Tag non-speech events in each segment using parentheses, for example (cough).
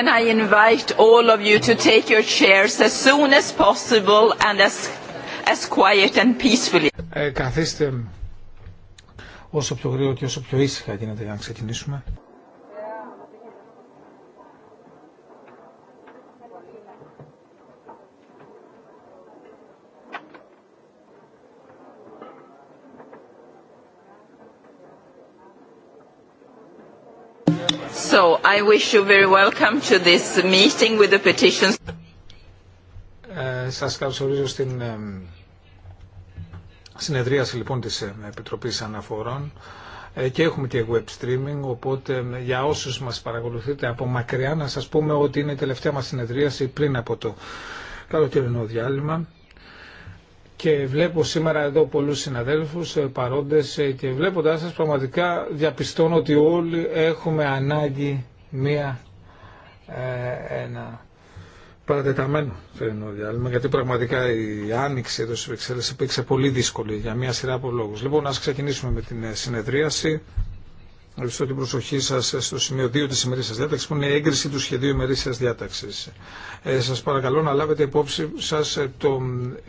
can I invite all of you to take your chairs as soon as possible and as, as quiet and peacefully. Ε, καθίστε όσο πιο γρήγορα και όσο πιο ήσυχα γίνεται για να ξεκινήσουμε. I σας καλωσορίζω στην ε, συνεδρίαση λοιπόν της ε, Επιτροπής Αναφορών ε, και έχουμε και web streaming οπότε για όσους μας παρακολουθείτε από μακριά να σας πούμε ότι είναι η τελευταία μας συνεδρίαση πριν από το καλοκαιρινό διάλειμμα. Και βλέπω σήμερα εδώ πολλούς συναδέλφους παρόντες και βλέποντάς σας πραγματικά διαπιστώνω ότι όλοι έχουμε ανάγκη μία, ε, ένα παρατεταμένο θερινό διάλειμμα, γιατί πραγματικά η άνοιξη εδώ στις Βεξέλλες υπήρξε πολύ δύσκολη για μια σειρά από λόγους. Λοιπόν, ας ξεκινήσουμε με την ε, συνεδρίαση. Ευχαριστώ την προσοχή σα στο σημείο 2 τη ημερήσια διάταξη, που είναι η έγκριση του σχεδίου ημερήσια διάταξη. Ε, σα παρακαλώ να λάβετε υπόψη σα το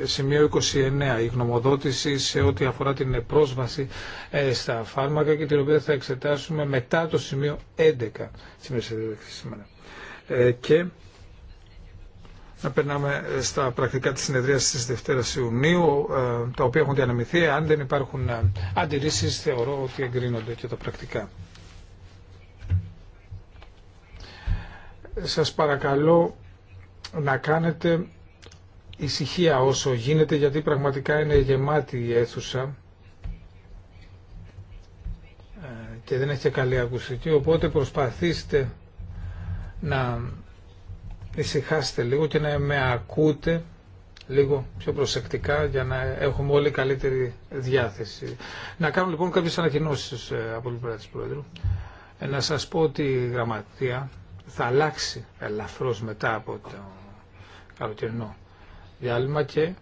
σημείο 29, η γνωμοδότηση σε ό,τι αφορά την πρόσβαση ε, στα φάρμακα και την οποία θα εξετάσουμε μετά το σημείο 11 τη ημερήσια διάταξη σήμερα. Ε, και να περνάμε στα πρακτικά της συνεδρίας της Δευτέρας Ιουνίου, ε, τα οποία έχουν διανεμηθεί. Αν δεν υπάρχουν ε, αντιρρήσεις, θεωρώ ότι εγκρίνονται και τα πρακτικά. Σας παρακαλώ να κάνετε ησυχία όσο γίνεται, γιατί πραγματικά είναι γεμάτη η αίθουσα ε, και δεν έχει καλή ακουστική, οπότε προσπαθήστε να ησυχάσετε λίγο και να με ακούτε λίγο πιο προσεκτικά για να έχουμε όλοι καλύτερη διάθεση. Να κάνω λοιπόν κάποιες ανακοινώσεις ε, από την πλευρά της Πρόεδρου. Ε, να σας πω ότι η γραμματεία θα αλλάξει ελαφρώς μετά από το καλοκαιρινό διάλειμμα και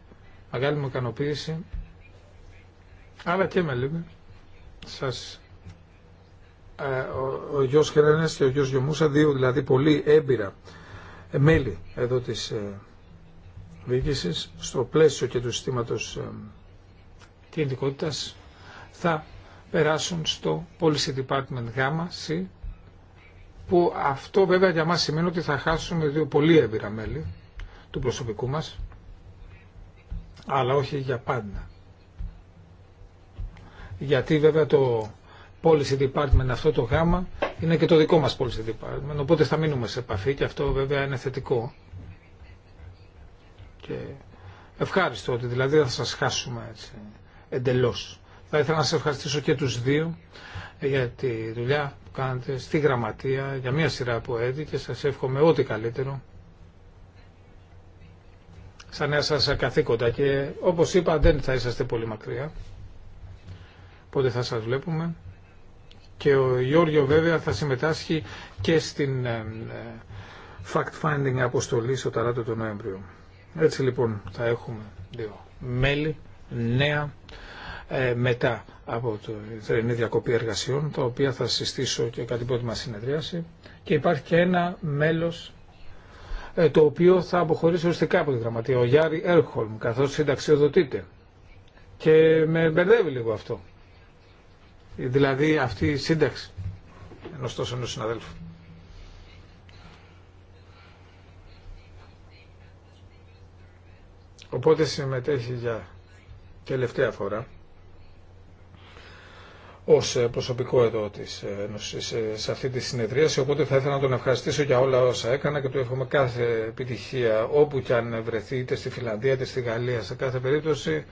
μεγάλη μου ικανοποίηση αλλά και με λίγο σας ε, ο, ο γιος Χερενές και ο γιος Γιωμούσα δύο δηλαδή πολύ έμπειρα ε, μέλη εδώ της ε, διοίκησης στο πλαίσιο και του συστήματος ε, κινητικότητας θα περάσουν στο Policy Department C που αυτό βέβαια για μας σημαίνει ότι θα χάσουμε δύο πολύ έμπειρα μέλη του προσωπικού μας, αλλά όχι για πάντα. Γιατί βέβαια το policy department αυτό το γάμα είναι και το δικό μας policy department οπότε θα μείνουμε σε επαφή και αυτό βέβαια είναι θετικό και ευχάριστο ότι δηλαδή θα σας χάσουμε έτσι, εντελώς θα ήθελα να σας ευχαριστήσω και τους δύο για τη δουλειά που κάνετε στη γραμματεία για μια σειρά από έτη και σας εύχομαι ό,τι καλύτερο σαν νέα σας καθήκοντα και όπως είπα δεν θα είσαστε πολύ μακριά πότε θα σας βλέπουμε και ο Γιώργιο βέβαια θα συμμετάσχει και στην ε, ε, fact-finding αποστολή στο Ταράτο τον Νοέμβριο. Έτσι λοιπόν θα έχουμε δύο μέλη, νέα, ε, μετά από το θερινή διακοπή εργασιών, τα οποία θα συστήσω και κατά την πρώτη μας συνεδρίαση. Και υπάρχει και ένα μέλος το οποίο θα αποχωρήσει οριστικά από τη γραμματεία, ο Γιάρη Έρχολμ, καθώς συνταξιοδοτείται. Και με μπερδεύει λίγο αυτό δηλαδή αυτή η σύνταξη ενό τόσο ενό συναδέλφου. Οπότε συμμετέχει για τελευταία φορά ως ε, προσωπικό εδώ της Ένωσης ε, σε αυτή τη συνεδρία οπότε θα ήθελα να τον ευχαριστήσω για όλα όσα έκανα και του εύχομαι κάθε επιτυχία όπου και αν βρεθεί, είτε στη Φιλανδία είτε στη Γαλλία, σε κάθε περίπτωση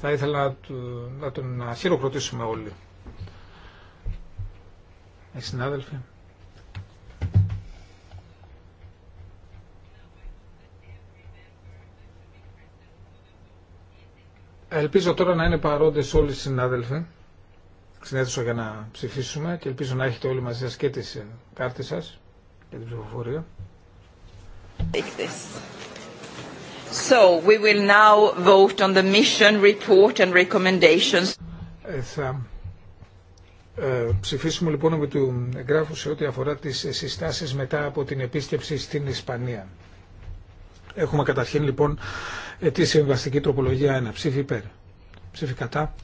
θα ήθελα να, τον να χειροκροτήσουμε όλοι. συνάδελφοι. Ελπίζω τώρα να είναι παρόντες όλοι οι συνάδελφοι στην για να ψηφίσουμε και ελπίζω να έχετε όλοι μαζί σας και τις ε, κάρτες σας για την ψηφοφορία. So we will now vote on the mission report and recommendations. Ε, θα ε, ψηφίσουμε λοιπόν με του εγγράφου σε ό,τι αφορά τις συστάσεις μετά από την επίσκεψη στην Ισπανία. Έχουμε καταρχήν λοιπόν ε, τη συμβαστική τροπολογία 1. Ψήφι υπέρ. Ψήφι κατά.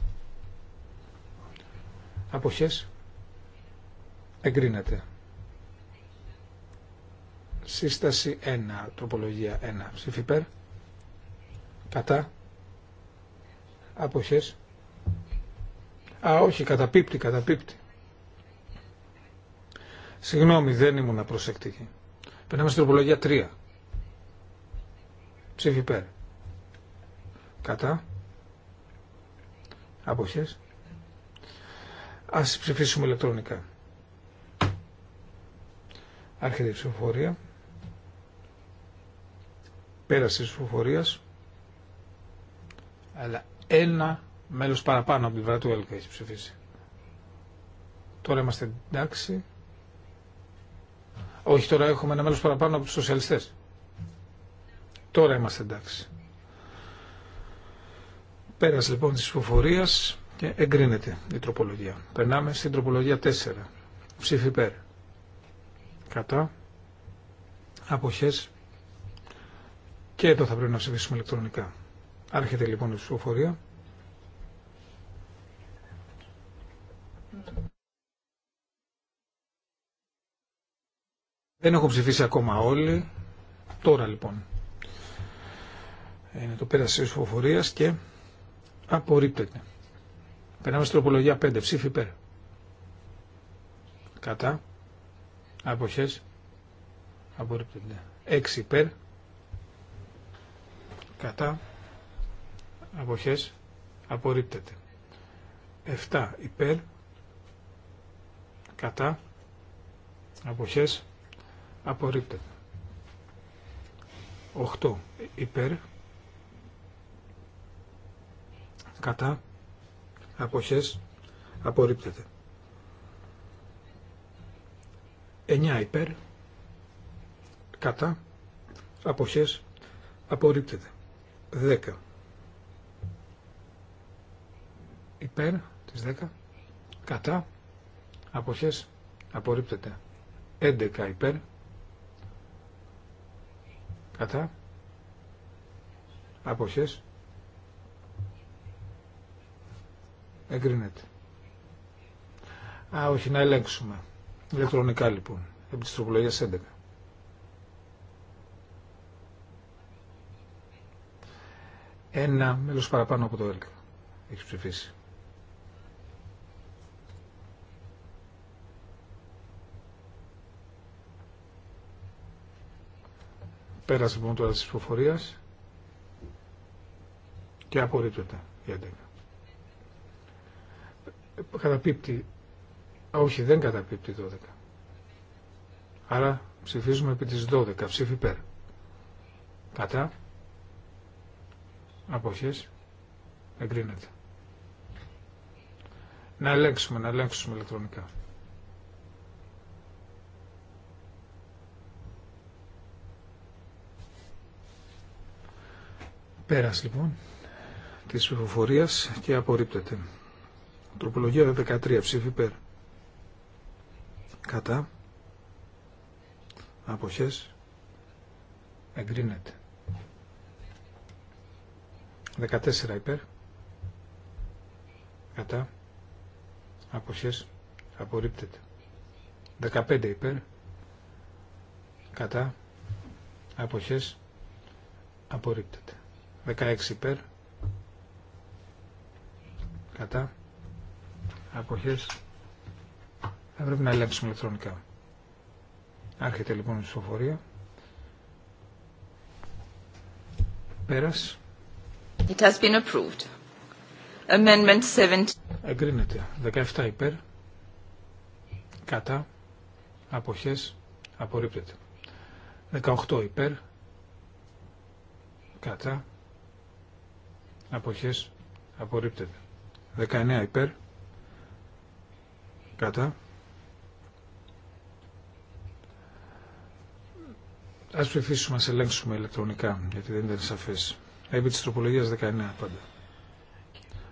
Αποχές. Εγκρίνεται. Σύσταση 1. Τροπολογία 1. Ψήφι υπέρ. Κατά. Αποχές. Α, όχι, καταπίπτει, καταπίπτει. Συγγνώμη, δεν ήμουν προσεκτική. Περνάμε στην τροπολογία 3. Ψήφι υπέρ. Κατά. Αποχές. Ας ψηφίσουμε ηλεκτρονικά. Άρχεται η ψηφοφορία. Πέρασε της ψηφοφορίας αλλά ένα μέλο παραπάνω από την πλευρά του ΕΛΚΑ έχει ψηφίσει. Τώρα είμαστε εντάξει. Όχι, τώρα έχουμε ένα μέλο παραπάνω από του σοσιαλιστές. Τώρα είμαστε εντάξει. Πέρας λοιπόν τη ψηφοφορία και εγκρίνεται η τροπολογία. Περνάμε στην τροπολογία 4. Ψήφι πέρ. Κατά. Αποχές. Και εδώ θα πρέπει να ψηφίσουμε ηλεκτρονικά. Άρχεται λοιπόν η ψηφοφορία. Δεν έχω ψηφίσει ακόμα όλοι. Τώρα λοιπόν. Είναι το πέρασμα της ψηφοφορίας και απορρίπτεται. Περνάμε στην τροπολογία 5. Ψήφι υπέρ. Κατά. Αποχές. Απορρίπτεται. 6 υπέρ. Κατά αποχές απορρίπτεται. 7 υπέρ κατά αποχές απορρίπτεται. 8 υπέρ κατά αποχές απορρίπτεται. 9 υπέρ κατά αποχές απορρίπτεται. 10 υπέρ τις 10 κατά αποχές απορρίπτεται 11 υπέρ κατά αποχές εγκρίνεται α όχι να ελέγξουμε ηλεκτρονικά λοιπόν επί της τροπολογίας 11 ένα μέλος παραπάνω από το έλεγχο έχει ψηφίσει Πέρασε λοιπόν τώρα τη ψηφοφορία και απορρίπτεται η 11. Καταπίπτει. όχι, δεν καταπίπτει 12. Άρα ψηφίζουμε επί της 12. Ψήφι υπέρ. Κατά. Αποχές. Εγκρίνεται. Να ελέγξουμε, να ελέγξουμε ηλεκτρονικά. Πέρας λοιπόν της ψηφοφορίας και απορρίπτεται. Τροπολογία 13 ψήφι πέρα, Κατά. Αποχές. Εγκρίνεται. 14 υπέρ. Κατά. Αποχές. Απορρίπτεται. 15 υπέρ. Κατά. Αποχές. Απορρίπτεται. 16 υπέρ. Κατά. Αποχές. Θα πρέπει να ελέγξουμε ηλεκτρονικά. Άρχεται λοιπόν η ψηφοφορία. Πέρας. It has been approved. Amendment 17. Εγκρίνεται. 17 υπέρ. Κατά. Αποχές. Απορρίπτεται. 18 υπέρ. Κατά αποχές απορρίπτεται. 19 υπέρ κατά Ας ψηφίσουμε, ας ελέγξουμε ηλεκτρονικά, γιατί δεν ήταν σαφές. Επί της τροπολογίας 19 πάντα.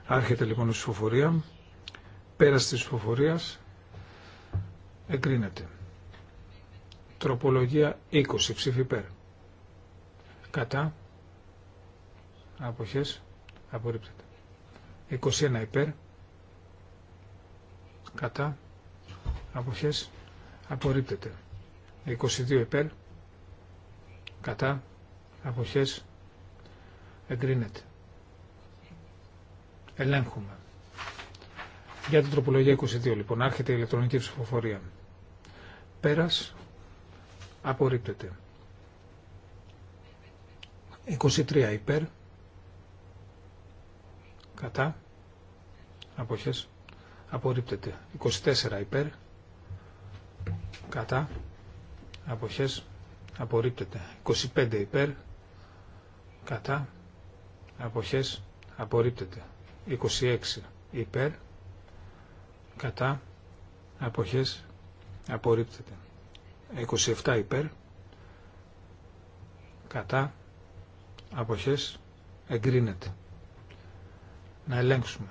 Άρχεται λοιπόν η ψηφοφορία. Πέρας της ψηφοφορίας εγκρίνεται. Τροπολογία 20 ψήφι υπέρ. Κατά. Αποχές απορρίπτεται. 21 υπέρ, κατά, αποχές, απορρίπτεται. 22 υπέρ, κατά, αποχές, εγκρίνεται. Ελέγχουμε. Για την τροπολογία 22 λοιπόν, άρχεται η ηλεκτρονική ψηφοφορία. Πέρας, απορρίπτεται. 23 υπέρ, κατά αποχές απορρίπτεται 24 υπέρ κατά αποχές απορρίπτεται 25 υπέρ κατά αποχές απορρίπτεται 26 υπέρ κατά αποχές απορρίπτεται 27 υπέρ κατά αποχές εγκρίνεται να ελέγξουμε.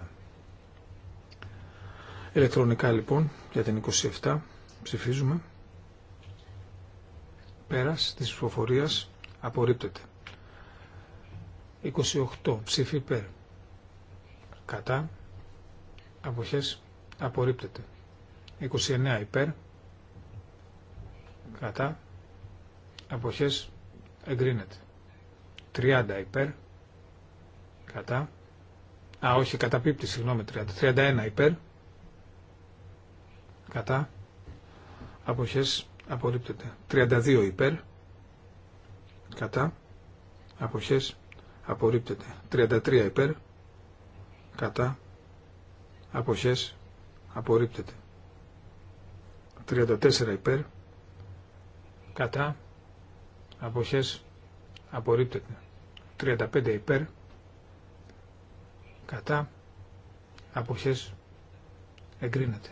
Ηλεκτρονικά λοιπόν για την 27 ψηφίζουμε. Πέρας της ψηφοφορίας απορρίπτεται. 28 ψήφι υπέρ. Κατά. Αποχές απορρίπτεται. 29 υπέρ. Κατά. Αποχές εγκρίνεται. 30 υπέρ. Κατά. Α, όχι, καταπίπτει, συγγνώμη, 30. 31 υπέρ. Κατά. Αποχές απορρίπτεται. 32 υπέρ. Κατά. Αποχές απορρίπτεται. 33 υπέρ. Κατά. Αποχές απορρίπτεται. 34 υπέρ. Κατά. Αποχές απορρίπτεται. 35 υπέρ κατά αποχές εγκρίνεται.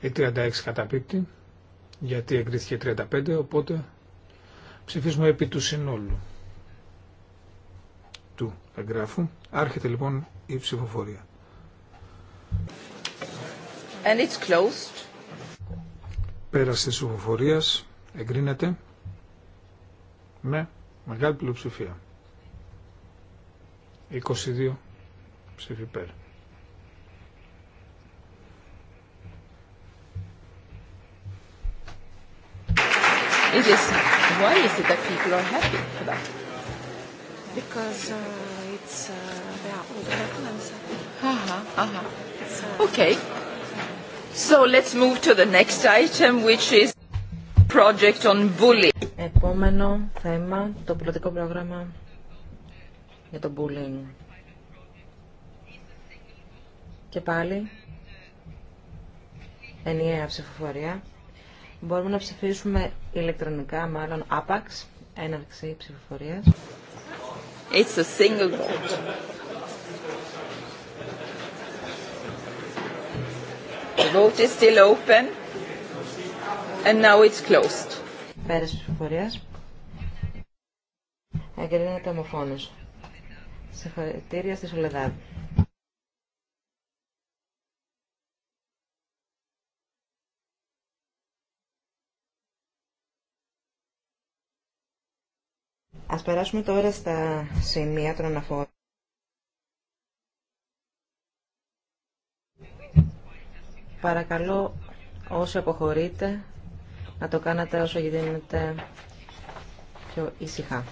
Η 36 καταπίπτει γιατί εγκρίθηκε 35 οπότε ψηφίζουμε επί του συνόλου του εγγράφου. Άρχεται λοιπόν η ψηφοφορία. And Πέραση της ψηφοφορίας εγκρίνεται με μεγάλη πλειοψηφία. 22 ψήφι πέρα. It is, why is it that people are happy for that? Because uh, it's, uh, they are all Uh-huh, uh-huh. okay. So let's move to the next item, which is project on bullying. Επόμενο θέμα, το πιλωτικό πρόγραμμα για το bullying. Και πάλι, ενιαία ψηφοφορία. Μπορούμε να ψηφίσουμε ηλεκτρονικά, μάλλον άπαξ, έναρξη ψηφοφορίας. It's a single vote. The vote is still open and now it's closed. Πέρας ψηφοφορίας. Εγκρίνεται Σε Συγχαρητήρια στη Σολεδάδη. Ας περάσουμε τώρα στα σημεία των αναφόρων. Παρακαλώ όσοι αποχωρείτε να το κάνετε όσο γίνεται πιο ησυχά.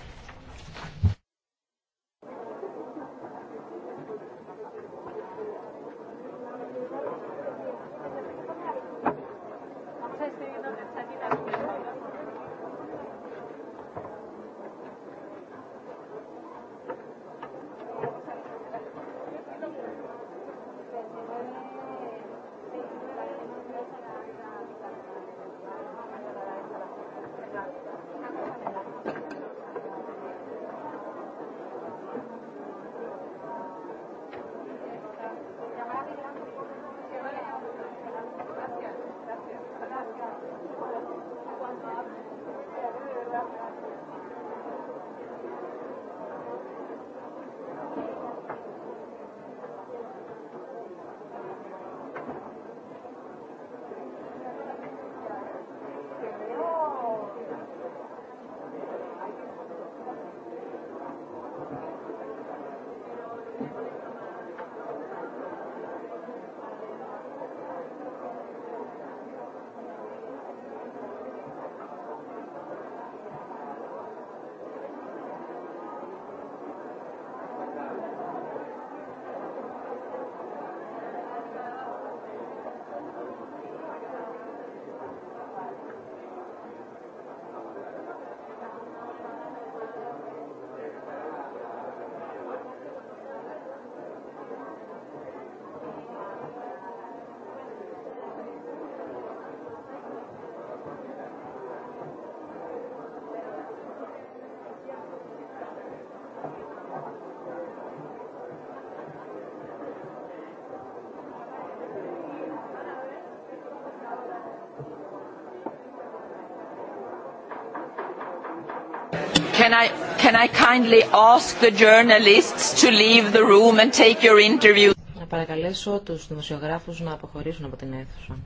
Can I, can I kindly ask the journalists to leave the room and take your interview? Να παρακαλέσω τους δημοσιογράφους να αποχωρήσουν από την αίθουσα.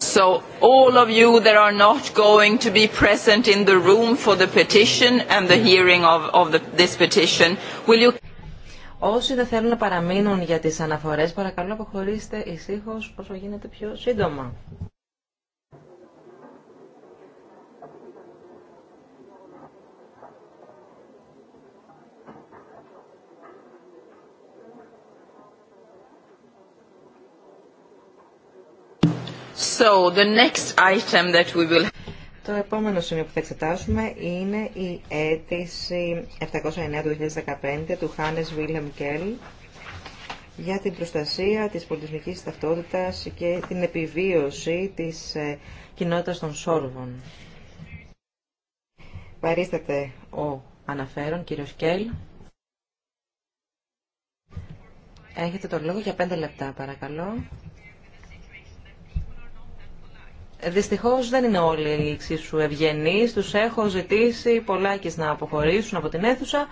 So all of you that are not going to be present in the room for the petition and the hearing of, of the, this petition, will you... Όσοι δεν θέλουν να παραμείνουν για τις αναφορές, παρακαλώ αποχωρήστε ησύχως όσο γίνεται πιο σύντομα. So the next item that we will το επόμενο σημείο που θα εξετάσουμε είναι η αίτηση 709 του 2015 του Χάνες Βίλεμ Κέλ για την προστασία της πολιτισμικής ταυτότητας και την επιβίωση της ε, κοινότητας των Σόρβων. Παρίσταται ο αναφέρον, κύριος Κέλ. Έχετε το λόγο για πέντε λεπτά, παρακαλώ. Δυστυχώ δεν είναι όλοι εξίσου ευγενεί. Του έχω ζητήσει πολλάκι να αποχωρήσουν από την αίθουσα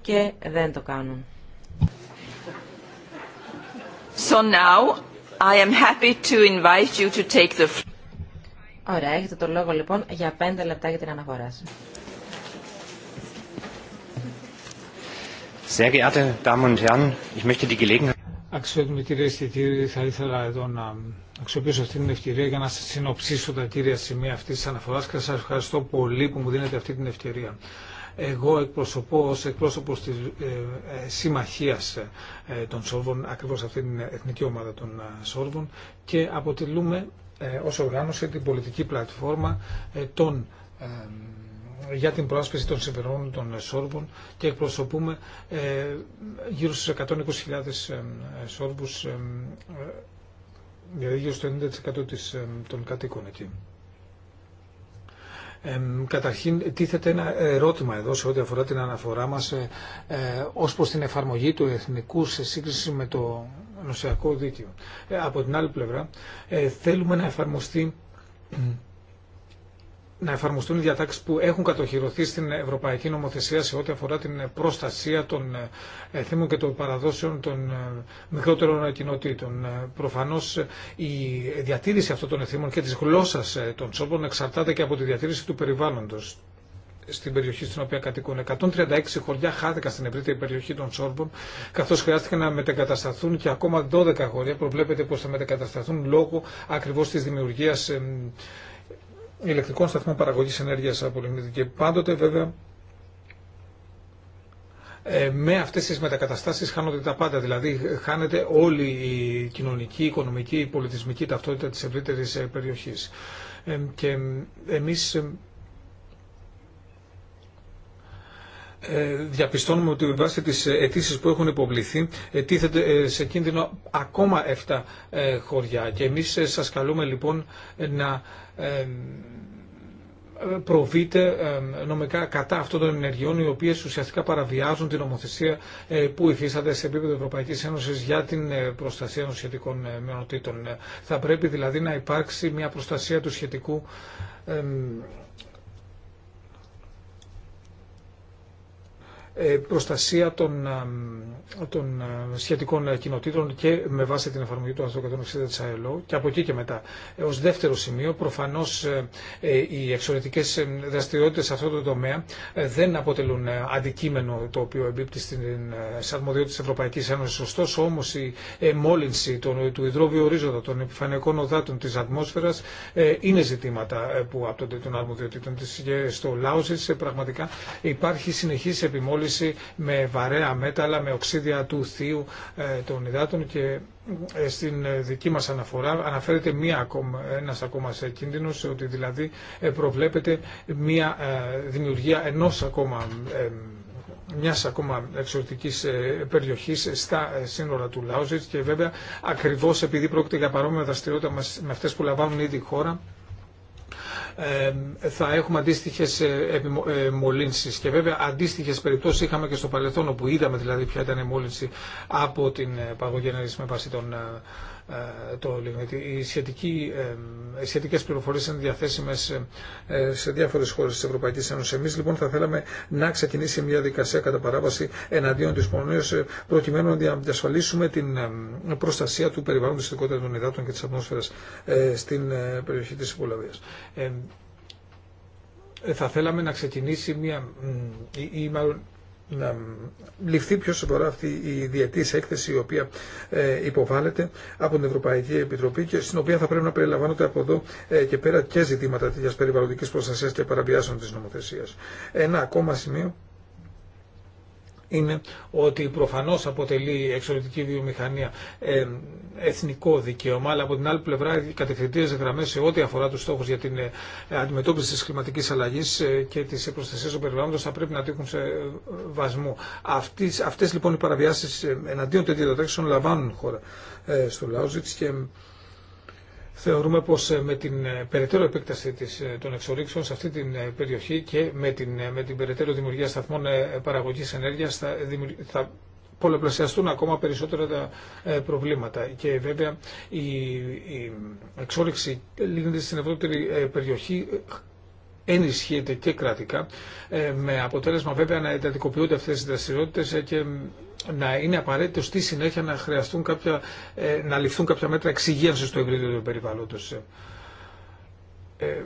και δεν το κάνουν. So now I am happy to invite you to take the Ωραία, έχετε το λόγο λοιπόν για πέντε λεπτά για την αναφορά σας. Sehr geehrte Damen und Herren, ich möchte die Gelegenheit... Αξιότιμοι κύριε και κύριοι, θα ήθελα εδώ να αξιοποιήσω αυτή την ευκαιρία για να σα συνοψίσω τα κύρια σημεία αυτής τη αναφοράς και σα ευχαριστώ πολύ που μου δίνετε αυτή την ευκαιρία. Εγώ εκπροσωπώ ως εκπρόσωπος της ε, ε Συμμαχίας ε, των Σόρβων, ακριβώς αυτή την εθνική ομάδα των ε, Σόρβων και αποτελούμε ως οργάνωση την πολιτική πλατφόρμα των για την προάσπιση των συμφερόντων των Σόρβων και εκπροσωπούμε γύρω στους 120.000 Σόρβους δηλαδή γύρω στο 90% της, των κατοίκων εκεί. καταρχήν τίθεται ένα ερώτημα εδώ σε ό,τι αφορά την αναφορά μας ε, ε ως προς την εφαρμογή του εθνικού σε σύγκριση με το νοσιακό δίκαιο. Ε, από την άλλη πλευρά ε, θέλουμε να εφαρμοστεί να εφαρμοστούν οι διατάξεις που έχουν κατοχυρωθεί στην Ευρωπαϊκή Νομοθεσία σε ό,τι αφορά την προστασία των ε, θύμων και των παραδόσεων των ε, μικρότερων κοινοτήτων. Ε, προφανώς η διατήρηση αυτών των θύμων και της γλώσσας των τσόπων εξαρτάται και από τη διατήρηση του περιβάλλοντος στην περιοχή στην οποία κατοικούν. 136 χωριά χάθηκαν στην ευρύτερη περιοχή των Σόρμπων, καθώ χρειάστηκε να μετεγκατασταθούν και ακόμα 12 χωριά προβλέπεται πω θα μετεγκατασταθούν λόγω ακριβώ τη δημιουργία ηλεκτρικών σταθμών παραγωγής ενέργειας από Και πάντοτε βέβαια ε, με αυτές τις μετακαταστάσεις χάνονται τα πάντα. Δηλαδή χάνεται όλη η κοινωνική, οικονομική, πολιτισμική ταυτότητα της ευρύτερης ε, περιοχής. Ε, και εμείς διαπιστώνουμε ότι βάσει τις αιτήσει που έχουν υποβληθεί τίθεται σε κίνδυνο ακόμα 7 χωριά. Και εμείς σας καλούμε λοιπόν να προβείται νομικά κατά αυτών των ενεργειών οι οποίες ουσιαστικά παραβιάζουν την νομοθεσία ε, που υφίσταται σε επίπεδο Ευρωπαϊκής Ένωσης για την ε, προστασία των σχετικών ε, μειονοτήτων. Θα πρέπει δηλαδή να υπάρξει μια προστασία του σχετικού Ε, προστασία των, ε, των ε, σχετικών κοινοτήτων και με βάση την εφαρμογή του άρθρου 160 της ΑΕΛΟ και από εκεί και μετά. Ως δεύτερο σημείο, προφανώς οι εξωτερικές δραστηριότητες σε αυτό το τομέα δεν αποτελούν αντικείμενο το οποίο εμπίπτει στην αρμοδιότητα της Ευρωπαϊκής Ένωσης. Ωστόσο όμως η μόλυνση του υδρόβιου ορίζοντα των επιφανειακών οδάτων της ατμόσφαιρας είναι ζητήματα που άπτονται των αρμοδιοτήτων της. Και στο Λάος πραγματικά υπάρχει συνεχής επιμόλυνση με βαρέα μέταλλα, με οξύδια του θείου ε, των υδάτων και ε, στην ε, δική μας αναφορά αναφέρεται μία ακόμα, ένας ακόμα σε κίνδυνος, ότι δηλαδή προβλέπεται μία δημιουργία ενός ακόμα μιας ακόμα εξωτικής περιοχής στα σύνορα του Λάουζιτ και βέβαια ακριβώς επειδή πρόκειται για παρόμοια δραστηριότητα με αυτές που λαμβάνουν ήδη η χώρα θα έχουμε αντίστοιχε ε, ε, μολύνσει. Και βέβαια αντίστοιχε περιπτώσει είχαμε και στο παρελθόν, όπου είδαμε δηλαδή ποια ήταν η μόλυνση από την ε, παγωγένεια με βάση των ε, το λίγο. Οι σχετικέ πληροφορίε είναι διαθέσιμε ε, σε διάφορες χώρες τη Ευρωπαϊκή Ένωση. Εμεί, λοιπόν θα θέλαμε να ξεκινήσει μια δικασία κατά παράβαση εναντίον τη Πολωνία, ε, προκειμένου να διασφαλίσουμε την προστασία του περιβάλλοντος ειδικότερα των υδάτων και της ατμόσφαιρας στην περιοχή τη Πολωνίας θα θέλαμε να ξεκινήσει μια, ή να ναι. ληφθεί πιο σοβαρά αυτή η διετή έκθεση η οποία ε, υποβάλλεται από την Ευρωπαϊκή Επιτροπή και στην οποία θα πρέπει να περιλαμβάνονται από εδώ ε, και πέρα και ζητήματα τέτοια περιβαλλοντική προστασία και παραβιάσεων τη νομοθεσία. Ένα ακόμα σημείο είναι ότι προφανώς αποτελεί η εξωτερική βιομηχανία ε, εθνικό δικαίωμα, αλλά από την άλλη πλευρά οι κατευθυντήρες γραμμές σε ό,τι αφορά τους στόχους για την ε, αντιμετώπιση της κλιματικής αλλαγής ε, και της προστασίας του περιβάλλοντος θα πρέπει να τύχουν σε βασμό. Αυτές, αυτές λοιπόν οι παραβιάσεις εναντίον τέτοιων λαμβάνουν χώρα στο Λάουζιτς θεωρούμε πως ε, με την ε, περαιτέρω επέκταση της, ε, των εξορίξεων σε αυτή την περιοχή και με την, με την περαιτέρω δημιουργία σταθμών παραγωγής ενέργειας θα, θα πολλαπλασιαστούν ακόμα περισσότερα τα προβλήματα. Και βέβαια η, η εξόριξη λύνεται στην ευρύτερη περιοχή ενισχύεται και κρατικά, με αποτέλεσμα βέβαια να εντατικοποιούνται αυτές οι δραστηριότητες και να είναι απαραίτητο στη συνέχεια να χρειαστούν κάποια, ε, να ληφθούν κάποια μέτρα εξυγίανσης στο ευρύτερου περιβαλλόντος. Ε, ε,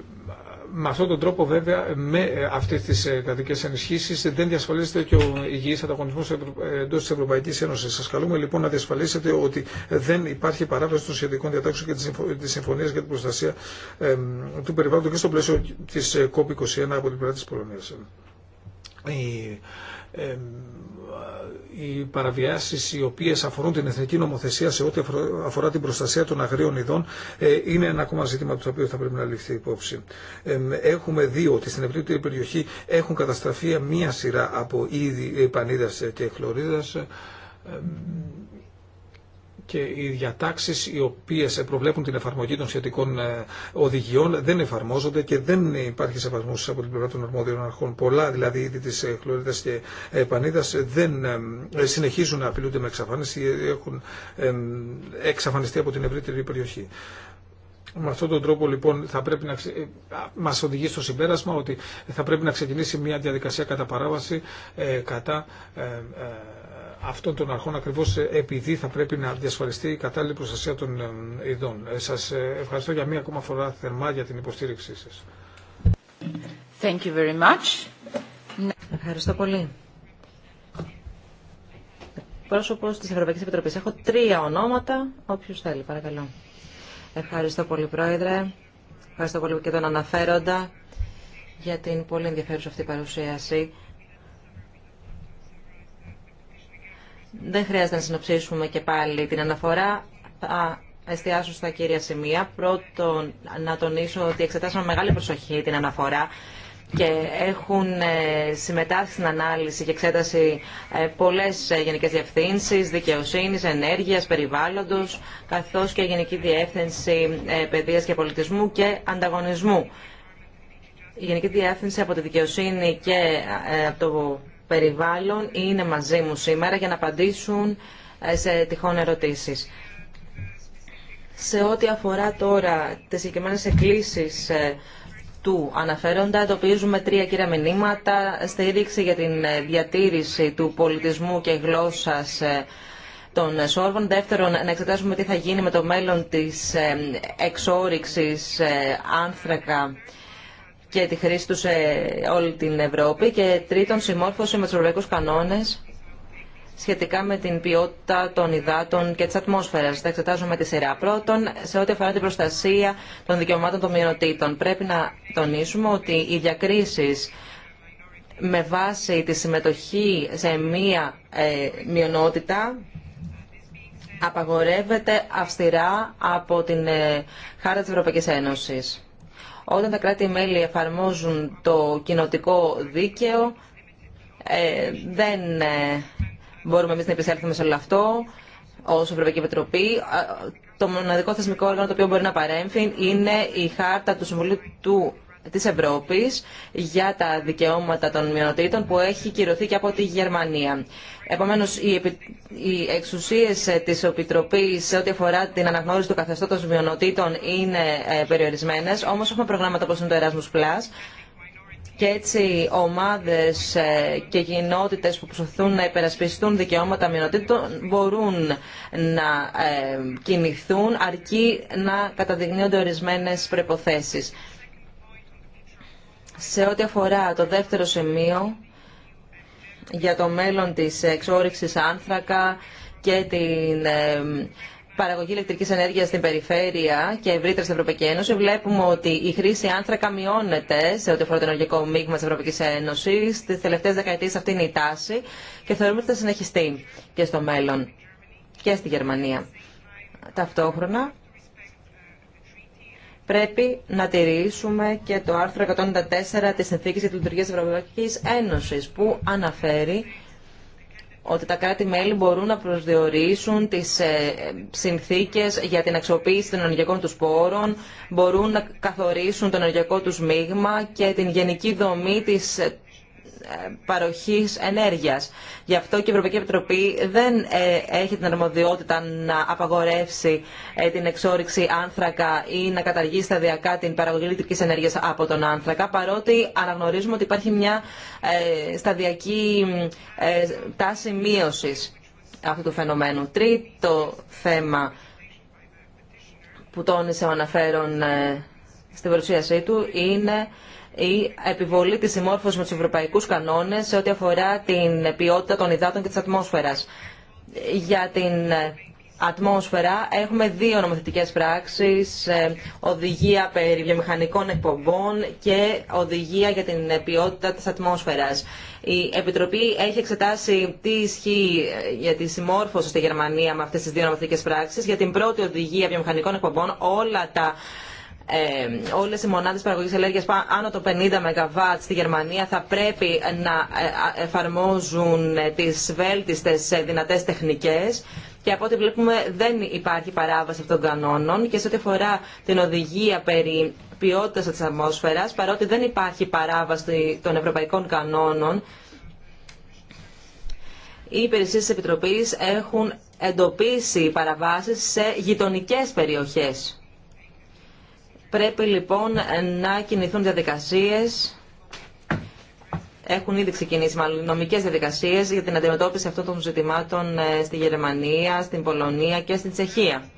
με αυτόν τον τρόπο βέβαια με ε, αυτές τις κρατικές ενισχύσεις δεν διασφαλίζεται και ο υγιής ανταγωνισμός εντός της Ευρωπαϊκής Ένωσης. Σας καλούμε λοιπόν να διασφαλίσετε ότι δεν υπάρχει παράβαση των σχετικών διατάξεων και τη Συμφωνίας για την Προστασία του Περιβάλλοντος και στο πλαίσιο της COP21 από την πλευρά της Πολωνίας. Η οι παραβιάσεις οι οποίες αφορούν την εθνική νομοθεσία σε ό,τι αφορά την προστασία των αγρίων ειδών ε, είναι ένα ακόμα ζήτημα το οποίο θα πρέπει να ληφθεί υπόψη. Έχουμε δει ότι στην ευρύτερη περιοχή έχουν καταστραφεί μία σειρά από είδη πανίδα και χλωρίδας και οι διατάξει, οι οποίε προβλέπουν την εφαρμογή των σχετικών ε, οδηγιών δεν εφαρμόζονται και δεν υπάρχει σεβασμό από την πλευρά των αρμόδιων αρχών. Πολλά δηλαδή είδη τη ε, χλωρίδα και πανίδα δεν ε, συνεχίζουν να απειλούνται με εξαφάνιση ή έχουν εξαφανιστεί από την ευρύτερη περιοχή. Με αυτόν τον τρόπο λοιπόν θα πρέπει να ξε... μας οδηγεί στο συμπέρασμα ότι θα πρέπει να ξεκινήσει μια διαδικασία κατά παράβαση κατά αυτών των αρχών ακριβώς ε, επειδή θα πρέπει να διασφαλιστεί η κατάλληλη προστασία των ε, ειδών. Ε, σας ευχαριστώ για μία ακόμα φορά θερμά για την υποστήριξή σας. Thank you very much. Ευχαριστώ πολύ. Πρόσωπος της Ευρωπαϊκής Επιτροπής. Έχω τρία ονόματα. Όποιος θέλει, παρακαλώ. Ευχαριστώ πολύ, Πρόεδρε. Ευχαριστώ πολύ και τον αναφέροντα για την πολύ ενδιαφέρουσα αυτή παρουσίαση. Δεν χρειάζεται να συνοψίσουμε και πάλι την αναφορά. Θα εστιάσω στα κύρια σημεία. Πρώτον, να τονίσω ότι εξετάσαμε μεγάλη προσοχή την αναφορά και έχουν ε, συμμετάσχει στην ανάλυση και εξέταση ε, πολλές ε, γενικές διευθύνσεις, δικαιοσύνης, ενέργειας, περιβάλλοντος, καθώς και Γενική Διεύθυνση Παιδείας και Πολιτισμού και Ανταγωνισμού. Η Γενική Διεύθυνση από τη Δικαιοσύνη και από το Περιβάλλον είναι μαζί μου σήμερα για να απαντήσουν ε, σε τυχόν ερωτήσεις. Σε ό,τι αφορά τώρα τις συγκεκριμένες εκκλήσεις ε, του αναφέροντα, εντοπίζουμε τρία κύρια μηνύματα. Στήριξη για την ε, διατήρηση του πολιτισμού και γλώσσας των Σόρβων. Δεύτερον, να εξετάσουμε τι θα γίνει με το μέλλον της εξόριξης άνθρακα και τη χρήση του σε όλη την Ευρώπη και τρίτον συμμόρφωση με τους ευρωπαϊκούς κανόνες σχετικά με την ποιότητα των υδάτων και της ατμόσφαιρας. Θα εξετάζουμε τη σειρά. Πρώτον, σε ό,τι αφορά την προστασία των δικαιωμάτων των μειονοτήτων, πρέπει να τονίσουμε ότι οι διακρίσεις με βάση τη συμμετοχή σε μία ε, μειονότητα απαγορεύεται αυστηρά από την ε, Χάρα της Ευρωπαϊκής Ένωσης. Όταν τα κράτη-μέλη εφαρμόζουν το κοινοτικό δίκαιο, ε, δεν ε, μπορούμε εμείς να επισέλθουμε σε όλο αυτό ως Ευρωπαϊκή Επιτροπή. Το μοναδικό θεσμικό όργανο το οποίο μπορεί να παρέμφει είναι η χάρτα του Συμβουλίου του της Ευρώπης για τα δικαιώματα των μειονοτήτων που έχει κυρωθεί και από τη Γερμανία. Επομένω, οι εξουσίε ε, τη Επιτροπή, σε ό,τι αφορά την αναγνώριση του καθεστώτος μειονοτήτων είναι ε, περιορισμένε, όμως έχουμε προγράμματα όπω είναι το Erasmus Plus και έτσι ομάδες ε, και κοινότητε που προσπαθούν να υπερασπιστούν δικαιώματα μειονοτήτων μπορούν να κινηθούν αρκεί να καταδεικνύονται ορισμένε προποθέσει. Σε ό,τι αφορά το δεύτερο σημείο, για το μέλλον της εξόριξης άνθρακα και την παραγωγή ηλεκτρικής ενέργειας στην περιφέρεια και ευρύτερα στην Ευρωπαϊκή Ένωση, βλέπουμε ότι η χρήση άνθρακα μειώνεται σε ό,τι αφορά το ενεργειακό μείγμα της Ευρωπαϊκής Ένωσης. Τις τελευταίες δεκαετίες αυτή είναι η τάση και θεωρούμε ότι θα συνεχιστεί και στο μέλλον και στη Γερμανία. Ταυτόχρονα, πρέπει να τηρήσουμε και το άρθρο 194 της Συνθήκης για τη Λειτουργία της Ευρωπαϊκής Ένωσης που αναφέρει ότι τα κράτη-μέλη μπορούν να προσδιορίσουν τις ε, συνθήκες για την αξιοποίηση των ενεργειακών τους πόρων, μπορούν να καθορίσουν το ενεργειακό τους μείγμα και την γενική δομή της, ε, παροχής ενέργειας. Γι' αυτό και η Ευρωπαϊκή Επιτροπή δεν ε, έχει την αρμοδιότητα να απαγορεύσει ε, την εξόριξη άνθρακα ή να καταργήσει σταδιακά την παραγωγή ηλεκτρικής ενέργειας από τον άνθρακα, παρότι αναγνωρίζουμε ότι υπάρχει μια σταδιακή τάση μείωσης αυτού του φαινομένου. Τρίτο θέμα που τόνισε ο αναφέρον στην παρουσίασή του είναι η επιβολή της συμμόρφωσης με τους ευρωπαϊκούς κανόνες σε ό,τι αφορά την ποιότητα των υδάτων και της ατμόσφαιρας. Για την ε, ατμόσφαιρα έχουμε δύο νομοθετικές πράξεις, ε, οδηγία περί βιομηχανικών εκπομπών και οδηγία για την ποιότητα της ατμόσφαιρας. Η Επιτροπή έχει εξετάσει τι ισχύει ε, για τη συμμόρφωση στη Γερμανία με αυτές τις δύο νομοθετικές πράξεις. Για την πρώτη οδηγία βιομηχανικών εκπομπών όλα τα Όλε όλες οι μονάδες παραγωγής ενέργεια άνω το 50 ΜΒ στη Γερμανία θα πρέπει να ε, εφαρμόζουν ε, τις βέλτιστες ε, δυνατέ τεχνικές και από ό,τι βλέπουμε δεν υπάρχει παράβαση αυτών των κανόνων και σε ό,τι αφορά την οδηγία περί ποιότητας της ατμόσφαιρας παρότι δεν υπάρχει παράβαση των ευρωπαϊκών κανόνων οι υπηρεσίες της Επιτροπής έχουν εντοπίσει παραβάσεις σε γειτονικές περιοχές. Πρέπει λοιπόν να κινηθούν διαδικασίες, έχουν ήδη ξεκινήσει μάλλον νομικές διαδικασίες για την αντιμετώπιση αυτών των ζητημάτων ε, στη Γερμανία, στην Πολωνία και στην Τσεχία.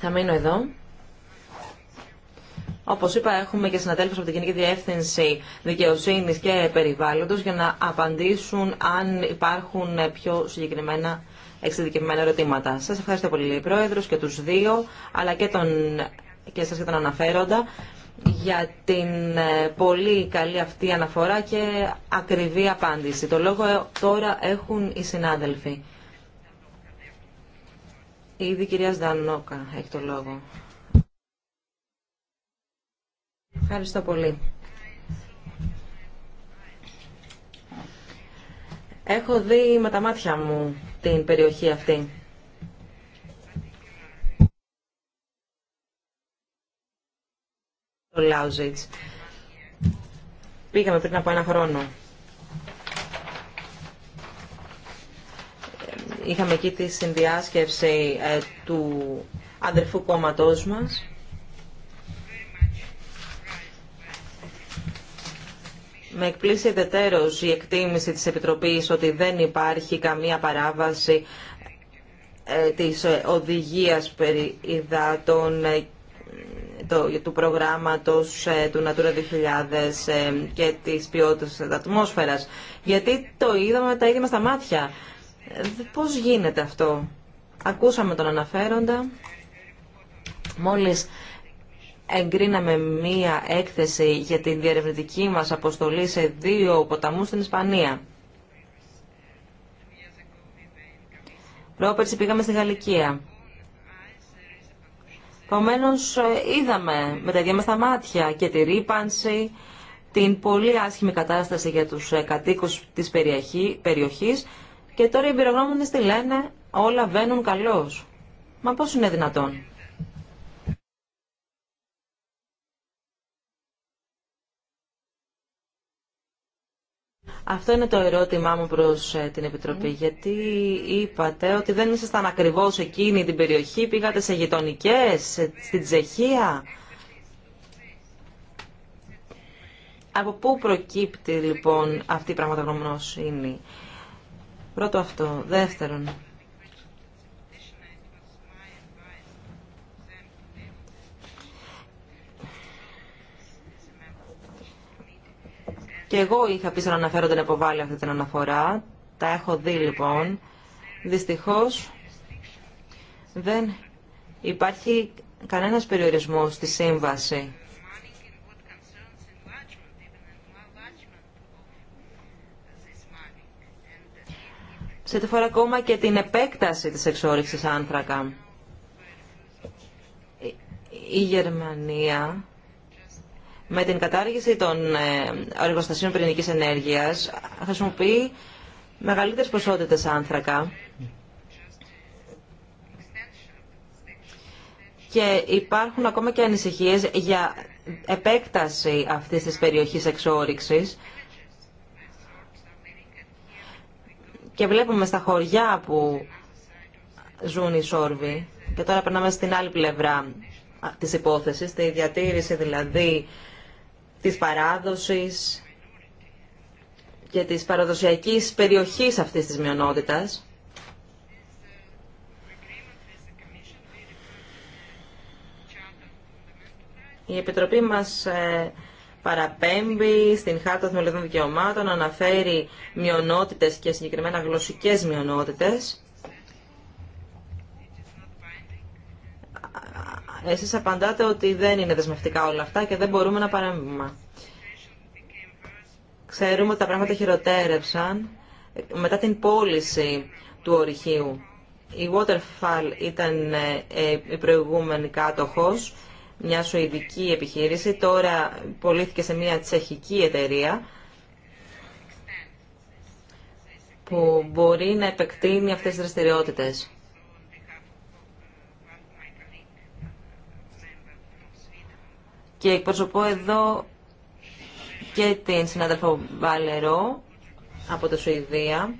Θα μείνω εδώ. Όπω είπα, έχουμε και συναδέλφους από την Γενική Διεύθυνση δικαιοσύνη, και Περιβάλλοντος για να απαντήσουν αν υπάρχουν πιο συγκεκριμένα εξειδικευμένα ερωτήματα. Σας ευχαριστώ πολύ, πρόεδρο και τους δύο, αλλά και, τον, και σας και τον αναφέροντα για την ε, πολύ καλή αυτή αναφορά και ακριβή απάντηση. Το λόγο ε, τώρα έχουν οι συνάδελφοι. Ήδη κυρία Στανόκα έχει το λόγο. Ευχαριστώ πολύ. Έχω δει με τα μάτια μου την περιοχή αυτή. Το Πήγαμε πριν από ένα χρόνο. Είχαμε εκεί τη συνδιάσκευση ε, του αδερφού κόμματός μας. Με εκπλήσει ιδιαίτερως η εκτίμηση της Επιτροπής ότι δεν υπάρχει καμία παράβαση ε, της ε, οδηγίας περί υδάτων ε, του προγράμματος του Natura 2000 και της ποιότητας της ατμόσφαιρας. Γιατί το είδαμε τα ίδια μας τα μάτια. Πώς γίνεται αυτό. Ακούσαμε τον αναφέροντα. Μόλις εγκρίναμε μία έκθεση για την διαρευνητική μας αποστολή σε δύο ποταμούς στην Ισπανία. Πρόπερση πήγαμε στη Γαλλικία. Επομένω, είδαμε με τα ίδια μάτια και τη ρήπανση, την πολύ άσχημη κατάσταση για τους ε, κατοίκους της περιοχής και τώρα οι εμπειρογνώμονες τι λένε όλα βαίνουν καλώς. Μα πώς είναι δυνατόν. Αυτό είναι το ερώτημά μου προς ε, την Επιτροπή, γιατί είπατε ότι δεν ήσασταν ακριβώ εκείνη την περιοχή, πήγατε σε γειτονικέ, ε, στην Τσεχία. Από πού προκύπτει λοιπόν αυτή η πραγματογνωμοσύνη. Πρώτο αυτό. Δεύτερον, Και εγώ είχα πει να αναφέροντα να υποβάλει αυτή την αναφορά. Τα έχω δει λοιπόν. Δυστυχώς δεν υπάρχει κανένας περιορισμός στη σύμβαση. Σε τη φορά ακόμα και την επέκταση της εξόριξης άνθρακα. Η Γερμανία με την κατάργηση των ε, εργοστασίων πυρηνική ενέργειας χρησιμοποιεί μεγαλύτερε ποσότητες άνθρακα και υπάρχουν ακόμα και ανησυχίες για επέκταση αυτής της περιοχής εξόριξης και βλέπουμε στα χωριά που ζουν οι σόρβοι και τώρα περνάμε στην άλλη πλευρά της υπόθεσης, τη διατήρηση δηλαδή της παράδοσης και της παραδοσιακής περιοχής αυτής της μειονότητας. Η Επιτροπή μας ε, παραπέμπει στην Χάρτα Θεμελιωδών Δικαιωμάτων, αναφέρει μειονότητες και συγκεκριμένα γλωσσικές μειονότητες. Εσείς απαντάτε ότι δεν είναι δεσμευτικά όλα αυτά και δεν μπορούμε να παρέμβουμε. Ξέρουμε ότι τα πράγματα χειροτέρεψαν μετά την πώληση του ορυχείου. Η Waterfall ήταν ε, ε, η προηγούμενη κάτοχος, μια σουηδική επιχείρηση, τώρα πωλήθηκε σε μια τσεχική εταιρεία που μπορεί να επεκτείνει αυτές τις δραστηριότητες. και εκπροσωπώ εδώ και την συνάδελφο Βάλερο από το Σουηδία,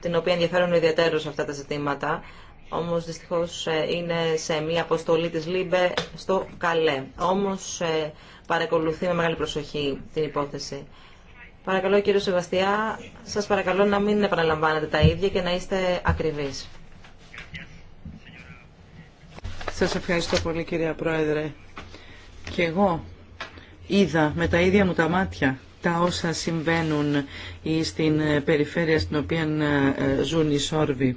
την οποία ενδιαφέρουν ιδιαίτερως σε αυτά τα ζητήματα. Όμως δυστυχώς ε, είναι σε μία αποστολή της ΛΥΜΠΕ στο Καλέ. Όμως ε, παρακολουθεί με μεγάλη προσοχή την υπόθεση. Παρακαλώ κύριο Σεβαστιά, σας παρακαλώ να μην επαναλαμβάνετε τα ίδια και να είστε ακριβείς. Σας ευχαριστώ πολύ κυρία Πρόεδρε. Και εγώ είδα με τα ίδια μου τα μάτια τα όσα συμβαίνουν στην ε, περιφέρεια στην οποία ε, ε, ζουν οι Σόρβοι.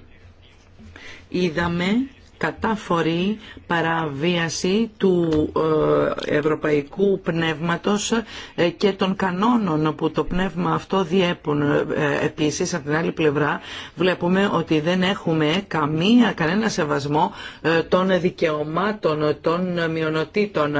Είδαμε κατάφορη παραβίαση του ε, ευρωπαϊκού πνεύματος ε, και των κανόνων που το πνεύμα αυτό διέπουν. Ε, επίσης, από την άλλη πλευρά, βλέπουμε ότι δεν έχουμε καμία, κανένα σεβασμό των δικαιωμάτων των μειονοτήτων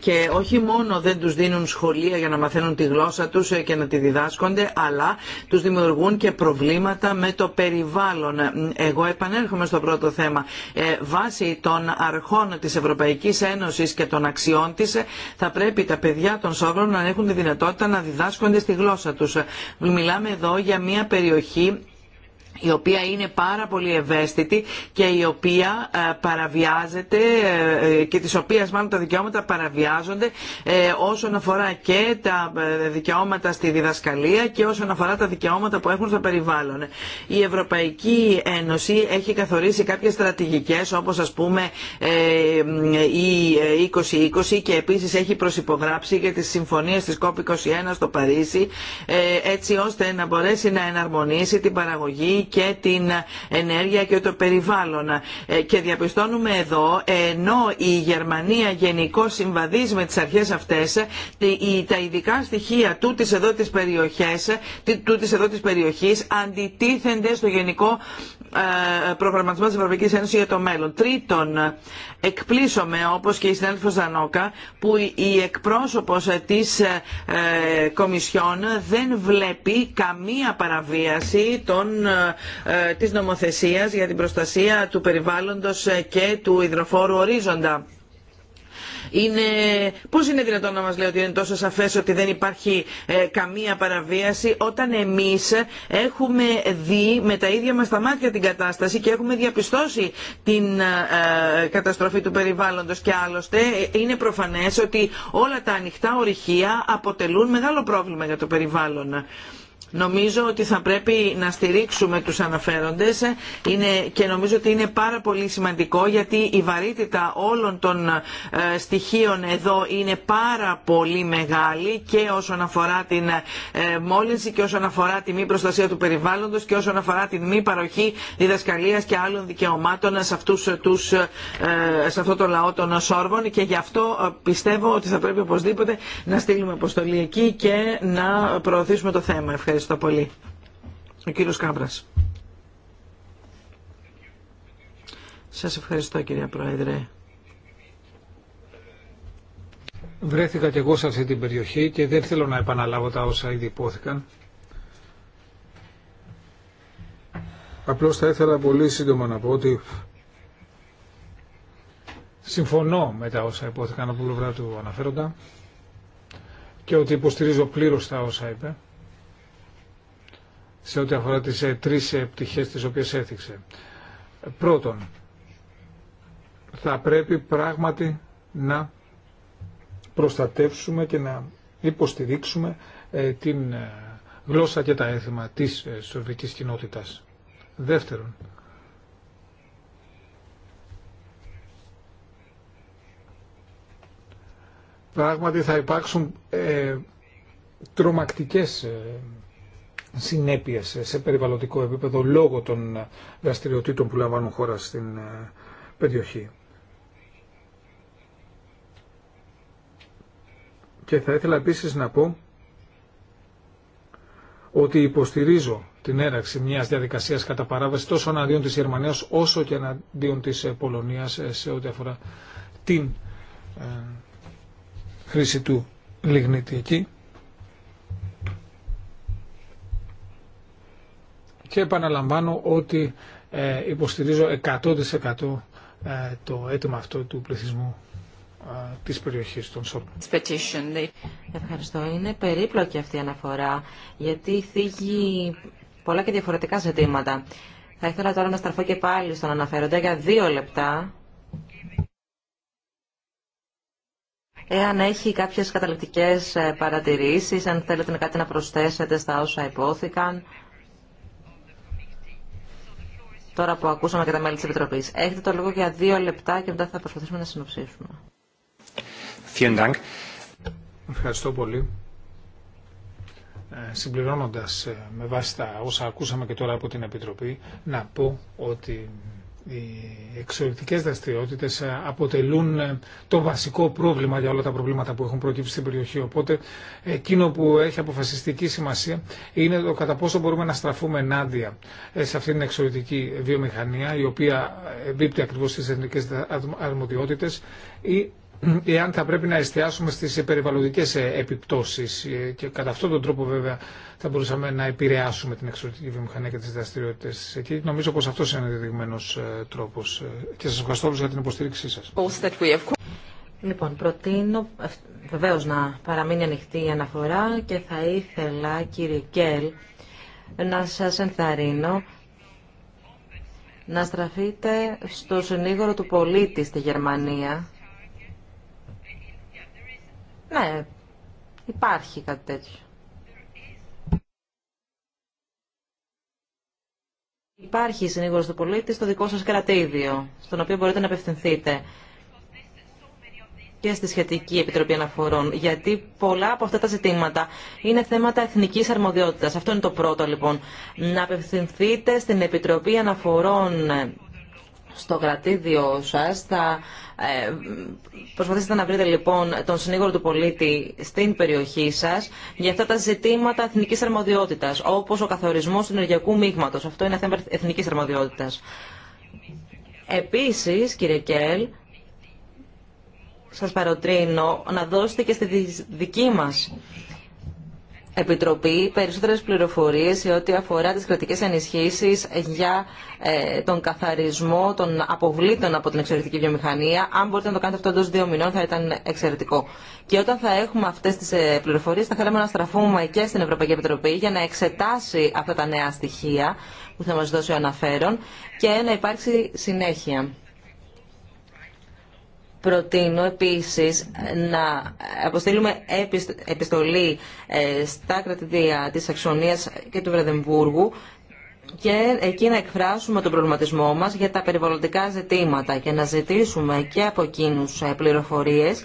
και όχι μόνο δεν τους δίνουν σχολεία για να μαθαίνουν τη γλώσσα τους και να τη διδάσκονται, αλλά τους δημιουργούν και προβλήματα με το περιβάλλον. Εγώ επανέρχομαι στο πρώτο θέμα. Ε, βάσει των αρχών της Ευρωπαϊκής Ένωσης και των αξιών της ε, θα πρέπει τα παιδιά των σόβρων να έχουν τη δυνατότητα να διδάσκονται στη γλώσσα τους. Μιλάμε εδώ για μια περιοχή η οποία είναι πάρα πολύ ευαίσθητη και η οποία ε, παραβιάζεται ε, ε, και της οποίας μάλλον τα δικαιώματα παραβιάζονται όσον αφορά και τα δικαιώματα στη διδασκαλία και όσον αφορά τα δικαιώματα που έχουν στο περιβάλλον. Η Ευρωπαϊκή Ένωση έχει καθορίσει κάποιες στρατηγικές όπως ας πούμε η 2020 και επίσης έχει προσυπογράψει για τις συμφωνίες της COP21 στο Παρίσι έτσι ώστε να μπορέσει να εναρμονίσει την παραγωγή και την ενέργεια και το περιβάλλον. Ε, και διαπιστώνουμε εδώ, ενώ η Γερμανία γενικώ συμβαδίζει με τις αρχές αυτές, τα ειδικά στοιχεία τούτης εδώ της περιοχής, τούτης εδώ της περιοχής αντιτίθενται στο γενικό ε, προγραμματισμό της Ευρωπαϊκής Ένωσης για το μέλλον. Τρίτον, ε, εκπλήσωμε όπως και η συνάδελφος Ζανόκα, που η εκπρόσωπος ε, της Κομισιόν δεν βλέπει καμία παραβίαση των, της νομοθεσίας για την προστασία του περιβάλλοντος και του υδροφόρου ορίζοντα. Είναι... Πώς είναι δυνατόν να μας λέει ότι είναι τόσο σαφές ότι δεν υπάρχει ε, καμία παραβίαση όταν εμείς έχουμε δει με τα ίδια μας τα μάτια την κατάσταση και έχουμε διαπιστώσει την ε, ε, καταστροφή του περιβάλλοντος και άλλωστε είναι προφανές ότι όλα τα ανοιχτά ορυχεία αποτελούν μεγάλο πρόβλημα για το περιβάλλον. Νομίζω ότι θα πρέπει να στηρίξουμε τους αναφέροντες είναι, και νομίζω ότι είναι πάρα πολύ σημαντικό γιατί η βαρύτητα όλων των ε, στοιχείων εδώ είναι πάρα πολύ μεγάλη και όσον αφορά την ε, μόλυνση και όσον αφορά τη μη προστασία του περιβάλλοντος και όσον αφορά τη μη παροχή διδασκαλίας και άλλων δικαιωμάτων σε, αυτούς, τους, ε, σε αυτό το λαό των Σόρβων και γι' αυτό πιστεύω ότι θα πρέπει οπωσδήποτε να στείλουμε αποστολή εκεί και να προωθήσουμε το θέμα. Ευχαριστώ. Ευχαριστώ πολύ. Ο κύριος Κάμπρας. Σας ευχαριστώ κυρία Πρόεδρε. Βρέθηκα και εγώ σε αυτή την περιοχή και δεν θέλω να επαναλάβω τα όσα ήδη υπόθηκαν. Απλώς θα ήθελα πολύ σύντομα να πω ότι συμφωνώ με τα όσα υπόθηκαν από πλευρά του αναφέροντα και ότι υποστηρίζω πλήρως τα όσα είπε σε ό,τι αφορά τις ε, τρεις ε, πτυχές τις οποίες έθιξε. Πρώτον, θα πρέπει πράγματι να προστατεύσουμε και να υποστηρίξουμε ε, την γλώσσα και τα έθιμα της σοβικής κοινότητας. Δεύτερον, πράγματι θα υπάρξουν ε, τρομακτικές συνέπειε σε περιβαλλοντικό επίπεδο λόγω των δραστηριοτήτων που λαμβάνουν χώρα στην ε, περιοχή. Και θα ήθελα επίσης να πω ότι υποστηρίζω την έραξη μια διαδικασία κατά παράβαση τόσο εναντίον τη Γερμανία όσο και εναντίον τη ε, Πολωνία ε, σε ό,τι αφορά την χρήση του λιγνίτη και επαναλαμβάνω ότι ε, υποστηρίζω 100% ε, το αίτημα αυτό του πληθυσμού ε, της περιοχής των Σόρων. Ευχαριστώ. Είναι περίπλοκη αυτή η αναφορά, γιατί θίγει πολλά και διαφορετικά ζητήματα. Θα ήθελα τώρα να στραφώ και πάλι στον αναφέροντα για δύο λεπτά. Εάν έχει κάποιες καταληπτικές παρατηρήσεις, αν θέλετε κάτι να προσθέσετε στα όσα υπόθηκαν τώρα που ακούσαμε και τα μέλη της Επιτροπής. Έχετε το λόγο για δύο λεπτά και μετά θα προσπαθήσουμε να συνοψίσουμε. Ευχαριστώ πολύ. Ε, συμπληρώνοντας ε, με βάση τα όσα ακούσαμε και τώρα από την Επιτροπή, να πω ότι οι εξορρυκτικές δραστηριότητες ε, αποτελούν ε, το βασικό πρόβλημα για όλα τα προβλήματα που έχουν προκύψει στην περιοχή. Οπότε εκείνο που έχει αποφασιστική σημασία είναι το κατά πόσο μπορούμε να στραφούμε ενάντια ε, σε αυτήν την εξορρυκτική βιομηχανία η οποία εμπίπτει ακριβώς στις εθνικές αρμοδιότητες ή εάν θα πρέπει να εστιάσουμε στι περιβαλλοντικέ ε, επιπτώσει, ε, και κατά αυτόν τον τρόπο βέβαια θα μπορούσαμε να επηρεάσουμε την εξωτερική βιομηχανία και τι δραστηριότητε. εκεί. Νομίζω πω αυτό είναι ο ενδεδειγμένος ε, τρόπο, και σα ευχαριστώ όλου για την υποστήριξή σα. Λοιπόν, προτείνω βεβαίω να παραμείνει ανοιχτή η αναφορά και θα ήθελα κύριε Κέλ να σα ενθαρρύνω να στραφείτε στο συνήγορο του πολίτη στη Γερμανία ναι, υπάρχει κάτι τέτοιο. Υπάρχει συνήγορο του πολίτη στο δικό σα κρατήδιο, στον οποίο μπορείτε να απευθυνθείτε και στη σχετική Επιτροπή Αναφορών. Γιατί πολλά από αυτά τα ζητήματα είναι θέματα εθνική αρμοδιότητας. Αυτό είναι το πρώτο λοιπόν. Να απευθυνθείτε στην Επιτροπή Αναφορών στο κρατήδιό σας. Θα ε, προσπαθήσετε να βρείτε λοιπόν τον συνήγορο του πολίτη στην περιοχή σας για αυτά τα ζητήματα εθνικής αρμοδιότητας, όπως ο καθορισμός του ενεργειακού μείγματος. Αυτό είναι θέμα εθνικής αρμοδιότητας. Επίσης, κύριε Κέλ, σας παροτρύνω να δώσετε και στη δική μας Επιτροπή περισσότερες πληροφορίες σε ό,τι αφορά τις κρατικές ενισχύσεις για ε, τον καθαρισμό των αποβλήτων από την εξαιρετική βιομηχανία. Αν μπορείτε να το κάνετε αυτό εντός δύο μηνών θα ήταν εξαιρετικό. Και όταν θα έχουμε αυτές τις ε, πληροφορίες θα θέλαμε να στραφούμε και στην Ευρωπαϊκή Επιτροπή για να εξετάσει αυτά τα νέα στοιχεία που θα μας δώσει ο αναφέρον και να υπάρξει συνέχεια. Προτείνω επίσης να αποστείλουμε επιστολή ε, στα κρατηδία της Αξονίας και του Βρεδεμβούργου και εκεί να εκφράσουμε τον προβληματισμό μας για τα περιβαλλοντικά ζητήματα και να ζητήσουμε και από εκείνους ε, πληροφορίες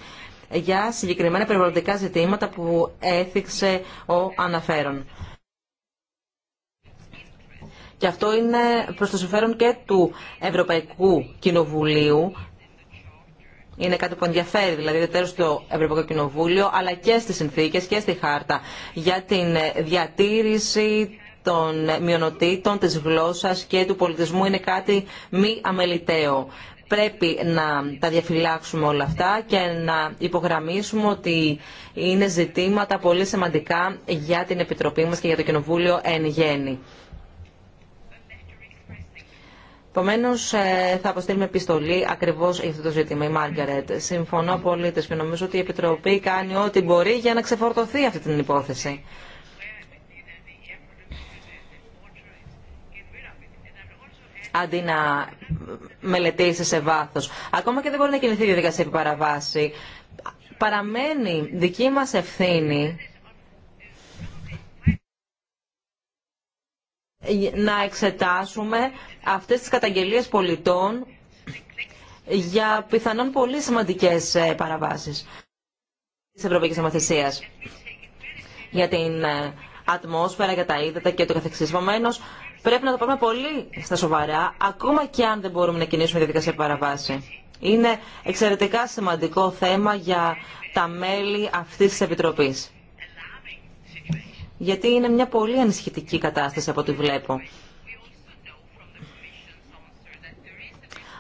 για συγκεκριμένα περιβαλλοντικά ζητήματα που έθιξε ο αναφέρον. Και αυτό είναι προς το συμφέρον και του Ευρωπαϊκού Κοινοβουλίου είναι κάτι που ενδιαφέρει δηλαδή τέλο το Ευρωπαϊκό Κοινοβούλιο αλλά και στις συνθήκες και στη χάρτα για την ε, διατήρηση των μειονοτήτων, της γλώσσας και του πολιτισμού είναι κάτι μη αμεληταίο. Πρέπει να τα διαφυλάξουμε όλα αυτά και να υπογραμμίσουμε ότι είναι ζητήματα πολύ σημαντικά για την Επιτροπή μας και για το Κοινοβούλιο εν γέννη. Επομένω, ε, θα αποστείλουμε επιστολή ακριβώ για αυτό το ζήτημα, η Μάργαρετ. Συμφωνώ απολύτω και νομίζω ότι η Επιτροπή κάνει ό,τι μπορεί για να ξεφορτωθεί αυτή την υπόθεση. αντί να μελετήσει σε βάθος. Ακόμα και δεν μπορεί να κινηθεί η διαδικασία επί παραβάση. Παραμένει δική μας ευθύνη να εξετάσουμε αυτές τις καταγγελίες πολιτών για πιθανόν πολύ σημαντικές ε, παραβάσεις της Ευρωπαϊκής Αμαθησίας για την ε, ατμόσφαιρα, για τα ύδατα και το καθεξής. Επομένως, πρέπει να το πάμε πολύ στα σοβαρά, ακόμα και αν δεν μπορούμε να κινήσουμε διαδικασία παραβάση. Είναι εξαιρετικά σημαντικό θέμα για τα μέλη αυτής της Επιτροπής γιατί είναι μια πολύ ανησυχητική κατάσταση από ό,τι βλέπω.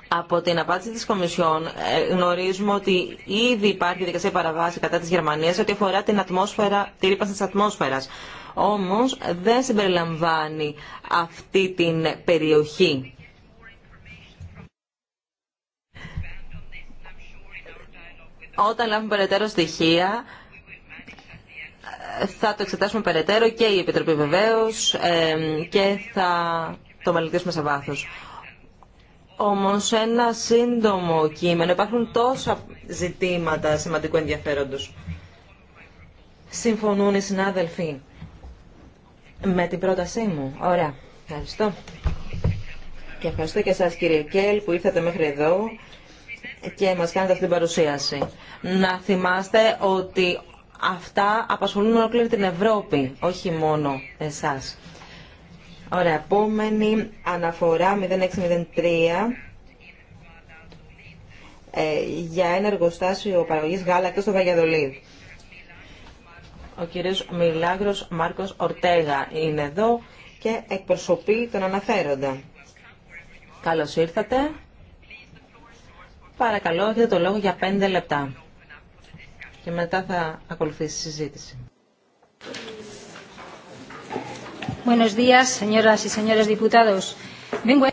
Από την απάντηση της Κομισιόν ε, γνωρίζουμε ότι ήδη υπάρχει δικασία παραβάση κατά της Γερμανίας ό,τι αφορά την, ατμόσφαιρα, τη ρήπαση της ατμόσφαιρας. Όμως δεν συμπεριλαμβάνει αυτή την περιοχή. Όταν λάβουμε περαιτέρω στοιχεία θα το εξετάσουμε περαιτέρω και η Επιτροπή βεβαίω ε, και θα το μελετήσουμε σε βάθος. Όμω ένα σύντομο κείμενο, υπάρχουν τόσα ζητήματα σημαντικού ενδιαφέροντος. Συμφωνούν οι συνάδελφοι με την πρότασή μου. Ωραία. Ευχαριστώ. Και ευχαριστώ και εσάς κύριε Κέλ που ήρθατε μέχρι εδώ και μας κάνετε αυτή την παρουσίαση. Να θυμάστε ότι αυτά απασχολούν ολόκληρη την Ευρώπη, όχι μόνο εσάς. Ωραία, επόμενη αναφορά 0603 ε, για ένα εργοστάσιο παραγωγής και στο Βαγιαδολίδ. Ο κύριος Μιλάγρος Μάρκος Ορτέγα είναι εδώ και εκπροσωπεί τον αναφέροντα. Καλώς ήρθατε. Παρακαλώ, έχετε το λόγο για πέντε λεπτά και μετά θα ακολουθήσει η συζήτηση. Buenos días, señoras y señores diputados. Vengo...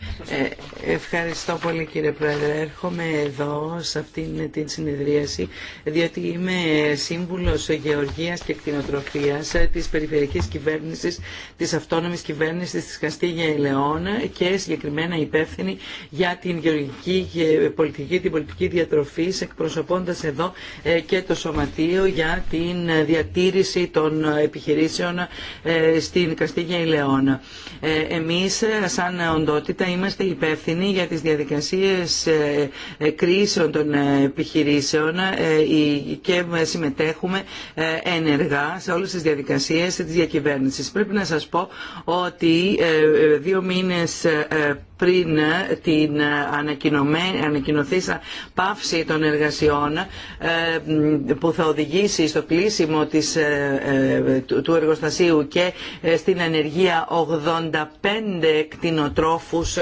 Ευχαριστώ πολύ κύριε Πρόεδρε. Έρχομαι εδώ σε αυτήν την συνεδρίαση διότι είμαι σύμβουλος γεωργίας και κτηνοτροφίας της περιφερειακής κυβέρνησης, της αυτόνομης κυβέρνησης της Καστίγια Ελαιών και συγκεκριμένα υπεύθυνη για την γεωργική πολιτική, την πολιτική διατροφής εκπροσωπώντας εδώ ε, και το Σωματείο για την διατήρηση των επιχειρήσεων ε, στην Καστίγια Ελαιών. Ε, εμείς σαν οντότητα είμαστε υπεύθυνοι για τις διαδικασίες ε, ε, κρίσεων των ε, επιχειρήσεων και συμμετέχουμε ενεργά σε όλες τις διαδικασίες της διακυβέρνησης. Πρέπει να σας πω ότι δύο μήνες πριν ε, την ε, ανακοινωθήσα πάυση των εργασιών ε, που θα οδηγήσει στο κλείσιμο της, του εργοστασίου και στην ανεργία 85 κτηνοτρόφους,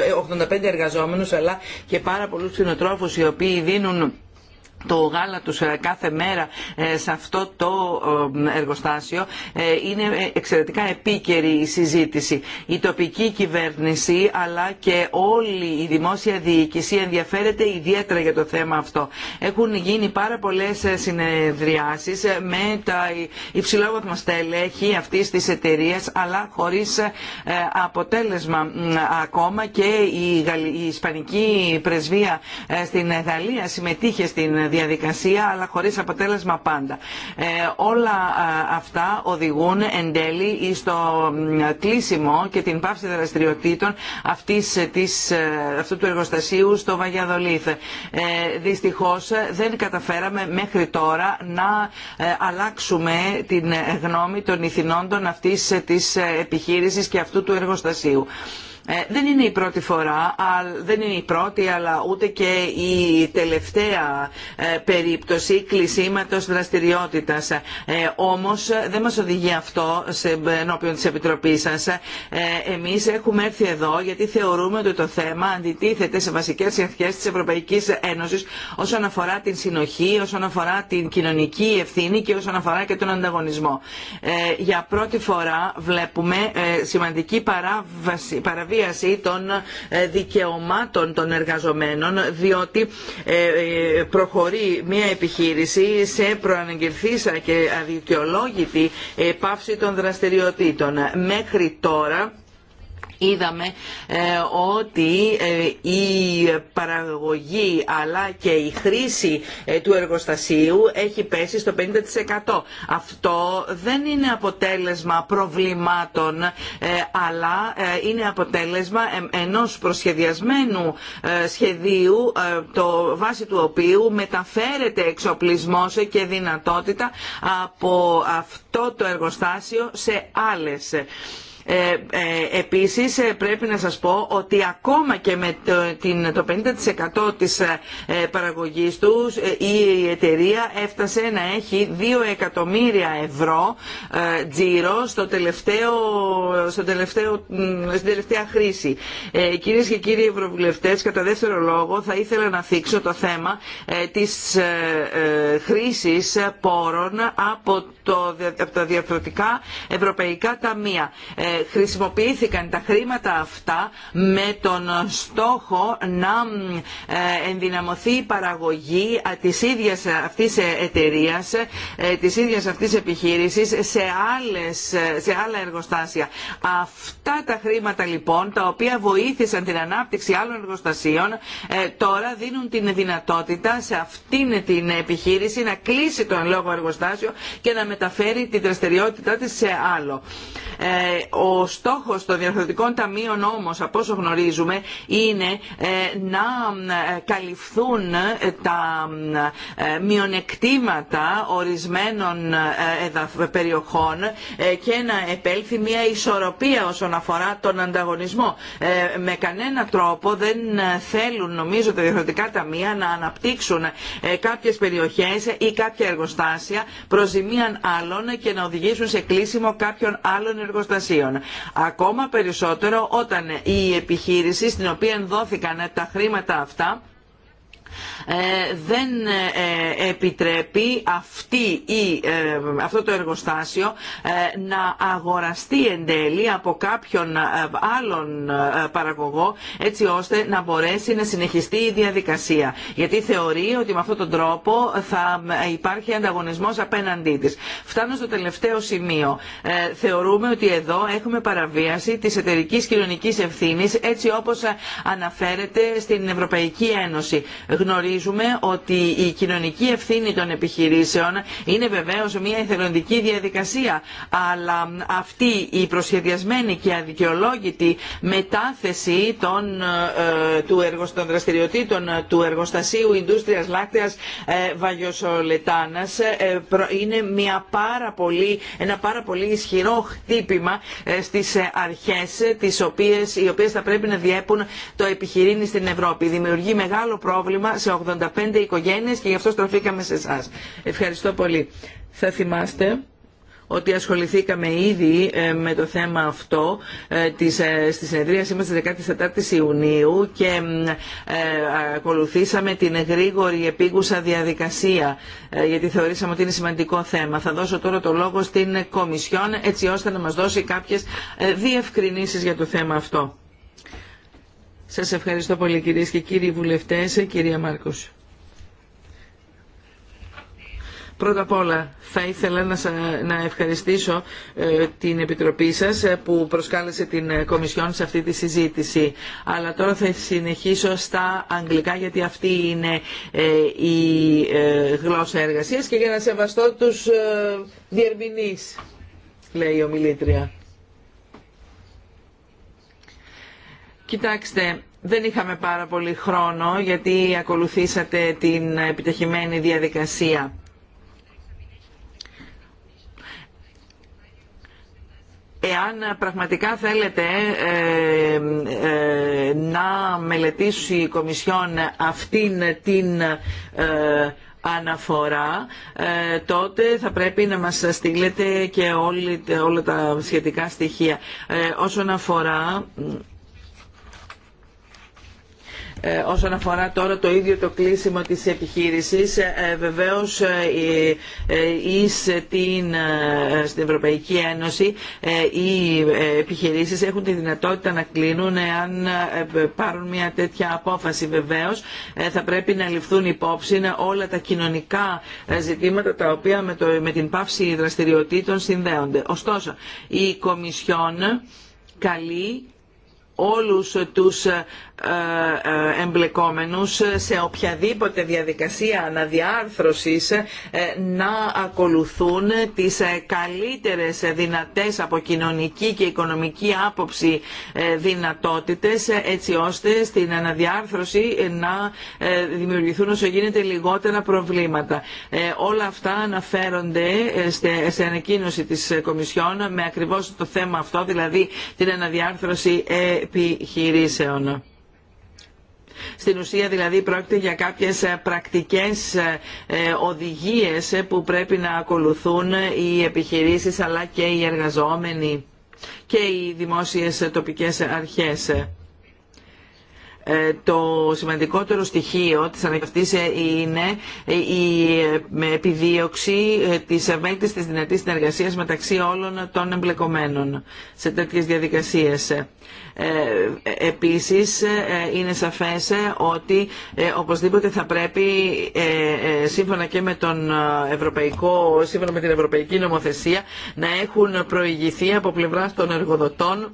85 εργαζόμενους αλλά και πάρα πολλούς κτηνοτρόφους οι οποίοι δίνουν το γάλα τους ε, κάθε μέρα ε, σε αυτό το ε, εργοστάσιο είναι εξαιρετικά επίκαιρη η συζήτηση. Η τοπική κυβέρνηση αλλά και όλη η δημόσια διοίκηση ενδιαφέρεται ιδιαίτερα για το θέμα αυτό. Έχουν γίνει πάρα πολλές συνεδριάσεις με τα υψηλόβαθμα στελέχη αυτής της εταιρεία, αλλά χωρίς αποτέλεσμα ακόμα και η Ισπανική πρεσβεία στην Γαλλία συμμετείχε στην διαδικασία αλλά χωρίς αποτέλεσμα πάντα. Ε, όλα αυτά οδηγούν εν τέλει στο κλείσιμο και την πάυση δραστηριοτήτων αυτής, της, ε, αυτού του εργοστασίου στο Βαγιαδολίθ. Ε, δυστυχώς δεν καταφέραμε μέχρι τώρα να αλλάξουμε την γνώμη των ηθινόντων αυτής της επιχείρησης και αυτού του εργοστασίου. Ε, δεν είναι η πρώτη φορά, δεν είναι η πρώτη αλλά ούτε και η τελευταία ε, περίπτωση κλεισίματος δραστηριότητας. Ε, όμως δεν μας οδηγεί αυτό σε ενώπιον της Επιτροπής σας. Εμείς έχουμε έρθει εδώ γιατί θεωρούμε ότι το θέμα αντιτίθεται σε βασικές αρχές της Ευρωπαϊκής Ένωσης όσον αφορά την συνοχή, όσον αφορά την κοινωνική ευθύνη και όσον αφορά και τον ανταγωνισμό. Για πρώτη φορά βλέπουμε σημαντική παράβαση, παραβίαση παραβίαση των ε, δικαιωμάτων των εργαζομένων διότι ε, ε, προχωρεί μια επιχείρηση σε προαναγγελθήσα και αδικαιολόγητη πάυση των δραστηριοτήτων. Μέχρι τώρα είδαμε ε, ότι ε, η παραγωγή αλλά και η χρήση ε, του εργοστασίου έχει πέσει στο 50%. Αυτό δεν είναι αποτέλεσμα προβλημάτων αλλά είναι αποτέλεσμα ενός προσχεδιασμένου σχεδίου το βάση του οποίου μεταφέρεται εξοπλισμός και δυνατότητα από αυτό το εργοστάσιο σε άλλες. Ε, ε, επίσης ε, πρέπει να σας πω ότι ακόμα και με το 50% της παραγωγής τους η εταιρεία έφτασε να έχει 2 εκατομμύρια ευρώ τζίρο στο τελευταίο, στο τελευταίο, στην τελευταία χρήση. Κυρίες και κύριοι Ευρωβουλευτές, κατά δεύτερο λόγο θα ήθελα να θίξω το θέμα της χρήσης πόρων από το, από τα διαφορετικά ευρωπαϊκά ταμεία. Ε, χρησιμοποιήθηκαν τα χρήματα αυτά με τον στόχο να ε, ενδυναμωθεί η παραγωγή της ίδιας αυτής εταιρείας, ε, της ίδιας αυτής επιχείρησης σε, άλλες, σε άλλα εργοστάσια. Αυτά τα χρήματα λοιπόν, τα οποία βοήθησαν την ανάπτυξη άλλων εργοστασίων, ε, τώρα δίνουν την δυνατότητα σε αυτήν την επιχείρηση να κλείσει τον λόγο εργοστάσιο και να μεταφέρει την δραστηριότητά της σε άλλο. Ε, ο στόχος των διαρθρωτικών ταμείων όμως, από όσο γνωρίζουμε, είναι ε, να ε, καλυφθούν τα μειονεκτήματα ορισμένων περιοχών και να επέλθει μια ισορροπία όσον αφορά τον ανταγωνισμό. Με κανένα τρόπο δεν θέλουν νομίζω τα διαρθρωτικά ταμεία να αναπτύξουν κάποιες περιοχές ή κάποια εργοστάσια προς ζημίαν άλλων και να οδηγήσουν σε κλείσιμο κάποιων άλλων εργοστασίων. Ακόμα περισσότερο όταν η επιχείρηση στην οποία δόθηκαν τα χρήματα αυτά ε, δεν ε, επιτρέπει αυτή η, ε, αυτό το εργοστάσιο να αγοραστεί εν τέλει από κάποιον άλλον παραγωγό έτσι ώστε να μπορέσει να συνεχιστεί η διαδικασία. Γιατί θεωρεί ότι με αυτόν τον τρόπο θα υπάρχει ανταγωνισμός απέναντί της. Φτάνω στο τελευταίο σημείο. Θεωρούμε ότι εδώ έχουμε παραβίαση της εταιρικής κοινωνικής ευθύνης έτσι όπως αναφέρεται στην Ευρωπαϊκή Ένωση γνωρίζουμε ότι η κοινωνική ευθύνη των επιχειρήσεων είναι βεβαίως μια εθελοντική διαδικασία, αλλά αυτή η προσχεδιασμένη και αδικαιολόγητη μετάθεση των, ε, του εργο, των δραστηριοτήτων του εργοστασίου Ιντούστριας Λάκτεας ε, ε, είναι μια πάρα ένα πάρα πολύ ισχυρό χτύπημα ε, στις ε, αρχές τις οποίες, οι οποίες θα πρέπει να διέπουν το επιχειρήνι στην Ευρώπη. Δημιουργεί μεγάλο πρόβλημα σε 85 οικογένειες και γι' αυτό στραφήκαμε σε εσά. Ευχαριστώ πολύ. Θα θυμάστε ότι ασχοληθήκαμε ήδη ε, με το θέμα αυτό ε, ε, στη συνεδρίασή μας της 14 η Ιουνίου και ακολουθήσαμε την γρήγορη επίγουσα διαδικασία γιατί θεωρήσαμε ότι είναι σημαντικό θέμα. Θα δώσω τώρα το λόγο στην Κομισιόν έτσι ώστε να μας δώσει κάποιες διευκρινήσεις για το θέμα αυτό. Σας ευχαριστώ πολύ κυρίες και κύριοι βουλευτές, κυρία Μάρκος. Πρώτα απ' όλα θα ήθελα να, να ευχαριστήσω ε, την Επιτροπή σας ε, που προσκάλεσε την ε, Κομισιόν σε αυτή τη συζήτηση. Αλλά τώρα θα συνεχίσω στα αγγλικά γιατί αυτή είναι η γλώσσα εργασίας και για να σεβαστώ τους διερμηνείς, λέει η ομιλήτρια. Κοιτάξτε, δεν είχαμε πάρα πολύ χρόνο γιατί ακολουθήσατε την επιτυχημένη διαδικασία. Εάν πραγματικά θέλετε ε, ε, να μελετήσει η Κομισιόν αυτήν την ε, αναφορά, τότε θα πρέπει να μας στείλετε και όλη, όλα τα σχετικά στοιχεία. Όσον αφορά ε, όσον αφορά τώρα το ίδιο το κλείσιμο της επιχείρησης, ε, βεβαίως ής ε, την, στην Ευρωπαϊκή Ένωση οι επιχειρήσεις έχουν τη δυνατότητα να κλείνουν αν πάρουν μια τέτοια απόφαση. Βεβαίως θα πρέπει να ληφθούν υπόψη όλα τα κοινωνικά ζητήματα τα οποία με, με την πάυση δραστηριοτήτων συνδέονται. Ωστόσο, η Κομισιόν καλεί όλους τους ε, ε, εμπλεκόμενους σε οποιαδήποτε διαδικασία αναδιάρθρωσης ε, να ακολουθούν τις καλύτερες δυνατές από κοινωνική και οικονομική άποψη δυνατότητες έτσι ώστε στην αναδιάρθρωση να δημιουργηθούν όσο γίνεται λιγότερα προβλήματα. Όλα αυτά αναφέρονται σε ανακοίνωση της Κομισιόν με ακριβώς το θέμα αυτό, δηλαδή την αναδιάρθρωση επιχειρήσεων. Στην ουσία δηλαδή πρόκειται για κάποιες ε, πρακτικές ε, ε, οδηγίες που πρέπει να ακολουθούν οι επιχειρήσεις αλλά και οι εργαζόμενοι και οι δημόσιες τοπικές αρχές. Ε, το σημαντικότερο στοιχείο της ανακαυτής ε, είναι ε, η επιδίωξη της ευέλτης της δυνατής συνεργασίας μεταξύ όλων των εμπλεκομένων σε τέτοιες διαδικασίες. Επίσης είναι σαφές ότι οπωσδήποτε θα πρέπει σύμφωνα και με, τον ευρωπαϊκό, σύμφωνα με την ευρωπαϊκή νομοθεσία να έχουν προηγηθεί από πλευρά των εργοδοτών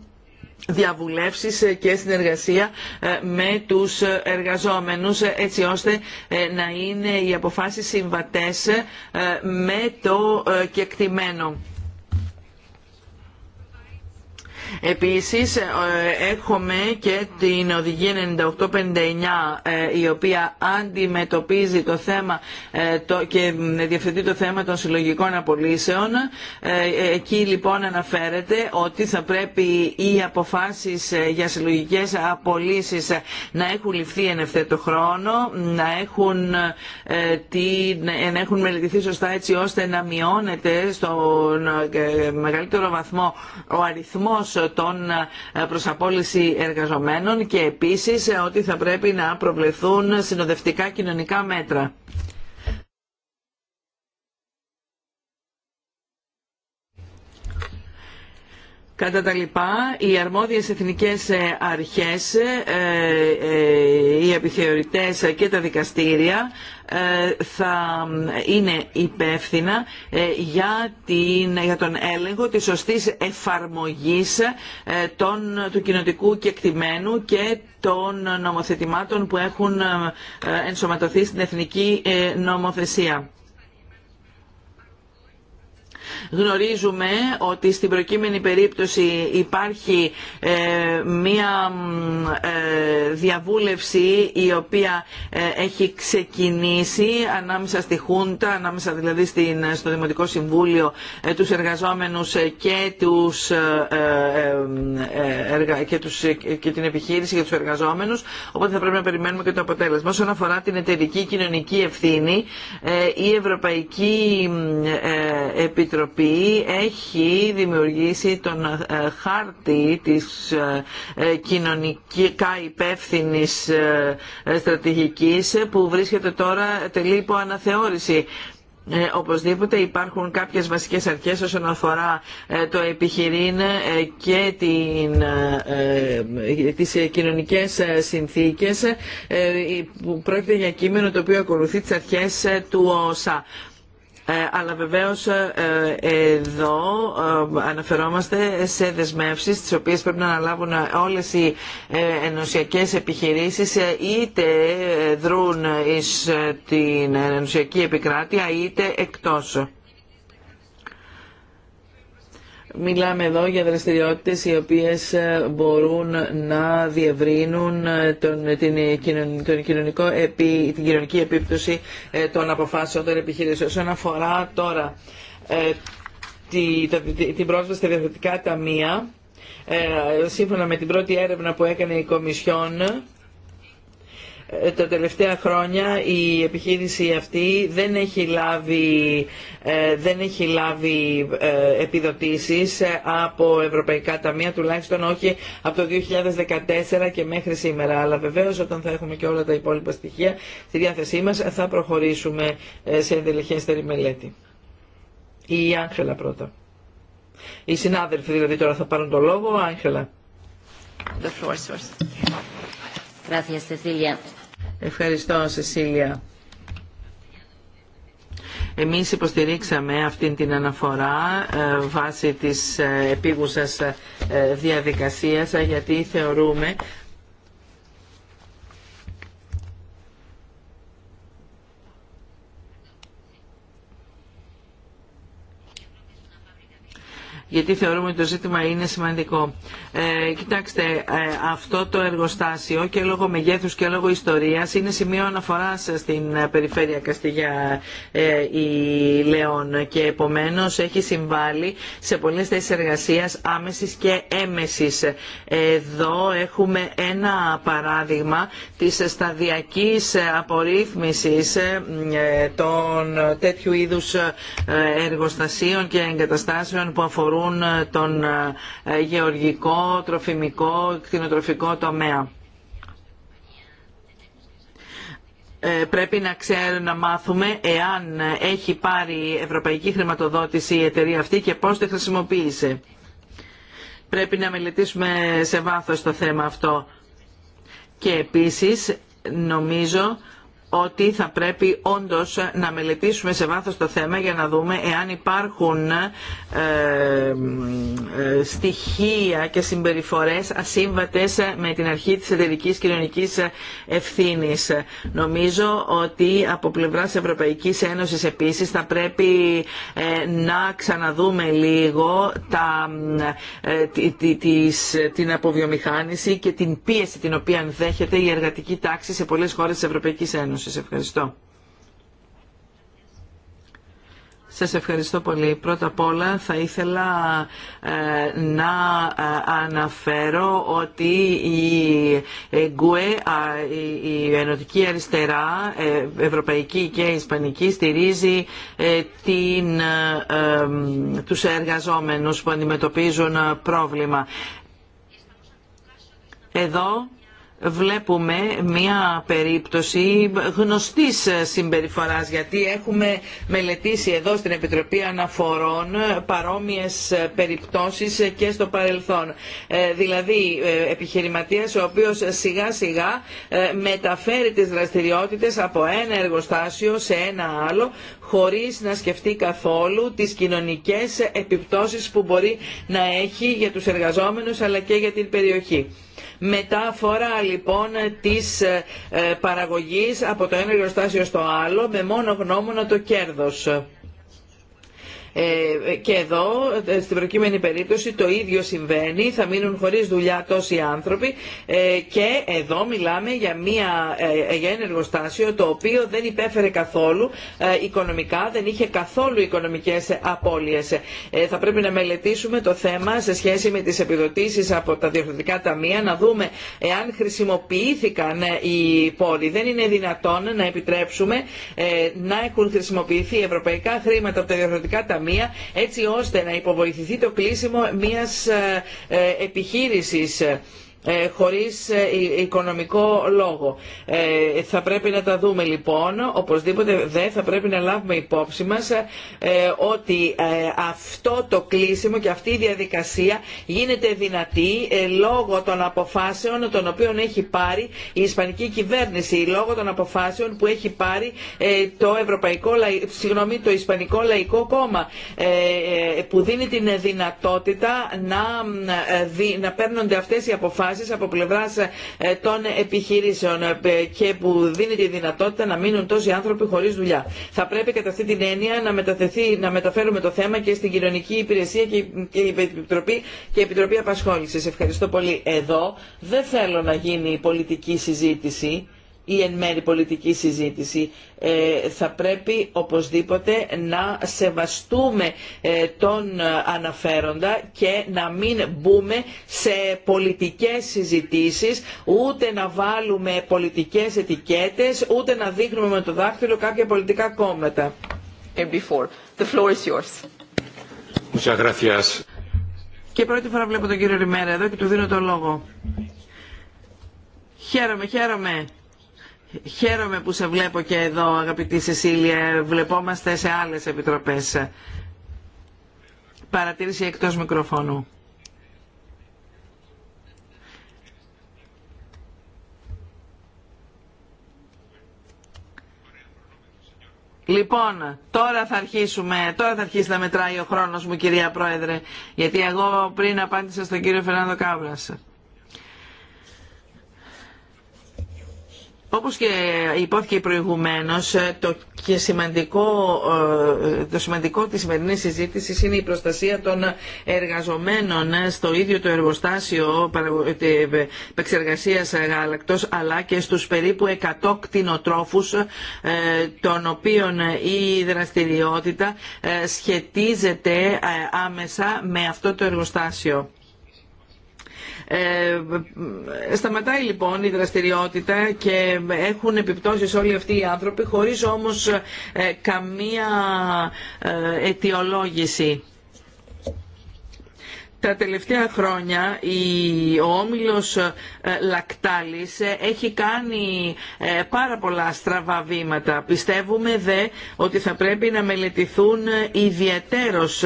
διαβουλεύσεις ε, και συνεργασία ε, με τους ε, εργαζόμενους έτσι ώστε να είναι οι αποφάσεις συμβατές με το κεκτημένο. Επίσης ε, έχουμε και την οδηγία 9859 ε, η οποία αντιμετωπίζει το θέμα ε, και διευθετεί το θέμα των συλλογικών απολύσεων. Εκεί λοιπόν αναφέρεται ότι θα πρέπει οι αποφάσεις για συλλογικές απολύσεις να έχουν ληφθεί εν ευθέτω χρόνο, να έχουν, να έχουν μελετηθεί σωστά έτσι ώστε να μειώνεται στο μεγαλύτερο βαθμό ο αριθμός των ε, προσαπόληση εργαζομένων και επίσης ε, ότι θα πρέπει να προβλεφθούν συνοδευτικά κοινωνικά μέτρα. Κατά τα λοιπά, οι αρμόδιες εθνικές ε, αρχές, ε, ε, οι επιθεωρητές και τα δικαστήρια θα είναι υπεύθυνα για, την, για τον έλεγχο της σωστής εφαρμογής των, του κοινοτικού κεκτημένου και των νομοθετημάτων που έχουν ενσωματωθεί στην εθνική νομοθεσία. Γνωρίζουμε ότι στην προκείμενη περίπτωση υπάρχει ε, μία ε, διαβούλευση η οποία ε, έχει ξεκινήσει ανάμεσα στη Χούντα, ανάμεσα δηλαδή στο Δημοτικό Συμβούλιο τους εργαζόμενους και, τους, την επιχείρηση και τους εργαζόμενους οπότε θα πρέπει να περιμένουμε και το αποτέλεσμα. Όσον αφορά την εταιρική κοινωνική ευθύνη η Ευρωπαϊκή Επιτροπή Επιτροπή έχει δημιουργήσει τον ε, χάρτη της ε, κοινωνικά υπεύθυνη ε, στρατηγικής που βρίσκεται τώρα τελείως υπό αναθεώρηση. Ε, οπωσδήποτε υπάρχουν κάποιες βασικές αρχές όσον αφορά το επιχειρήν και την, τις κοινωνικές συνθήκες που πρόκειται για κείμενο το οποίο ακολουθεί τις αρχές του ΩΣΑ. Ε, αλλά βεβαίως ε, ε, εδώ αναφερόμαστε σε δεσμεύσεις τις οποίες πρέπει να αναλάβουν όλες οι ενωσιακές επιχειρήσεις είτε δρούν στην την ενωσιακή επικράτεια είτε εκτός. Μιλάμε εδώ για δραστηριότητες οι οποίες ε, μπορούν να διευρύνουν ε, τον, την, τον επί, την κοινωνική επίπτωση ε, των αποφάσεων των επιχειρήσεων. Όσον αφορά τώρα τη, την πρόσβαση στα διαφορετικά ταμεία, σύμφωνα με την πρώτη έρευνα που έκανε η Κομισιόν, ε, τα τελευταία χρόνια η επιχείρηση αυτή δεν έχει λάβει, ε, δεν έχει λάβει ε, επιδοτήσεις από ευρωπαϊκά ταμεία, τουλάχιστον όχι από το 2014 και μέχρι σήμερα. Αλλά βεβαίως όταν θα έχουμε και όλα τα υπόλοιπα στοιχεία στη διάθεσή μας θα προχωρήσουμε σε εντελεχέστερη μελέτη. Η Άγχελα πρώτα. Οι συνάδελφοι δηλαδή τώρα θα πάρουν το λόγο. Άγχελα. Ευχαριστώ, Σεσίλια. Εμείς υποστηρίξαμε αυτή την αναφορά ε, βάσει της ε, επίγουσας ε, διαδικασίας γιατί θεωρούμε γιατί θεωρούμε ότι το ζήτημα είναι σημαντικό. Ε, κοιτάξτε, ε, αυτό το εργοστάσιο και λόγω μεγέθους και λόγω ιστορίας είναι σημείο αναφοράς στην ε, περιφέρεια Καστιγιά ε, η Λέων και επομένως έχει συμβάλει σε πολλές θέσεις εργασίας άμεσης και έμεσης. Εδώ έχουμε ένα παράδειγμα της σταδιακής απορρίθμισης των τέτοιου είδους εργοστασίων και εγκαταστάσεων που αφορούν ε, τον ε, ε, γεωργικό, τροφιμικό, κτηνοτροφικό τομέα. πρέπει να ξέρουμε να μάθουμε εάν έχει πάρει ευρωπαϊκή χρηματοδότηση η εταιρεία αυτή και πώς τη χρησιμοποίησε. Πρέπει να μελετήσουμε σε βάθος το θέμα αυτό. Και επίσης νομίζω ότι θα πρέπει όντως να μελετήσουμε σε βάθος το θέμα για να δούμε εάν υπάρχουν ε, ε, στοιχεία και συμπεριφορές ασύμβατες με την αρχή της εταιρικής κοινωνικής ευθύνης. Νομίζω ότι από πλευράς Ευρωπαϊκής Ένωσης επίσης θα πρέπει ε, να ξαναδούμε λίγο τα, την αποβιομηχάνηση και την πίεση την οποία δέχεται η εργατική τάξη σε πολλές χώρες της Ευρωπαϊκής Ένωσης. Σας Ευχαριστώ. Σας ευχαριστώ πολύ. Πρώτα απ' όλα θα ήθελα ε, να ε, αναφέρω ότι η ε, ΓΚΟΕ, η Ενωτική Αριστερά, Ευρωπαϊκή και Ισπανική, στηρίζει την, τους εργαζόμενους που αντιμετωπίζουν πρόβλημα. Εδώ βλέπουμε μια περίπτωση γνωστής συμπεριφοράς γιατί έχουμε μελετήσει εδώ στην Επιτροπή Αναφορών παρόμοιες περιπτώσεις και στο παρελθόν. Ε, δηλαδή ε, επιχειρηματίας ο οποίος σιγά σιγά ε, μεταφέρει τις δραστηριότητες από ένα εργοστάσιο σε ένα άλλο χωρίς να σκεφτεί καθόλου τις κοινωνικές επιπτώσεις που μπορεί να έχει για τους εργαζόμενους αλλά και για την περιοχή μεταφορά λοιπόν της ε, ε, παραγωγής από το ένα εργοστάσιο στο άλλο με μόνο γνώμονα το κέρδος ε, και εδώ, ε, στην προκείμενη περίπτωση, το ίδιο συμβαίνει. Θα μείνουν χωρίς δουλειά τόσοι άνθρωποι ε, και εδώ μιλάμε για, μια, για ένα εργοστάσιο το οποίο δεν υπέφερε καθόλου οικονομικά, δεν είχε καθόλου οικονομικές απώλειες. Θα πρέπει να μελετήσουμε το θέμα σε σχέση με τις επιδοτήσεις από τα διορθωτικά ταμεία, να δούμε εάν χρησιμοποιήθηκαν οι πόλοι Δεν είναι δυνατόν να επιτρέψουμε να έχουν χρησιμοποιηθεί ευρωπαϊκά χρήματα από τα διορθωτικά ταμεία έτσι ώστε να υποβοηθηθεί το κλείσιμο μιας ε, ε, επιχείρησης ε, χωρίς ε, οικονομικό λόγο. Ε, θα πρέπει να τα δούμε λοιπόν, οπωσδήποτε δεν θα πρέπει να λάβουμε υπόψη μας ότι αυτό το κλείσιμο και αυτή η διαδικασία γίνεται δυνατή λόγω των αποφάσεων των οποίων έχει πάρει η Ισπανική κυβέρνηση, λόγω των αποφάσεων που έχει πάρει το, Ευρωπαϊκό, συγγνώμη, το Ισπανικό Λαϊκό Κόμμα που δίνει την δυνατότητα να, να παίρνονται αυτές οι αποφάσεις από πλευράς ε, των επιχειρήσεων ε, και που δίνει τη δυνατότητα να μείνουν τόσοι άνθρωποι χωρίς δουλειά. Θα πρέπει κατά αυτή την έννοια να, να μεταφέρουμε το θέμα και στην κοινωνική υπηρεσία και, και, η Επιτροπή, και η Επιτροπή Απασχόλησης. Ευχαριστώ πολύ. Εδώ δεν θέλω να γίνει πολιτική συζήτηση η εν μέρη πολιτική συζήτηση. Ε, θα πρέπει οπωσδήποτε να σεβαστούμε ε, τον αναφέροντα και να μην μπούμε σε πολιτικές συζητήσεις, ούτε να βάλουμε πολιτικές ετικέτες, ούτε να δείχνουμε με το δάχτυλο κάποια πολιτικά κόμματα. Ε, The floor is yours. Και πρώτη φορά βλέπω τον κύριο Ριμέρα εδώ και του δίνω το λόγο. Χαίρομαι, χαίρομαι. Χαίρομαι που σε βλέπω και εδώ αγαπητή Σεσίλια. Βλεπόμαστε σε άλλες επιτροπές. Παρατήρηση εκτός μικροφώνου. Λοιπόν, τώρα θα αρχίσουμε, τώρα θα αρχίσει να μετράει ο χρόνος μου κυρία Πρόεδρε, γιατί εγώ πριν απάντησα στον κύριο Φερνάνδο Κάβρας. Όπως και υπόθηκε προηγουμένως, το, και σημαντικό, ε, το σημαντικό της σημερινής συζήτησης είναι η προστασία των εργαζομένων στο ίδιο το εργοστάσιο ε, ε, επεξεργασίας γάλακτος, αλλά και στους περίπου 100 κτηνοτρόφους, των οποίων η δραστηριότητα σχετίζεται άμεσα με αυτό το εργοστάσιο. Ε, σταματάει λοιπόν η δραστηριότητα και έχουν επιπτώσεις όλοι αυτοί οι άνθρωποι χωρίς όμως ε, καμία ε, αιτιολόγηση. Τα τελευταία χρόνια ο Όμιλος ε, Λακτάλης ε, έχει κάνει ε, πάρα πολλά στραβά βήματα. Πιστεύουμε δε ότι θα πρέπει να μελετηθούν ιδιαιτέρως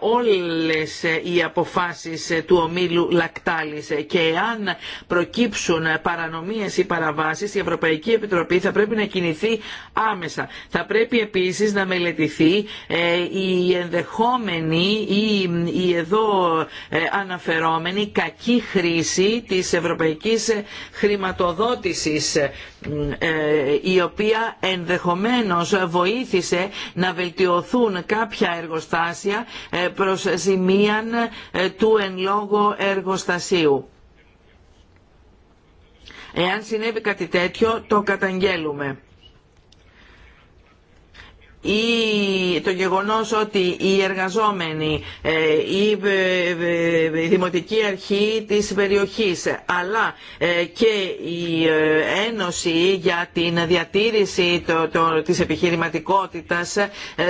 όλες οι αποφάσεις του Ομίλου Λακτάλης και αν προκύψουν παρανομίες ή παραβάσεις η Ευρωπαϊκή Επιτροπή θα πρέπει να κινηθεί άμεσα. Θα πρέπει επίσης να μελετηθεί η ενδεχόμενη ή η ενδεχομενη η εδω ε, αναφερόμενη κακή χρήση της ευρωπαϊκής χρηματοδότησης ε, ε, η οποία ενδεχομένως βοήθησε να βελτιωθούν κάποια εργοστάσια προς ζημίαν του εν λόγω εργοστασίου. Εάν συνέβη κάτι τέτοιο το καταγγέλουμε ή το γεγονός ότι οι εργαζόμενοι, ε, ε, ε, η Δημοτική Αρχή της περιοχής αλλά και η Ένωση για την διατήρηση της επιχειρηματικότητας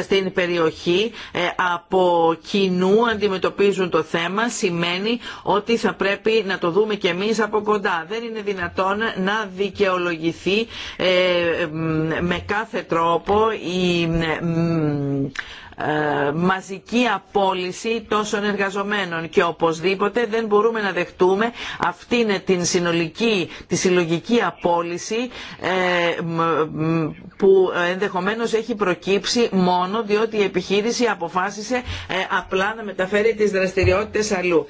στην περιοχή από κοινού αντιμετωπίζουν το θέμα σημαίνει ότι θα πρέπει να το δούμε και εμείς από κοντά. Δεν είναι δυνατόν να δικαιολογηθεί με κάθε τρόπο η μ ε, μαζική απόλυση τόσων εργαζομένων και οπωσδήποτε δεν μπορούμε να δεχτούμε αυτήν την συνολική, τη συλλογική απόλυση ε, που ενδεχομένως έχει προκύψει μόνο διότι η επιχείρηση αποφάσισε ε, απλά να μεταφέρει τις δραστηριότητες αλλού.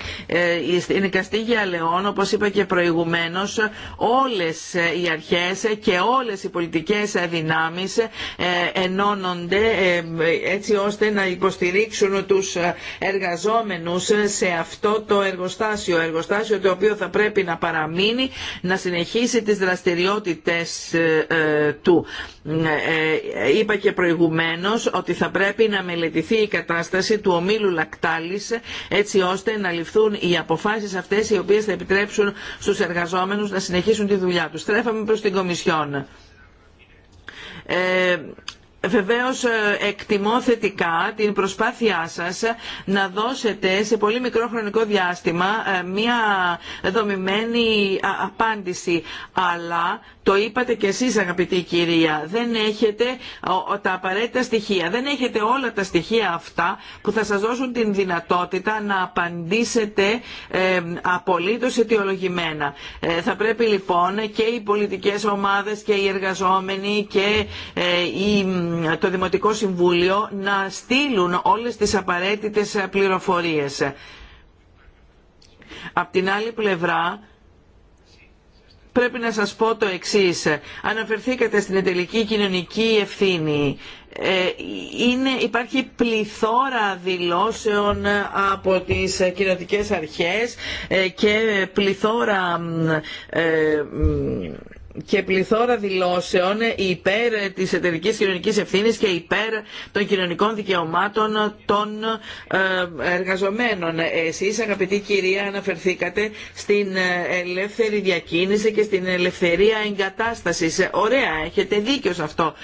Στην Καστίγια Λεών όπως είπα και προηγουμένως, όλες οι αρχές και όλες οι πολιτικές δυνάμεις ενώνονται έτσι ώστε να υποστηρίξουν τους εργαζόμενους σε αυτό το εργοστάσιο. Εργοστάσιο το οποίο θα πρέπει να παραμείνει, να συνεχίσει τις δραστηριότητες ε, ε, του. Ε, είπα και προηγουμένως ότι θα πρέπει να μελετηθεί η κατάσταση του ομίλου Λακτάλης έτσι ώστε να ληφθούν οι αποφάσεις αυτές οι οποίες θα επιτρέψουν στους εργαζόμενους να συνεχίσουν τη δουλειά τους. Στρέφαμε προς την Κομισιόν. Ε, Βεβαίως ε, εκτιμώ θετικά την προσπάθειά σας να δώσετε σε πολύ μικρό χρονικό διάστημα ε, μια δομημένη απάντηση. Αλλά το είπατε κι εσείς αγαπητή κυρία, δεν έχετε τα απαραίτητα στοιχεία, δεν έχετε όλα τα στοιχεία αυτά που θα σας δώσουν την δυνατότητα να απαντήσετε ε, απολύτως αιτιολογημένα. Θα πρέπει λοιπόν και οι πολιτικές ομάδες και οι εργαζόμενοι και οι το Δημοτικό Συμβούλιο να στείλουν όλες τις απαραίτητες πληροφορίες. Απ' την άλλη πλευρά, πρέπει να σας πω το εξής. Αναφερθήκατε στην εντελική κοινωνική ευθύνη. Ε, είναι, υπάρχει πληθώρα δηλώσεων ε, από τις κοινωτικές αρχές ε, και πληθώρα ε, και πληθώρα δηλώσεων υπέρ της εταιρικής κοινωνικής ευθύνης και υπέρ των κοινωνικών δικαιωμάτων των ε, εργαζομένων. Εσείς αγαπητή κυρία αναφερθήκατε στην ε, ελεύθερη διακίνηση και στην ελευθερία εγκατάστασης. Ωραία, έχετε δίκιο σε αυτό.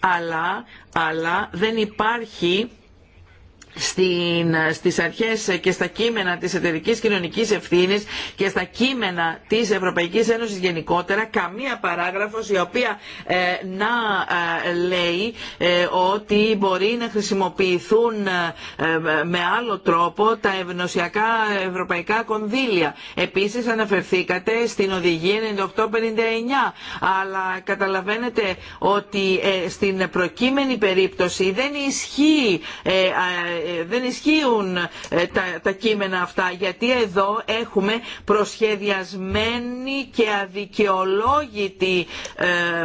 Αλλά, αλλά δεν υπάρχει στην, στις αρχές και στα κείμενα της εταιρικής κοινωνικής ευθύνης και στα κείμενα της Ευρωπαϊκής Ένωσης γενικότερα καμία παράγραφος η οποία ε, να ε, λέει ε, ότι μπορεί να χρησιμοποιηθούν με άλλο τρόπο τα ευνοσιακά ευρωπαϊκά κονδύλια. Επίσης αναφερθήκατε στην οδηγία 9859 αλλά καταλαβαίνετε ότι στην προκείμενη περίπτωση δεν ισχύει ε, δεν ισχύουν ε, τα, τα κείμενα αυτά γιατί εδώ έχουμε προσχεδιασμένη και αδικαιολόγητη ε,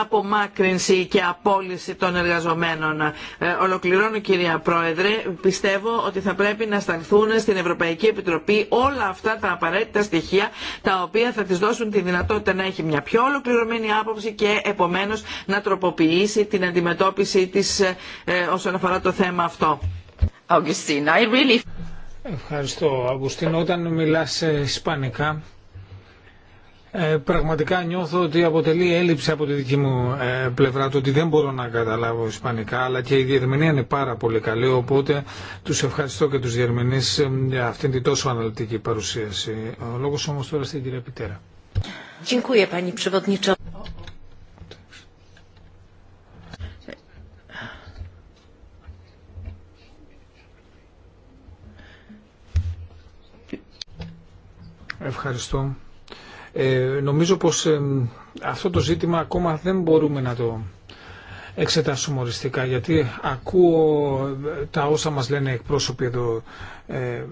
απομάκρυνση και απόλυση των εργαζομένων. Ε, ολοκληρώνω κυρία Πρόεδρε, πιστεύω ότι θα πρέπει να σταλθούν στην Ευρωπαϊκή Επιτροπή όλα αυτά τα απαραίτητα στοιχεία τα οποία θα της δώσουν τη δυνατότητα να έχει μια πιο ολοκληρωμένη άποψη και επομένως να τροποποιήσει την αντιμετώπιση της ε, όσον αφορά το θέμα αυτό. Ευχαριστώ, Όταν μιλάς ε, ισπανικά, ε, πραγματικά νιώθω ότι αποτελεί έλλειψη από τη δική μου ε, πλευρά το ότι δεν μπορώ να καταλάβω ισπανικά αλλά και η διερμηνία είναι πάρα πολύ καλή οπότε τους ευχαριστώ και τους διερμηνείς ε, για αυτήν την τόσο αναλυτική παρουσίαση. Ο λόγος όμως τώρα στην κυρία Πιτέρα. Ευχαριστώ. Ε, νομίζω πως αυτό το ζήτημα ακόμα δεν μπορούμε να το εξετάσουμε οριστικά γιατί ακούω ε, τα όσα μας λένε εκπρόσωποι εδώ ε,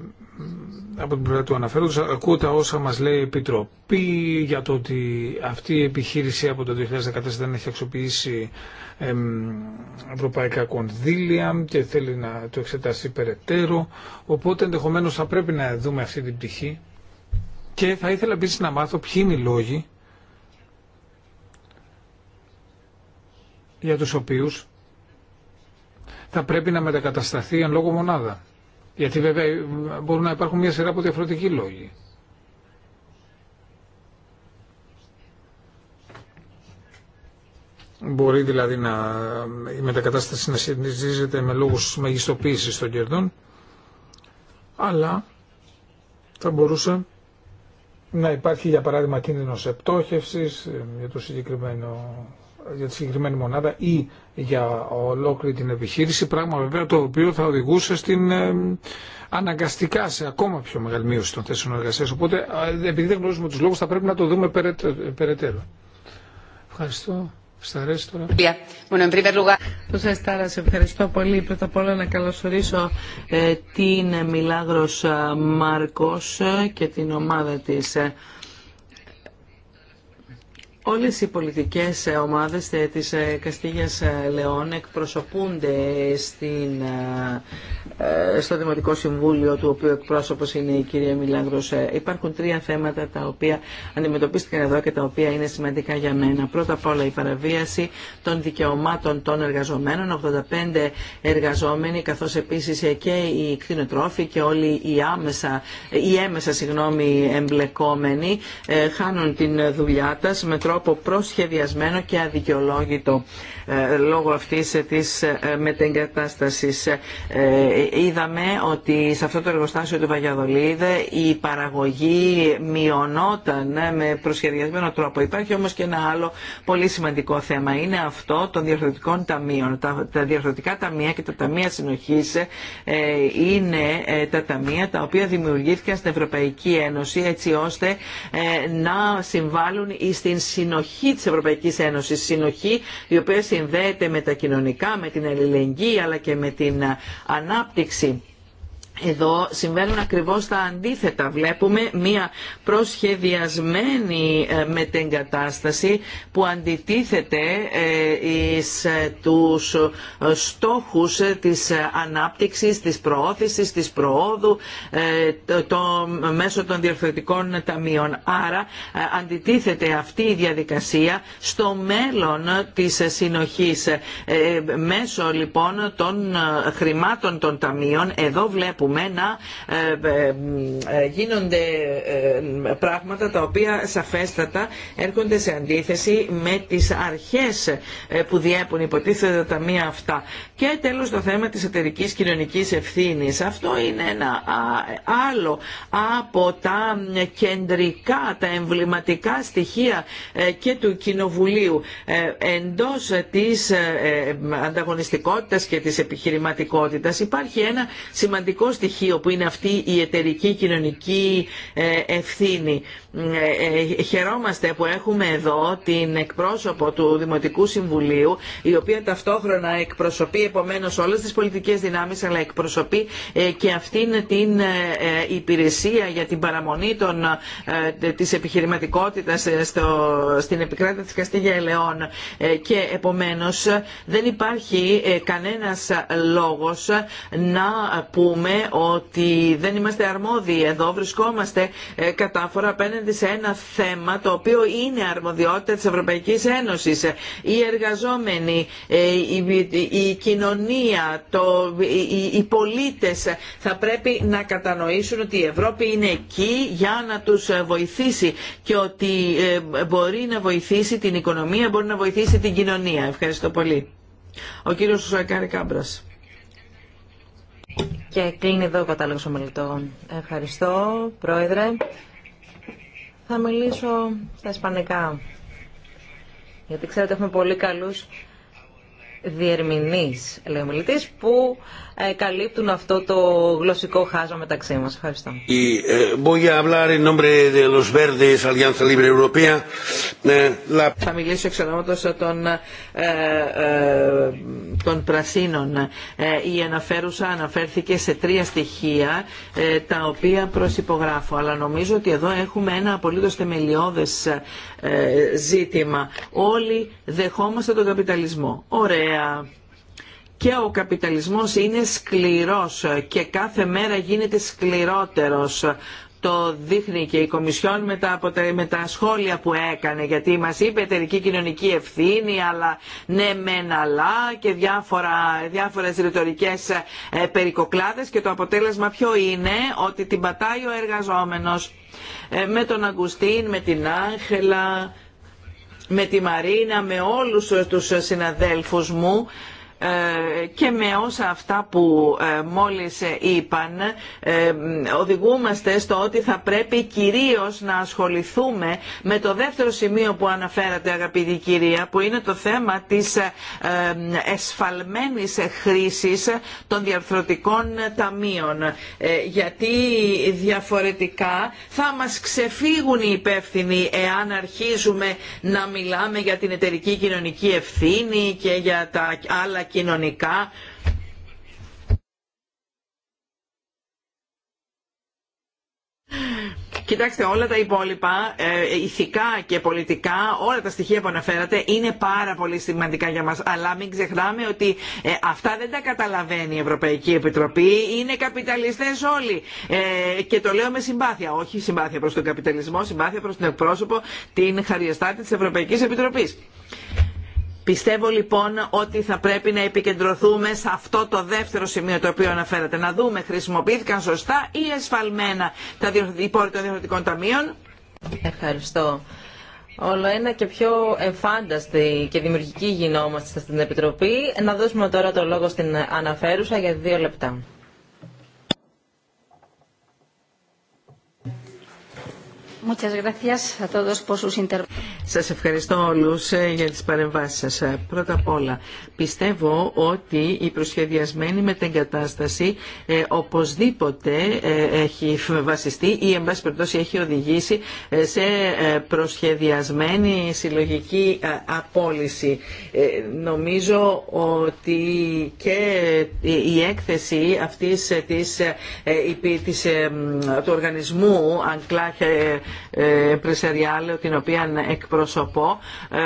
από την πλευρά του αναφέροντος ακούω τα όσα μας λέει η Επιτροπή για το ότι αυτή η επιχείρηση από το 2014 δεν έχει αξιοποιήσει ευρωπαϊκά κονδύλια και θέλει να το εξετάσει περαιτέρω οπότε ενδεχομένως θα πρέπει να δούμε αυτή την πτυχή και θα ήθελα επίση να μάθω ποιοι είναι οι λόγοι για τους οποίους θα πρέπει να μετακατασταθεί εν λόγω μονάδα. Γιατί βέβαια μπορούν να υπάρχουν μια σειρά από διαφορετικοί λόγοι. Μπορεί δηλαδή να, η μετακατάσταση να συνεχίζεται με λόγους μεγιστοποίησης των κερδών, αλλά θα μπορούσε να υπάρχει για παράδειγμα κίνδυνο επτόχευσης ε, για, το για τη συγκεκριμένη μονάδα ή για ολόκληρη την επιχείρηση, πράγμα βέβαια το οποίο θα οδηγούσε στην ε, αναγκαστικά σε ακόμα πιο μεγάλη μείωση των θέσεων εργασία. Οπότε επειδή δεν γνωρίζουμε τους λόγους θα πρέπει να το δούμε περαιτέρω. Ε, Ευχαριστώ. Σταρές τώρα. σα ευχαριστώ πολύ. Πρώτα απ' όλα να καλωσορίσω ε, την Μιλάγρος ε, Μάρκος ε, και την ομάδα της. Όλες οι πολιτικές ομάδες της ε, Καστίγιας ε, Λεών εκπροσωπούνται στην, ε, στο Δημοτικό Συμβούλιο του οποίου εκπρόσωπος είναι η κυρία Μιλάνδρος. Υπάρχουν τρία θέματα τα οποία αντιμετωπίστηκαν εδώ και τα οποία είναι σημαντικά για μένα. Πρώτα απ' όλα η παραβίαση των δικαιωμάτων των εργαζομένων, 85 εργαζόμενοι καθώς επίσης και οι κτηνοτρόφοι και όλοι οι, άμεσα, οι έμεσα εμπλεκόμενοι χάνουν την δουλειά τους τρόπο προσχεδιασμένο και αδικαιολόγητο ε, λόγω αυτής ε, της ε, μετεγκατάστασης. Είδαμε ότι σε αυτό το εργοστάσιο του Βαγιαδολίδη η παραγωγή μειωνόταν με προσχεδιασμένο τρόπο. Υπάρχει όμως και ένα άλλο πολύ σημαντικό θέμα. Είναι αυτό των διορθωτικών ταμείων. Τα, τα ταμιά ταμεία και τα ταμεία συνοχής είναι τα ταμεία τα οποία δημιουργήθηκαν στην Ευρωπαϊκή Ένωση έτσι ώστε να συμβάλλουν στην συνοχή της Ευρωπαϊκής Ένωσης, συνοχή η οποία συνδέεται με τα κοινωνικά, με την ελληνική αλλά και με την ανάπτυξη εδώ συμβαίνουν ακριβώς τα αντίθετα. Βλέπουμε μία προσχεδιασμένη ε, μετεγκατάσταση που αντιτίθεται ε, εις ε, τους στόχους της ανάπτυξης, της προώθησης, της προόδου το, μέσω των διευθυντικών ταμείων. Άρα αντιτίθεται αυτή η διαδικασία στο μέλλον της συνοχής. Μέσω λοιπόν των χρημάτων των ταμείων εδώ βλέπουμε ε, ε, ε, γίνονται ε, πράγματα τα οποία σαφέστατα έρχονται σε αντίθεση με τις αρχές που διέπουν υποτίθεται τα μία αυτά. Και τέλος το θέμα της εταιρικής κοινωνικής ευθύνης. Αυτό είναι ένα άλλο από τα κεντρικά, τα εμβληματικά στοιχεία ε, και του Κοινοβουλίου ε, εντός της ε, ανταγωνιστικότητας και της επιχειρηματικότητας υπάρχει ένα σημαντικό στοιχείο που είναι αυτή η εταιρική κοινωνική ευθύνη. Χαιρόμαστε που έχουμε εδώ την εκπρόσωπο του Δημοτικού Συμβουλίου η οποία ταυτόχρονα εκπροσωπεί επομένω όλε τι πολιτικέ δυνάμει αλλά εκπροσωπεί ε, και αυτήν την ε, ε, υπηρεσία για την παραμονή τη επιχειρηματικότητα στην επικράτεια τη Καστίγια Ελαιών. Και επομένω δεν υπάρχει κανένα λόγο να πούμε ότι δεν είμαστε αρμόδιοι εδώ. Βρισκόμαστε κατάφορα απέναντι σε ένα θέμα το οποίο είναι αρμοδιότητα τη Ευρωπαϊκή Ένωσης. Οι εργαζόμενοι, οι, κοινωνία, το, οι, οι πολίτες θα πρέπει να κατανοήσουν ότι η Ευρώπη είναι εκεί για να τους βοηθήσει και ότι ε, μπορεί να βοηθήσει την οικονομία, μπορεί να βοηθήσει την κοινωνία. Ευχαριστώ πολύ. Ο κύριος Σουσακάρη Κάμπρας. Και κλείνει εδώ ο κατάλογος ομιλητών. Ευχαριστώ, Πρόεδρε. Θα μιλήσω στα ισπανικά. Γιατί ξέρετε έχουμε πολύ καλούς διερμηνείς, λέει που ε, καλύπτουν αυτό το γλωσσικό χάσμα μεταξύ μας. Ευχαριστώ. Θα μιλήσω εξ των, ε, ε Πρασίνων. Ε, η αναφέρουσα αναφέρθηκε σε τρία στοιχεία τα οποία προσυπογράφω. Αλλά νομίζω ότι εδώ έχουμε ένα απολύτως θεμελιώδες ζήτημα. Όλοι δεχόμαστε τον καπιταλισμό. Ωραία και ο καπιταλισμός είναι σκληρός και κάθε μέρα γίνεται σκληρότερος. Το δείχνει και η Κομισιόν με τα, σχόλια που έκανε, γιατί μας είπε εταιρική κοινωνική ευθύνη, αλλά ναι μεν αλλά και διάφορα, διάφορες ρητορικές ε, περικοκλάδες και το αποτέλεσμα ποιο είναι, ότι την πατάει ο εργαζόμενος. Ε, με τον Αγκουστίν, με την Άγχελα, με τη Μαρίνα, με όλους τους συναδέλφους μου, ε, και με όσα αυτά που ε, μόλις είπαν ε, οδηγούμαστε στο ότι θα πρέπει κυρίως να ασχοληθούμε με το δεύτερο σημείο που αναφέρατε αγαπητή κυρία που είναι το θέμα της εσφαλμένης χρήσης των διαρθρωτικών ταμείων γιατί διαφορετικά θα μας ξεφύγουν οι υπεύθυνοι εάν αρχίζουμε να μιλάμε για την εταιρική κοινωνική ευθύνη και για τα άλλα κοινωνικά. Κοιτάξτε, όλα τα υπόλοιπα, ε, ηθικά και πολιτικά, όλα τα στοιχεία που αναφέρατε είναι πάρα πολύ σημαντικά για μας. Αλλά μην ξεχνάμε ότι ε, αυτά δεν τα καταλαβαίνει η Ευρωπαϊκή Επιτροπή. Είναι καπιταλιστές όλοι. Ε, και το λέω με συμπάθεια. Όχι συμπάθεια προς τον καπιταλισμό, συμπάθεια προς τον εκπρόσωπο, την χαριεστάτη της Ευρωπαϊκής Επιτροπής. Πιστεύω λοιπόν ότι θα πρέπει να επικεντρωθούμε σε αυτό το δεύτερο σημείο το οποίο αναφέρατε. Να δούμε χρησιμοποιήθηκαν σωστά ή εσφαλμένα τα υπόρρητα των διορθωτικών ταμείων. Ευχαριστώ. Όλο ένα και πιο εμφάνταστη και δημιουργική γινόμαστε στην Επιτροπή. Να δώσουμε τώρα το λόγο στην αναφέρουσα για δύο λεπτά. Σας ευχαριστώ όλους ε, για τις παρεμβάσεις σας. Ε, πρώτα απ' όλα, πιστεύω ότι η προσχεδιασμένη μετεγκατάσταση ε, οπωσδήποτε ε, έχει βασιστεί ή εν πάση περιπτώσει έχει οδηγήσει σε προσχεδιασμένη συλλογική απόλυση. νομίζω ότι και η έκθεση αυτής της, της του οργανισμού Ανκλάχ Πρεσαριάλεο την οποία εκπροσωπώ ε,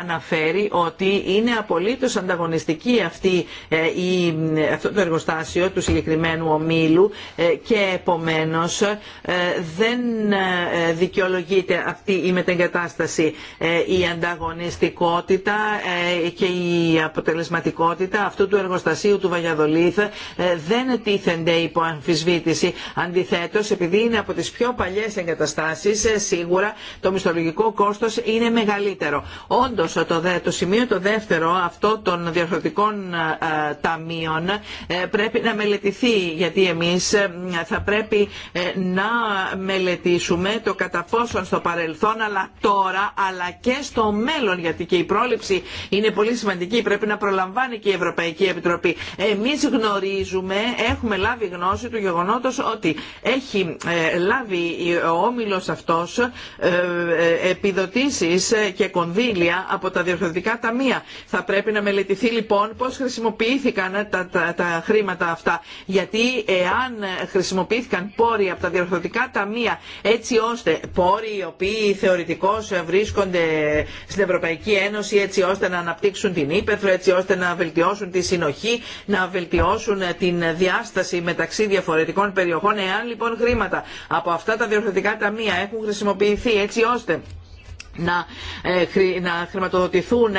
αναφέρει ότι είναι απολύτως ανταγωνιστική αυτή ε, η, αυτό το εργοστάσιο του συγκεκριμένου ομίλου ε, και επομένως δεν δικαιολογείται αυτή η μετεγκατάσταση η ανταγωνιστικότητα και η αποτελεσματικότητα αυτού του εργοστασίου του Βαγιαδολίθ δεν τίθενται υπό αμφισβήτηση αντιθέτως επειδή είναι από τις πιο παλιές εγκαταστάσεις ε, σίγουρα το μισθολογικό κόστος είναι μεγαλύτερο. Όντω το, το σημείο το δεύτερο αυτό των ε, ε, ταμείων ε, πρέπει να μελετηθεί γιατί εμείς θα πρέπει να μελετήσουμε το κατά πόσον στο παρελθόν αλλά τώρα αλλά και στο μέλλον γιατί και η πρόληψη είναι πολύ σημαντική πρέπει να προλαμβάνει και η Ευρωπαϊκή Επιτροπή. Εμείς γνωρίζουμε, έχουμε λάβει γνώση του γεγονότος ότι έχει λάβει ο όμιλος αυτός ε, ε, επιδοτήσεις ε, και κονδύλια από τα διορθωτικά ταμεία. Θα πρέπει να μελετηθεί λοιπόν πώς χρησιμοποιήθηκαν τα, τα, τα, χρήματα αυτά. Γιατί εάν χρησιμοποιήθηκαν πόροι από τα διορθωτικά ταμεία έτσι ώστε πόροι οι οποίοι θεωρητικώς βρίσκονται στην Ευρωπαϊκή Ένωση έτσι ώστε να αναπτύξουν την ύπεθρο, έτσι ώστε να βελτιώσουν τη συνοχή, να βελτιώσουν την διάσταση μεταξύ διαφορετικών περιοχών. Εάν λοιπόν χρήματα από αυτά τα διορθωτικά ταμεία έχουν χρησιμοποιηθεί έτσι ώστε ε, να, χρηματοδοτηθούν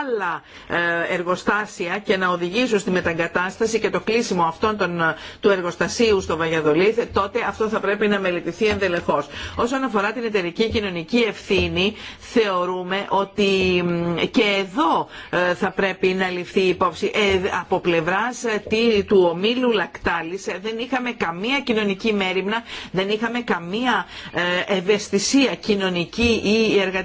άλλα ε, εργοστάσια και να οδηγήσουν στη μεταγκατάσταση και το κλείσιμο αυτών των, ε, του εργοστασίου στο βαγιαδολίθε τότε αυτό θα πρέπει να μελετηθεί ενδελεχώς. Όσον αφορά την εταιρική κοινωνική ευθύνη, θεωρούμε ότι και εδώ θα πρέπει να ληφθεί υπόψη. από πλευράς του ομίλου Λακτάλης δεν είχαμε καμία κοινωνική μέρημνα, δεν είχαμε καμία ευαισθησία κοινωνική ή εργασιακή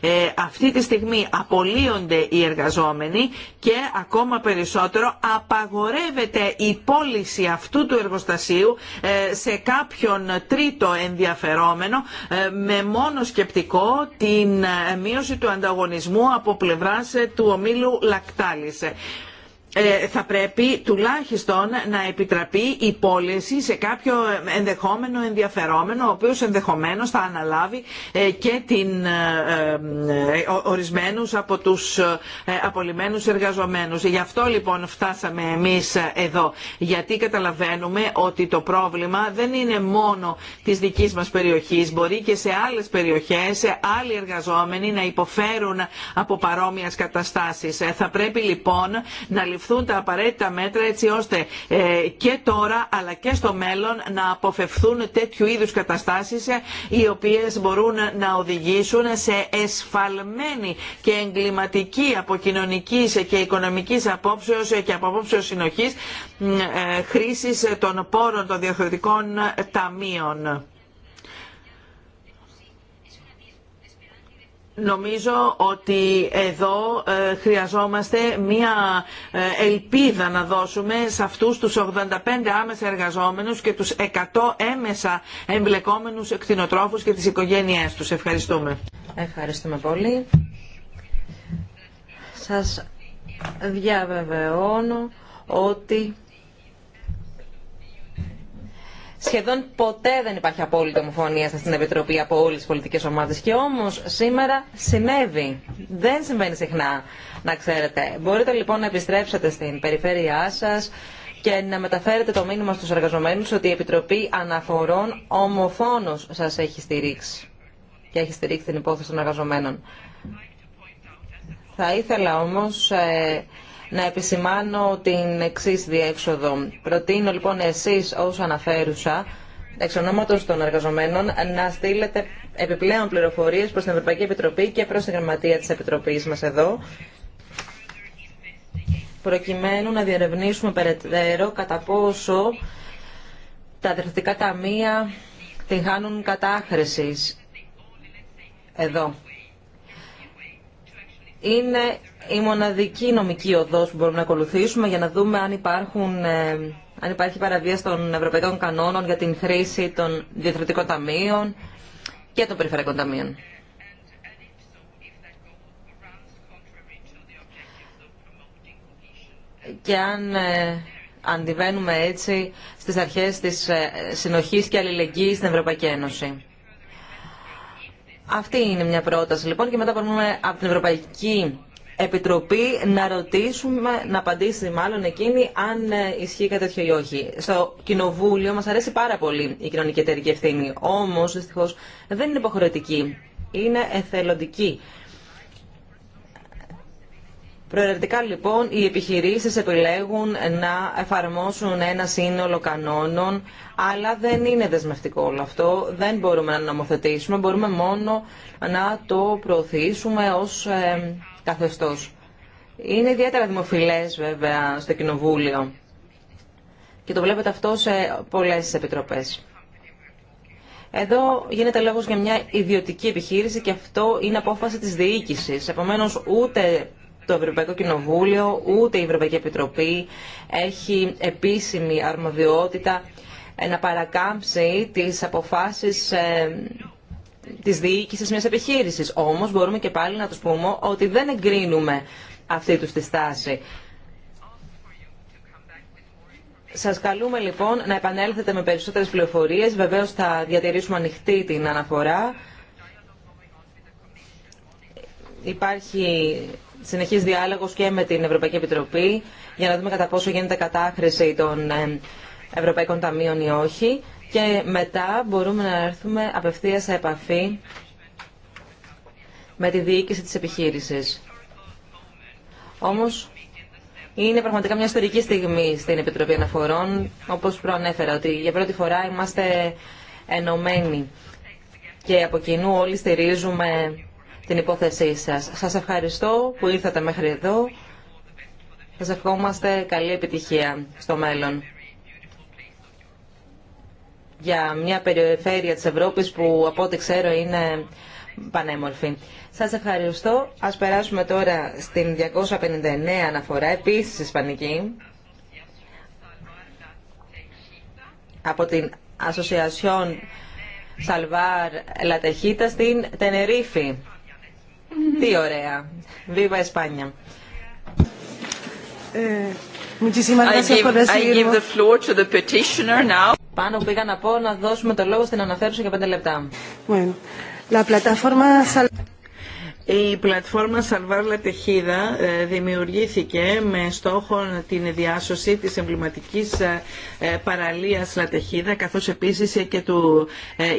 ε, αυτή τη στιγμή απολύονται οι εργαζόμενοι και ακόμα περισσότερο απαγορεύεται η πώληση αυτού του εργοστασίου ε, σε κάποιον τρίτο ενδιαφερόμενο ε, με μόνο σκεπτικό την μείωση του ανταγωνισμού από πλευράς του ομίλου λακτάλισε. Ε, θα πρέπει τουλάχιστον να επιτραπεί η πώληση σε κάποιο ενδεχόμενο ενδιαφερόμενο ο οποίος ενδεχομένως θα αναλάβει ε, και την, ε, ορισμένους από τους απολυμμένους εργαζομένους. Γι' αυτό λοιπόν φτάσαμε εμείς εδώ γιατί καταλαβαίνουμε ότι το πρόβλημα δεν είναι μόνο της δικής μας περιοχής μπορεί και σε άλλες περιοχές σε άλλοι εργαζόμενοι να υποφέρουν από παρόμοιες καταστάσεις. Θα πρέπει λοιπόν να ληφθούν τα απαραίτητα μέτρα έτσι ώστε ε, και τώρα αλλά και στο μέλλον να αποφευθούν τέτοιου είδους καταστάσεις ε, οι οποίες μπορούν να οδηγήσουν σε εσφαλμένη και εγκληματική από κοινωνική και οικονομική απόψεως και από απόψεως συνοχής ε, χρήσης των πόρων των διαχρονικών ταμείων. Νομίζω ότι εδώ ε, χρειαζόμαστε μία ε, ελπίδα να δώσουμε σε αυτούς τους 85 άμεσα εργαζόμενους και τους 100 έμεσα εμπλεκόμενους εκτινοτρόφους και τις οικογένειές τους. Ευχαριστούμε. Ευχαριστούμε πολύ. Σας διαβεβαιώνω ότι Σχεδόν ποτέ δεν υπάρχει απόλυτη ομοφωνία στην Επιτροπή από όλε τι πολιτικέ ομάδε. Και όμω σήμερα συνέβη. Δεν συμβαίνει συχνά, να ξέρετε. Μπορείτε λοιπόν να επιστρέψετε στην περιφέρειά σα και να μεταφέρετε το μήνυμα στους εργαζομένους ότι η Επιτροπή Αναφορών ομοφόνος σας έχει στηρίξει και έχει στηρίξει την υπόθεση των εργαζομένων. Θα ήθελα όμως ε, να επισημάνω την εξή διέξοδο. Προτείνω λοιπόν εσεί όσο αναφέρουσα εξ ονόματο των εργαζομένων να στείλετε επιπλέον πληροφορίες προς την Ευρωπαϊκή Επιτροπή και προς την Γραμματεία της Επιτροπής μας εδώ προκειμένου να διερευνήσουμε περαιτέρω κατά πόσο τα δραστικά ταμεία την χάνουν κατάχρηση εδώ. Είναι η μοναδική νομική οδός που μπορούμε να ακολουθήσουμε για να δούμε αν, υπάρχουν, ε, αν υπάρχει παραβίαση των ευρωπαϊκών κανόνων για την χρήση των διεθνωτικών ταμείων και των περιφερειακών ταμείων. Και αν ε, αντιβαίνουμε έτσι στις αρχές της ε, συνοχής και αλληλεγγύης στην Ευρωπαϊκή Ένωση. Αυτή είναι μια πρόταση λοιπόν και μετά μπορούμε από την Ευρωπαϊκή Επιτροπή να ρωτήσουμε, να απαντήσει μάλλον εκείνη αν ε, ισχύει κάτι τέτοιο ή όχι. Στο Κοινοβούλιο η κοινωνική εταιρική ευθύνη, όμως ομως δυστυχώ, δεν είναι υποχρεωτική, είναι εθελοντική. Προαιρετικά λοιπόν οι επιχειρήσεις επιλέγουν να εφαρμόσουν ένα σύνολο κανόνων, αλλά δεν είναι δεσμευτικό όλο αυτό, δεν μπορούμε να νομοθετήσουμε, μπορούμε μόνο να το προωθήσουμε ως ε, καθεστώς. Είναι ιδιαίτερα δημοφιλές βέβαια στο Κοινοβούλιο και το βλέπετε αυτό σε πολλές επιτροπές. Εδώ γίνεται λόγος για μια ιδιωτική επιχείρηση και αυτό είναι απόφαση της διοίκησης. Επομένως ούτε το Ευρωπαϊκό Κοινοβούλιο, ούτε η Ευρωπαϊκή Επιτροπή έχει επίσημη αρμοδιότητα να παρακάμψει τις αποφάσεις ε, τη διοίκηση μια επιχείρηση. Όμως μπορούμε και πάλι να του πούμε ότι δεν εγκρίνουμε αυτή του τη στάση. Σας καλούμε λοιπόν να επανέλθετε με περισσότερες πληροφορίε, βεβαίω θα διατηρήσουμε ανοιχτή την αναφορά. Υπάρχει συνεχής διάλογος και με την Ευρωπαϊκή Επιτροπή για να δούμε κατά πόσο γίνεται κατάχρηση των ε, Ευρωπαϊκών Ταμείων ή όχι και μετά μπορούμε να έρθουμε απευθείας σε επαφή με τη διοίκηση της επιχείρησης. Όμως, είναι πραγματικά μια ιστορική στιγμή στην Επιτροπή Αναφορών, όπως προανέφερα, ότι για πρώτη φορά είμαστε ενωμένοι και από κοινού όλοι στηρίζουμε την υπόθεσή σας. Σας ευχαριστώ που ήρθατε μέχρι εδώ. Σας ευχόμαστε καλή επιτυχία στο μέλλον για μια περιφέρεια της Ευρώπης που από ό,τι ξέρω είναι πανέμορφη. Σας ευχαριστώ. Ας περάσουμε τώρα στην 259 αναφορά, επίσης ισπανική, από την Ασοσιασιόν Σαλβάρ Λατεχίτα στην Τενερίφη. Τι ωραία. Βίβα Ισπάνια. Πάνω πήγα να πω να δώσουμε το λόγο στην αναφέρουσα για πέντε λεπτά. Η πλατφόρμα Σαλβάρ Λατεχίδα ε, δημιουργήθηκε με στόχο την διάσωση της εμβληματικής ε, ε, παραλίας Λατεχίδα καθώς επίσης και του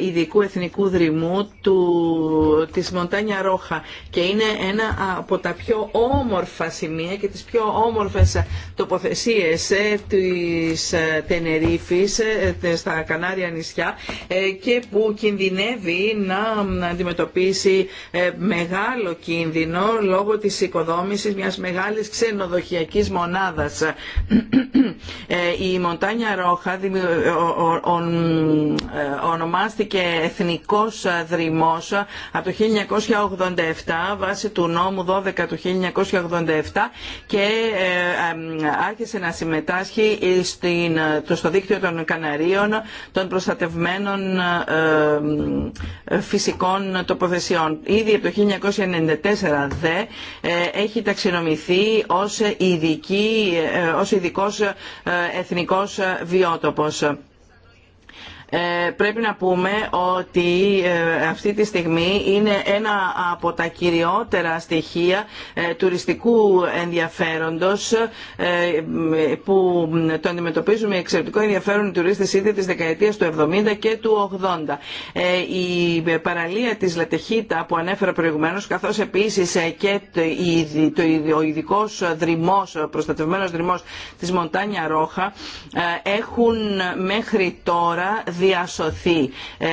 ειδικού εθνικού δρυμού του, της Μοντάνια Ρόχα και είναι ένα από τα πιο όμορφα σημεία και τις πιο όμορφες τοποθεσίες της Τενερίφης στα Κανάρια νησιά και που κινδυνεύει να αντιμετωπίσει μεγάλη μεγάλο λόγω της οικοδόμησης μιας μεγάλης ξενοδοχειακής μονάδας. (clears throat) Ε, η Μοντάνια Ρόχα ονομάστηκε Εθνικός Δρυμός από το 1987 βάσει του νόμου 12 του 1987 και ε, άρχισε να συμμετάσχει στο δίκτυο των Καναρίων των προστατευμένων ε, φυσικών τοποθεσιών. Ήδη από το δε ε, έχει ταξινομηθεί ως, ειδική, ε, ως ειδικός ε, εθνικός βιότοπος. Ε, πρέπει να πούμε ότι ε, αυτή τη στιγμή είναι ένα από τα κυριότερα στοιχεία ε, τουριστικού ενδιαφέροντος που το αντιμετωπίζουν με εξαιρετικό ενδιαφέρον οι τουρίστες ήδη της δεκαετίας του 70 και του 80. Η παραλία της Λατεχίτα που ανέφερα προηγουμένως καθώς επίσης και ο ειδικό δρυμός, ο προστατευμένος δρυμός της Μοντάνια Ρόχα έχουν μέχρι τώρα διασωθεί. Ε,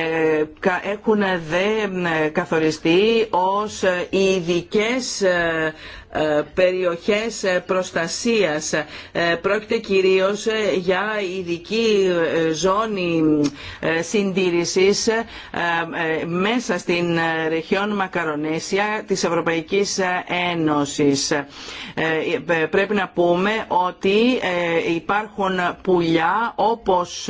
έχουν δε καθοριστεί ως ειδικέ ε, ε, περιοχές προστασίας. Πρόκειται κυρίως για ειδική ζώνη συντήρησης μέσα στην ρεχιόν Μακαρονέσια της Ευρωπαϊκής Ένωσης. Πρέπει να πούμε ότι υπάρχουν πουλιά όπως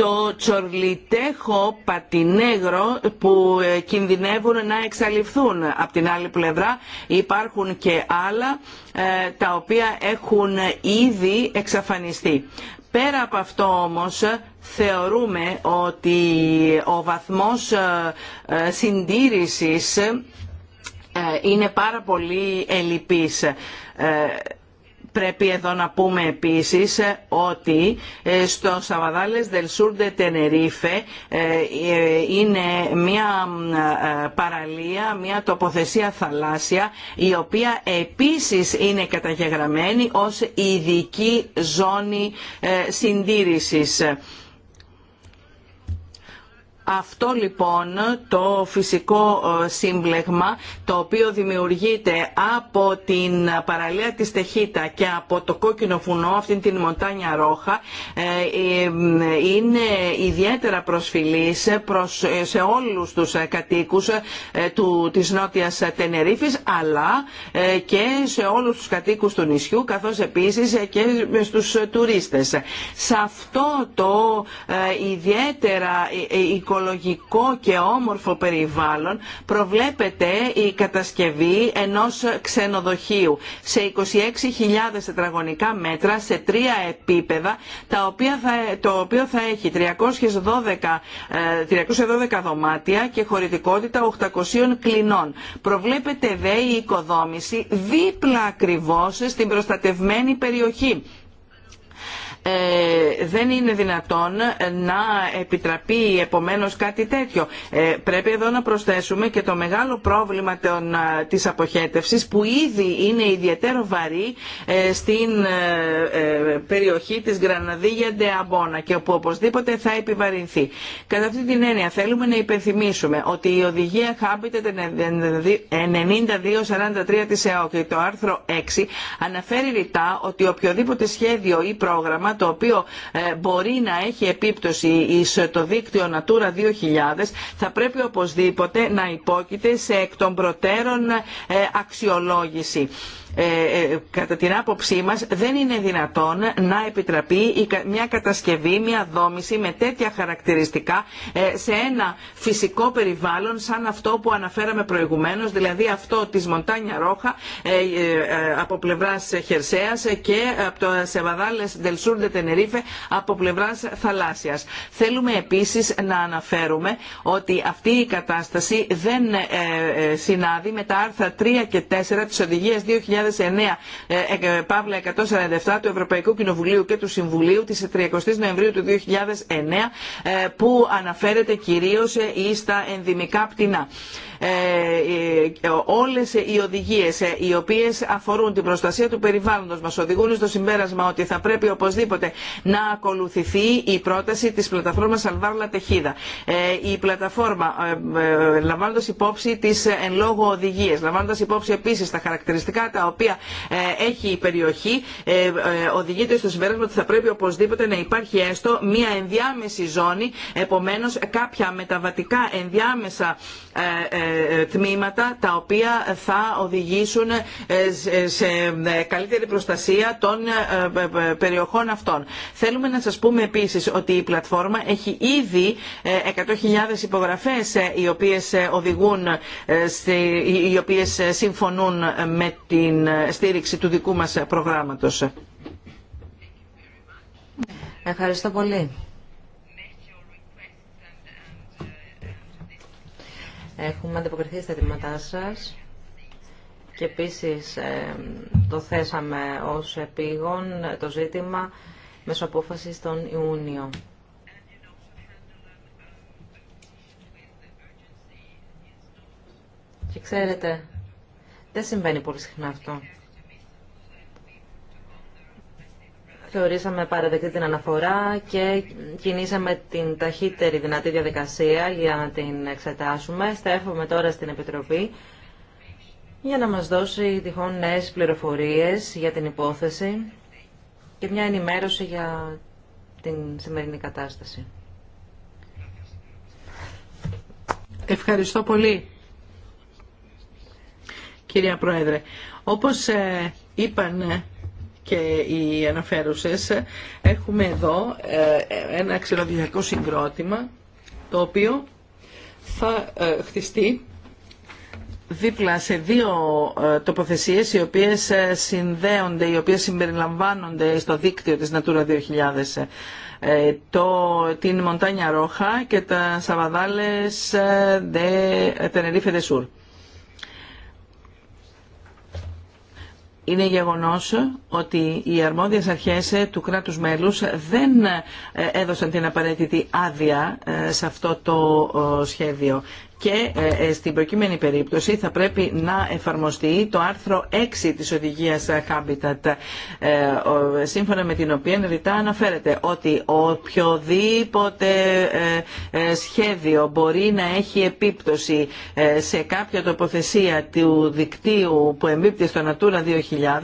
το τσορλιτέχο πατινέγρο που ε, κινδυνεύουν να εξαλειφθούν. Από την άλλη πλευρά υπάρχουν και άλλα ε, τα οποία έχουν ήδη εξαφανιστεί. Πέρα από αυτό όμως θεωρούμε ότι ο βαθμός ε, συντήρησης είναι πάρα πολύ ελλειπής Πρέπει εδώ να πούμε επίσης ε, ότι ε, στο Σαβαδάλες Δελσούρντε Τενερίφε είναι μια ε, παραλία, μια τοποθεσία θαλάσσια η οποία επίσης είναι καταγεγραμμένη ως ειδική ζώνη συντήρησης. Αυτό λοιπόν το φυσικό ε, σύμπλεγμα το οποίο δημιουργείται από την παραλία της Τεχίτα και από το κόκκινο φουνό αυτήν την Μοντάνια Ρόχα, ε, ε, είναι ιδιαίτερα προσφυλής σε όλους τους κατοίκους του, της νότιας Τενερίφης αλλά και σε όλους τους κατοίκους του νησιού καθώς επίσης και στους τουρίστες. Σε αυτό το ιδιαίτερα οικολογικό και όμορφο περιβάλλον προβλέπεται η κατασκευή ενός ξενοδοχείου σε 26.000 τετραγωνικά μέτρα σε τρία επίπεδα τα οποία θα, το οποίο θα έχει 312, 312 ε, δωμάτια και χωρητικότητα 800 κλινών. Προβλέπεται δε η οικοδόμηση δίπλα ακριβώς στην προστατευμένη περιοχή ε, δεν είναι δυνατόν να επιτραπεί επομένως κάτι τέτοιο. Ε, πρέπει εδώ να προσθέσουμε και το μεγάλο πρόβλημα ε, της αποχέτευσης που ήδη είναι ιδιαίτερο βαρύ στην περιοχή της Γραναδίγια Ντεαμπόνα και όπου οπωσδήποτε θα επιβαρυνθεί. Κατά αυτή την έννοια θέλουμε να υπενθυμίσουμε ότι η οδηγία Habitat 9243 της ΕΟ και το άρθρο 6 αναφέρει ρητά ότι οποιοδήποτε σχέδιο ή πρόγραμμα το οποίο ε, μπορεί να έχει επίπτωση στο ε, δίκτυο Natura 2000 θα πρέπει οπωσδήποτε να υπόκειται σε εκ των προτέρων ε, αξιολόγηση. Ε, ε, κατά την άποψή μας δεν είναι δυνατόν να επιτραπεί μια κατασκευή, μια δόμηση με τέτοια χαρακτηριστικά ε, σε ένα φυσικό περιβάλλον σαν αυτό που αναφέραμε προηγουμένως, δηλαδή αυτό της Μοντάνια Ρόχα από πλευράς Χερσαίας και από το Σεβαδάλες Δελσούρντε Τενερίφε από πλευράς Θαλάσσιας. Θέλουμε επίσης να αναφέρουμε ότι αυτή η κατάσταση δεν συνάδει με τα άρθρα 3 και 4 της Οδηγίας 2000 2009 ε, ε, Παύλα 147 του Ευρωπαϊκού Κοινοβουλίου και του Συμβουλίου της 30 Νοεμβρίου του 2009 ε, που αναφέρεται κυρίως στα ενδυμικά πτηνά. Ε, ε, όλες οι οδηγίες ε, οι οποίες αφορούν την προστασία του περιβάλλοντος μας οδηγούν στο συμπέρασμα ότι θα πρέπει οπωσδήποτε να ακολουθηθεί η πρόταση της πλατφόρμας Αλβάρλα Τεχίδα. Η πλατφόρμα λαμβάνοντας υπόψη τις εν λόγω οδηγίες, λαμβάνοντας υπόψη επίσης τα χαρακτηριστικά τα οποία έχει η περιοχή οδηγείται στο συμπέρασμα ότι θα πρέπει οπωσδήποτε να υπάρχει έστω μια ενδιάμεση ζώνη επομένως κάποια μεταβατικά ενδιάμεσα ε, τμήματα τα οποία θα οδηγήσουν ε, σε ε, καλύτερη προστασία των περιοχών αυτών. Θέλουμε να σας πούμε επίσης ότι η πλατφόρμα έχει ήδη 100.000 υπογραφές οι οποίες οδηγούν, οι οποίες συμφωνούν με την στήριξη του δικού μας προγράμματος. Ευχαριστώ πολύ. Έχουμε ανταποκριθεί στα αιτήματά σας και επίσης ε, το θέσαμε ως επίγον το ζήτημα μέσω απόφασης τον Ιούνιο. Και ξέρετε, δεν συμβαίνει πολύ συχνά αυτό. Θεωρήσαμε παραδεκτή την αναφορά και κινήσαμε την ταχύτερη δυνατή διαδικασία για να την εξετάσουμε. Στέφομαι τώρα στην Επιτροπή για να μας δώσει τυχόν νέες πληροφορίες για την υπόθεση και μια ενημέρωση για την σημερινή κατάσταση. Ευχαριστώ πολύ, κυρία Πρόεδρε. Όπως ε, είπαν ε, και οι αναφέρουσες έχουμε εδώ ε, ένα ξενοδοχειακό συγκρότημα το οποίο θα ε, χτιστεί δίπλα σε δύο ε, τοποθεσίες οι οποίες συνδέονται, οι οποίες συμπεριλαμβάνονται στο δίκτυο της Natura 2000 το, την Μοντάνια Ρόχα και τα Σαβαδάλες de Tenerife είναι γεγονός ότι οι αρμόδιες αρχές του κράτους μέλους δεν ε, έδωσαν την απαραίτητη άδεια ε, σε αυτό το ε, σχέδιο και ε, ε, στην προκείμενη περίπτωση θα πρέπει να εφαρμοστεί το άρθρο 6 της οδηγίας Habitat ε, σύμφωνα με την οποία ρητά αναφέρεται ότι οποιοδήποτε σχέδιο μπορεί να έχει επίπτωση σε κάποια τοποθεσία του δικτύου που εμπίπτει στο Natura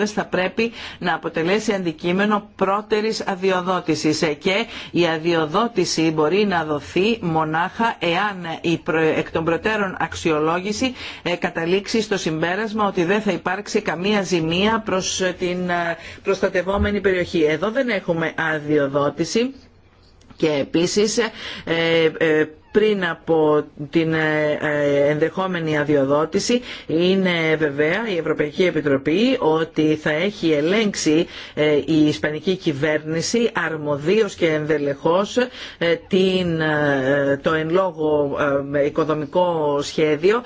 2000 θα πρέπει να αποτελέσει αντικείμενο πρώτερης αδειοδότησης και η αδειοδότηση μπορεί να δοθεί μονάχα εάν η εκ προτέρων αξιολόγηση ε, καταλήξει στο συμπέρασμα ότι δεν θα υπάρξει καμία ζημία προς ε, την ε, προστατευόμενη περιοχή. Εδώ δεν έχουμε αδειοδότηση και επίσης πριν από την ε, ε, ενδεχόμενη αδειοδότηση είναι βέβαια η Ευρωπαϊκή Επιτροπή ότι θα έχει ελέγξει ε, η Ισπανική κυβέρνηση αρμοδίως και ενδελεχώς την, το εν λόγω οικοδομικό σχέδιο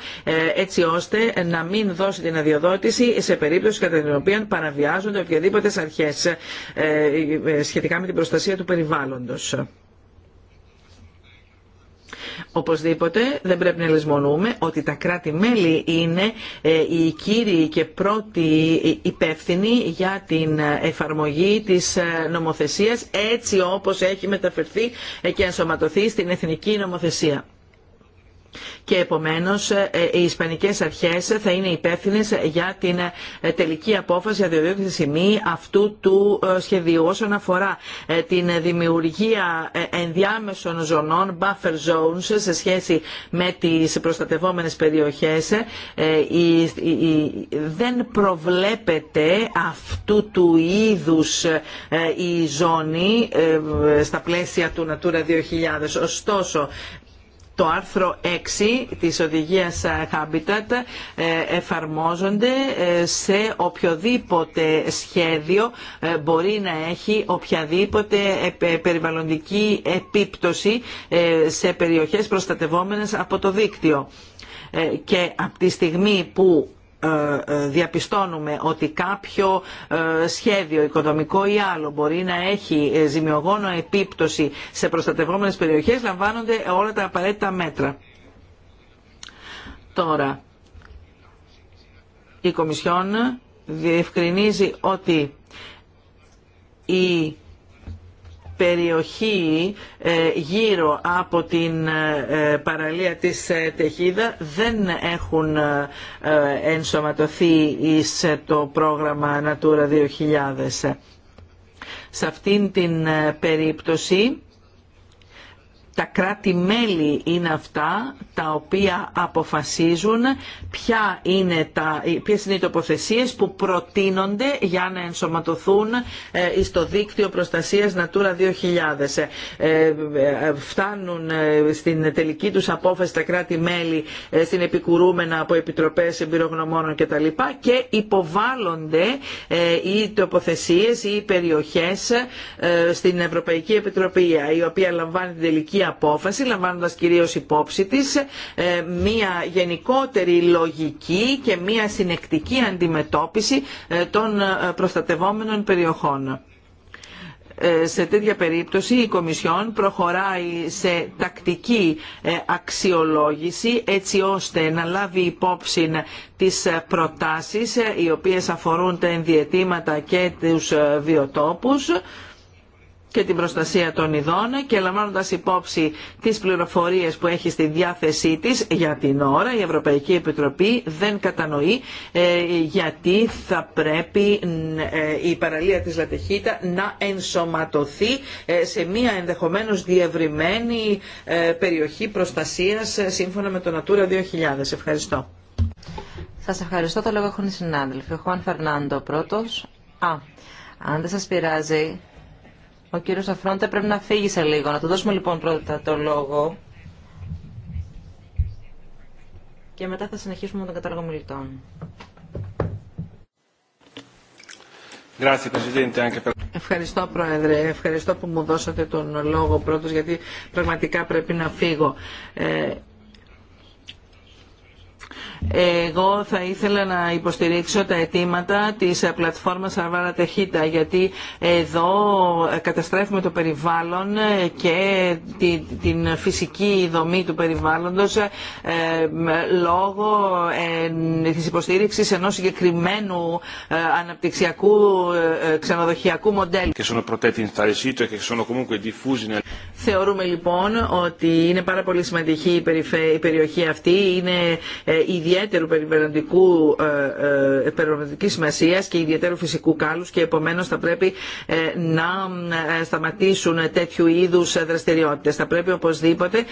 έτσι ώστε να μην δώσει την αδειοδότηση σε περίπτωση κατά την οποία παραβιάζονται οποιαδήποτε αρχές σχετικά με την προστασία του περιβάλλοντος. Οπωσδήποτε δεν πρέπει να λησμονούμε ότι τα κράτη-μέλη είναι ε, οι κύριοι και πρώτοι υπεύθυνοι για την εφαρμογή της ε, νομοθεσίας έτσι όπως έχει μεταφερθεί και ενσωματωθεί στην εθνική νομοθεσία και επομένως ε, ε, οι Ισπανικές αρχές θα είναι υπεύθυνε για την ε, τελική απόφαση για αυτού του σχεδίου. Όσον αφορά την δημιουργία ενδιάμεσων ζωνών, buffer zones, σε σχέση με τις προστατευόμενες περιοχές, δεν προβλέπεται αυτού του είδου η ζώνη στα πλαίσια του Natura 2000. Ωστόσο, το άρθρο 6 της οδηγίας Habitat ε, εφαρμόζονται ε, σε οποιοδήποτε σχέδιο ε, μπορεί να έχει οποιαδήποτε περιβαλλοντική επίπτωση σε περιοχές προστατευόμενες από το δίκτυο και από τη στιγμή που ε, ε, διαπιστώνουμε ότι κάποιο ε, σχέδιο οικοδομικό ή άλλο μπορεί να έχει ζημιογόνο επίπτωση σε προστατευόμενες περιοχές λαμβάνονται όλα τα απαραίτητα μέτρα. Τώρα, η Κομισιόν διευκρινίζει ότι η περιοχή ε, γύρω από την ε, παραλία της ε, Τεχίδα δεν έχουν ενσωματωθεί εις το πρόγραμμα Natura 2000. Σε αυτήν την περίπτωση τα κράτη-μέλη είναι αυτά τα οποία αποφασίζουν ποια είναι τα, ποιες είναι οι τοποθεσίες που προτείνονται για να ενσωματωθούν στο ε, δίκτυο προστασίας Natura 2000. Ε, ε, φτάνουν στην τελική τους απόφαση τα κράτη-μέλη στην επικουρούμενα από επιτροπές εμπειρογνωμόνων κτλ. και υποβάλλονται οι τοποθεσίες ή οι περιοχές στην Ευρωπαϊκή Επιτροπή η οποία λαμβάνει την τελική απόφαση λαμβάνοντας κυρίως υπόψη της ε, μια γενικότερη λογική και μια συνεκτική αντιμετώπιση ε, των ε, προστατευόμενων περιοχών σε τέτοια περίπτωση η Κομισιόν προχωράει σε τακτική αξιολόγηση έτσι ώστε να λάβει υπόψη τις προτάσεις οι οποίες αφορούν τα ενδιαιτήματα και τους βιοτόπους και την προστασία των ειδών και λαμβάνοντας υπόψη τις πληροφορίες που έχει στη διάθεσή της για την ώρα η Ευρωπαϊκή Επιτροπή δεν κατανοεί ε, γιατί θα πρέπει ε, η παραλία της Λατεχίτα να ενσωματωθεί ε, σε μια ενδεχομένως διευρυμένη περιοχή προστασίας σύμφωνα με το Natura 2000. Ευχαριστώ. Σας ευχαριστώ. Το λόγο έχουν συνάδελφοι. Ο Χουάν Φερνάντο πρώτος. αν δεν σας πειράζει, ο κύριος Αφρόντε πρέπει να φύγει σε λίγο. Να του δώσουμε λοιπόν πρώτα το λόγο. Και μετά θα συνεχίσουμε με τον κατάλογο μιλητών. Ευχαριστώ Πρόεδρε, ευχαριστώ που μου δώσατε τον λόγο πρώτος γιατί πραγματικά πρέπει να φύγω. Ε, εγώ θα ήθελα να υποστηρίξω τα αιτήματα της πλατφόρμας Αρβάρα Τεχίτα γιατί εδώ καταστρέφουμε το περιβάλλον και την φυσική δομή του περιβάλλοντος ε, λόγω ε, της υποστήριξης ενός συγκεκριμένου ε, αναπτυξιακού ξενοδοχειακού μοντέλου. E Θεωρούμε λοιπόν ότι είναι πάρα πολύ σημαντική η περιοχή αυτή, είναι ιδιαίτερου περιβαλλοντικού, ε, ε, περιβαλλοντικής σημασίας και ιδιαίτερου φυσικού κάλους και επομένως θα πρέπει ε, να σταματήσουν τέτοιου είδους δραστηριότητες. Θα πρέπει οπωσδήποτε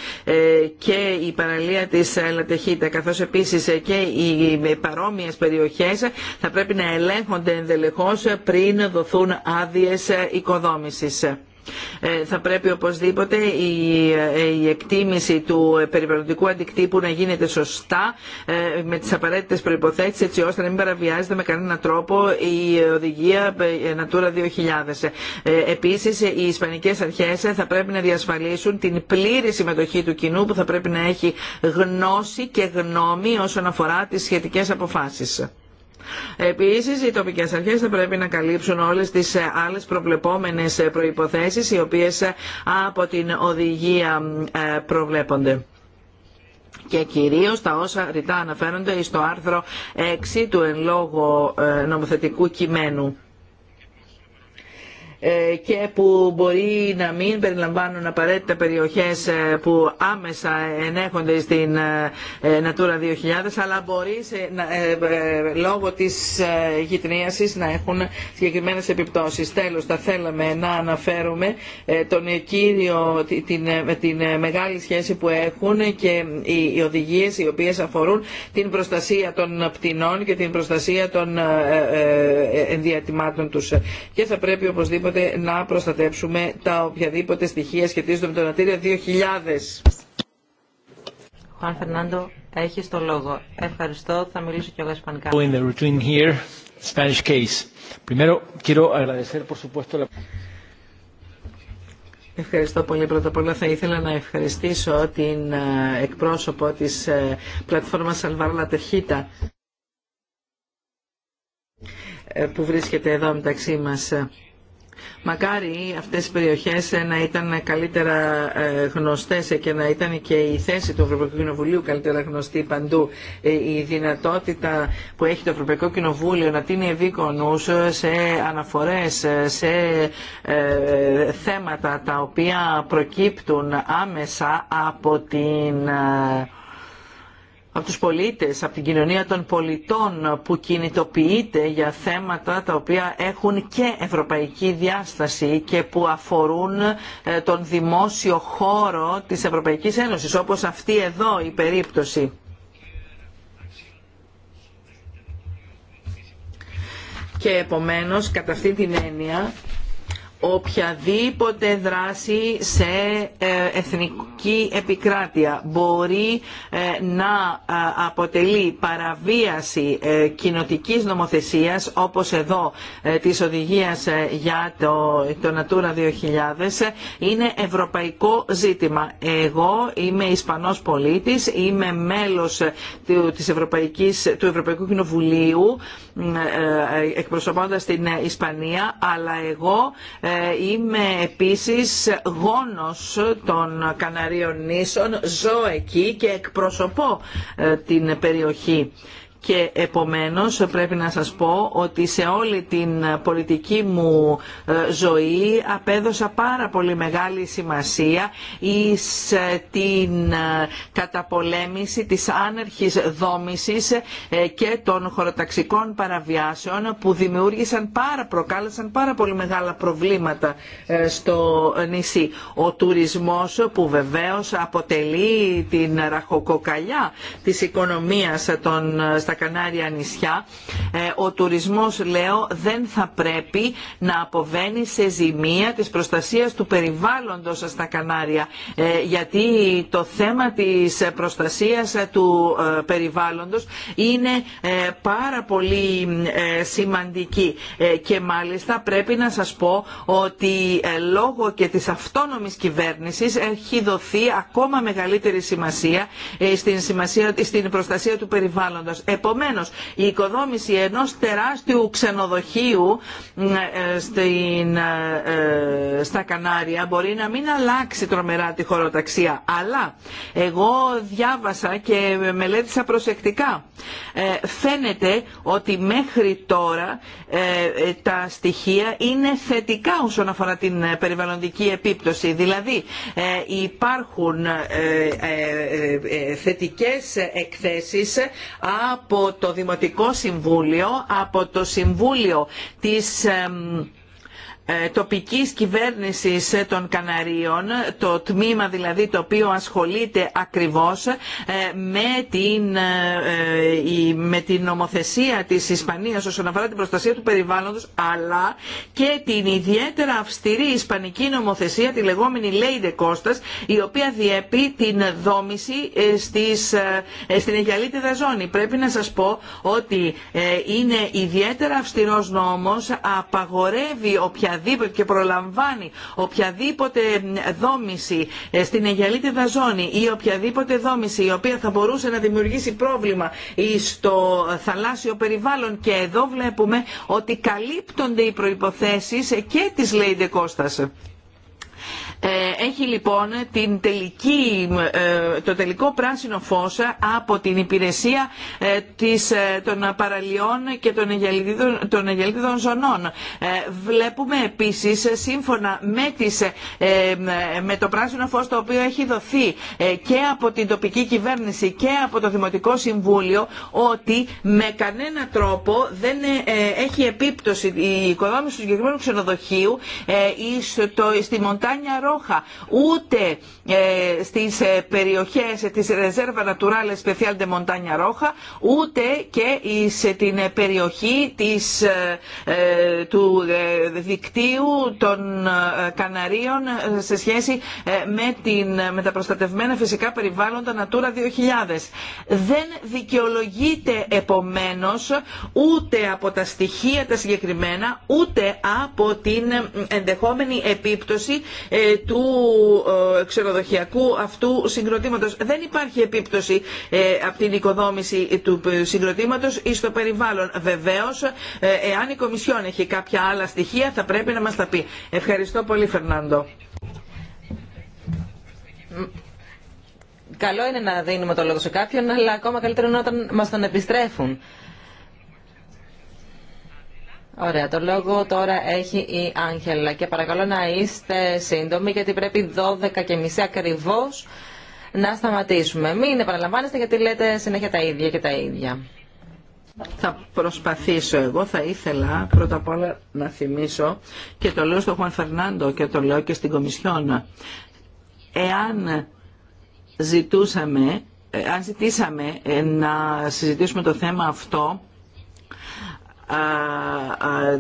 και η παραλία της Λατεχίτα καθώς επίσης και οι παρόμοιες περιοχές θα πρέπει να ελέγχονται ενδελεχώς πριν δοθούν άδειες οικοδόμησης. Ε, θα πρέπει οπωσδήποτε ε, η εκτίμηση του περιβαλλοντικού αντικτύπου να γίνεται σωστά ε, με τις απαραίτητες προϋποθέσεις έτσι ώστε να μην παραβιάζεται με κανέναν τρόπο η οδηγία Natura 2000. Επίσης οι Ισπανικές αρχές θα πρέπει να διασφαλίσουν την πλήρη συμμετοχή του κοινού που θα πρέπει να έχει γνώση και γνώμη όσον αφορά τις σχετικές αποφάσεις. Επίση, οι τοπικέ αρχέ θα πρέπει να καλύψουν όλε τι ε, άλλε προβλεπόμενε ε, προποθέσει, οι οποίε ε, από την οδηγία προβλέπονται και κυρίως τα όσα ρητά αναφέρονται στο άρθρο 6 του εν λόγω νομοθετικού κειμένου. Ε, και που μπορεί να μην περιλαμβάνουν απαραίτητα περιοχές ε, που άμεσα ενέχονται στην ε, Natura 2000 αλλά μπορεί λόγω της γυτνίασης να έχουν συγκεκριμένες επιπτώσεις. Τέλος θα θέλαμε να αναφέρουμε τον κύριο, την, την μεγάλη σχέση που έχουν και οι, οι οδηγίες οι οποίες αφορούν την προστασία των πτηνών και την προστασία των ενδιατημάτων τους και θα πρέπει οπωσδήποτε οπωσδήποτε να προστατέψουμε τα οποιαδήποτε στοιχεία σχετίζονται με το Νατήρια 2000. Χουάν Φερνάντο, έχει το λόγο. Ευχαριστώ. Θα μιλήσω κι εγώ ισπανικά. In the routine here, Spanish case. Primero, quiero agradecer, por supuesto, la... Ευχαριστώ πολύ. Πρώτα απ' όλα θα ήθελα να ευχαριστήσω την uh, εκπρόσωπο της uh, πλατφόρμας Αλβάρλα Τεχίτα που βρίσκεται εδώ μεταξύ μας. Μακάρι αυτές οι περιοχές να ήταν καλύτερα ε, γνωστές και να ήταν και η θέση του Ευρωπαϊκού Κοινοβουλίου καλύτερα γνωστή παντού. Ε, η δυνατότητα που έχει το Ευρωπαϊκό Κοινοβούλιο να τίνει ευήκονους σε αναφορές, σε ε, θέματα τα οποία προκύπτουν άμεσα από την από τους πολίτες, από την κοινωνία των πολιτών που κινητοποιείται για θέματα τα οποία έχουν και ευρωπαϊκή διάσταση και που αφορούν ε, τον δημόσιο χώρο της Ευρωπαϊκής Ένωσης, όπως αυτή εδώ η περίπτωση. Και επομένως, κατά αυτή την έννοια, οποιαδήποτε δράση σε ε, εθνική επικράτεια μπορεί ε, να ε, αποτελεί παραβίαση κοινοτικής νομοθεσίας όπως εδώ της οδηγίας για το, το Natura 2000 είναι ευρωπαϊκό ζήτημα. Εγώ είμαι Ισπανός πολίτης, είμαι μέλος του, της Ευρωπαϊκής, του Ευρωπαϊκού Κοινοβουλίου εκπροσωπώντας την Ισπανία αλλά εγώ ε, είμαι επίσης γόνος των Καναρίων νήσων, ζω εκεί και εκπροσωπώ ε, την περιοχή και επομένως πρέπει να σας πω ότι σε όλη την πολιτική μου ε, ζωή απέδωσα πάρα πολύ μεγάλη σημασία εις ε, την ε, καταπολέμηση της άνερχης δόμησης και των χωροταξικών παραβιάσεων που δημιούργησαν πάρα, προκάλεσαν πάρα πολύ μεγάλα προβλήματα στο νησί. Ο τουρισμός που βεβαίως αποτελεί την ραχοκοκαλιά της οικονομίας των στα Κανάρια νησιά, ε, ο τουρισμός, λέω, δεν θα πρέπει να αποβαίνει σε ζημία της προστασίας του περιβάλλοντος στα Κανάρια. Ε, γιατί το θέμα της προστασίας του ε, περιβάλλοντος είναι πάρα πολύ σημαντική. Και μάλιστα πρέπει να σας πω ότι λόγω και της αυτόνομης κυβέρνησης έχει δοθεί ακόμα μεγαλύτερη σημασία στην, σημασία, προστασία του περιβάλλοντος. Επομένως, η οικοδόμηση ενός τεράστιου ξενοδοχείου ε, ε, στην, ε, στα Κανάρια μπορεί να μην αλλάξει τρομερά τη χωροταξία. Αλλά εγώ διάβασα και μελέτησα προσεκτικά. Φαίνεται ότι μέχρι τώρα τα στοιχεία είναι θετικά όσον αφορά την περιβαλλοντική επίπτωση. Δηλαδή υπάρχουν θετικές εκθέσεις από από το Δημοτικό Συμβούλιο, από το Συμβούλιο της ε, τοπικής κυβέρνησης των Καναρίων, το τμήμα δηλαδή το οποίο ασχολείται ακριβώς ε, με την, ε, με την νομοθεσία της Ισπανίας όσον αφορά την προστασία του περιβάλλοντος αλλά και την ιδιαίτερα αυστηρή ισπανική νομοθεσία, τη λεγόμενη Λέιντε Κώστας, η οποία διέπει την δόμηση στις, στην Αιγιαλίτιδα ζώνη. Πρέπει να σας πω ότι είναι ιδιαίτερα αυστηρός νόμος, απαγορεύει οποιαδήποτε οποιαδήποτε και προλαμβάνει οποιαδήποτε δόμηση ε, στην Αγιαλίτιδα ζώνη ή οποιαδήποτε δόμηση η οποία θα μπορούσε να δημιουργήσει πρόβλημα στο θαλάσσιο περιβάλλον και εδώ βλέπουμε ότι καλύπτονται οι προϋποθέσεις ε, και της Λέιντε Κώστας. Ε, έχει λοιπόν την τελική, ε, το τελικό πράσινο φως από την υπηρεσία ε, της, των παραλιών και των αγελίδων, ζωνών. Βλέπουμε επίσης σύμφωνα με, το πράσινο φως το οποίο έχει δοθεί και από την τοπική κυβέρνηση και από το Δημοτικό Συμβούλιο ότι με κανένα τρόπο δεν έχει επίπτωση η οικοδόμηση του συγκεκριμένου ξενοδοχείου στη Μοντάνια Ρόχα, ούτε ε, στις ε, περιοχές ε, της Ρεζέρβα Naturale Special de Montaña ρόχα, ούτε και σε την περιοχή της, του δικτύου των Καναρίων σε σχέση με, την, με τα προστατευμένα φυσικά περιβάλλοντα Natura 2000. Δεν δικαιολογείται επομένως ούτε από τα στοιχεία τα συγκεκριμένα, ούτε από την ενδεχόμενη επίπτωση του ε, ξενοδοχειακού αυτού συγκροτήματος. Δεν υπάρχει επίπτωση ε, από την οικοδόμηση του ε, συγκροτήματος ή στο περιβάλλον. Βεβαίως, εάν η Κομισιόν έχει κάποια άλλα στοιχεία θα πρέπει να μας τα πει. Ευχαριστώ πολύ Φερνάντο. Καλό είναι να δίνουμε το λόγο σε κάποιον, αλλά ακόμα καλύτερο είναι όταν μας τον επιστρέφουν. Ωραία, το λόγο τώρα έχει η Άγγελα και παρακαλώ να είστε σύντομοι γιατί πρέπει 12 και μισή ακριβώς να σταματήσουμε. Μην επαναλαμβάνεστε γιατί λέτε συνέχεια τα ίδια και τα ίδια. Θα προσπαθήσω εγώ, θα ήθελα πρώτα απ' όλα να θυμίσω και το λέω στον Χουαν Φερνάντο και το λέω και στην Κομισιόνα. Εάν ζητούσαμε, ε, αν ζητήσαμε ε, να συζητήσουμε το θέμα αυτό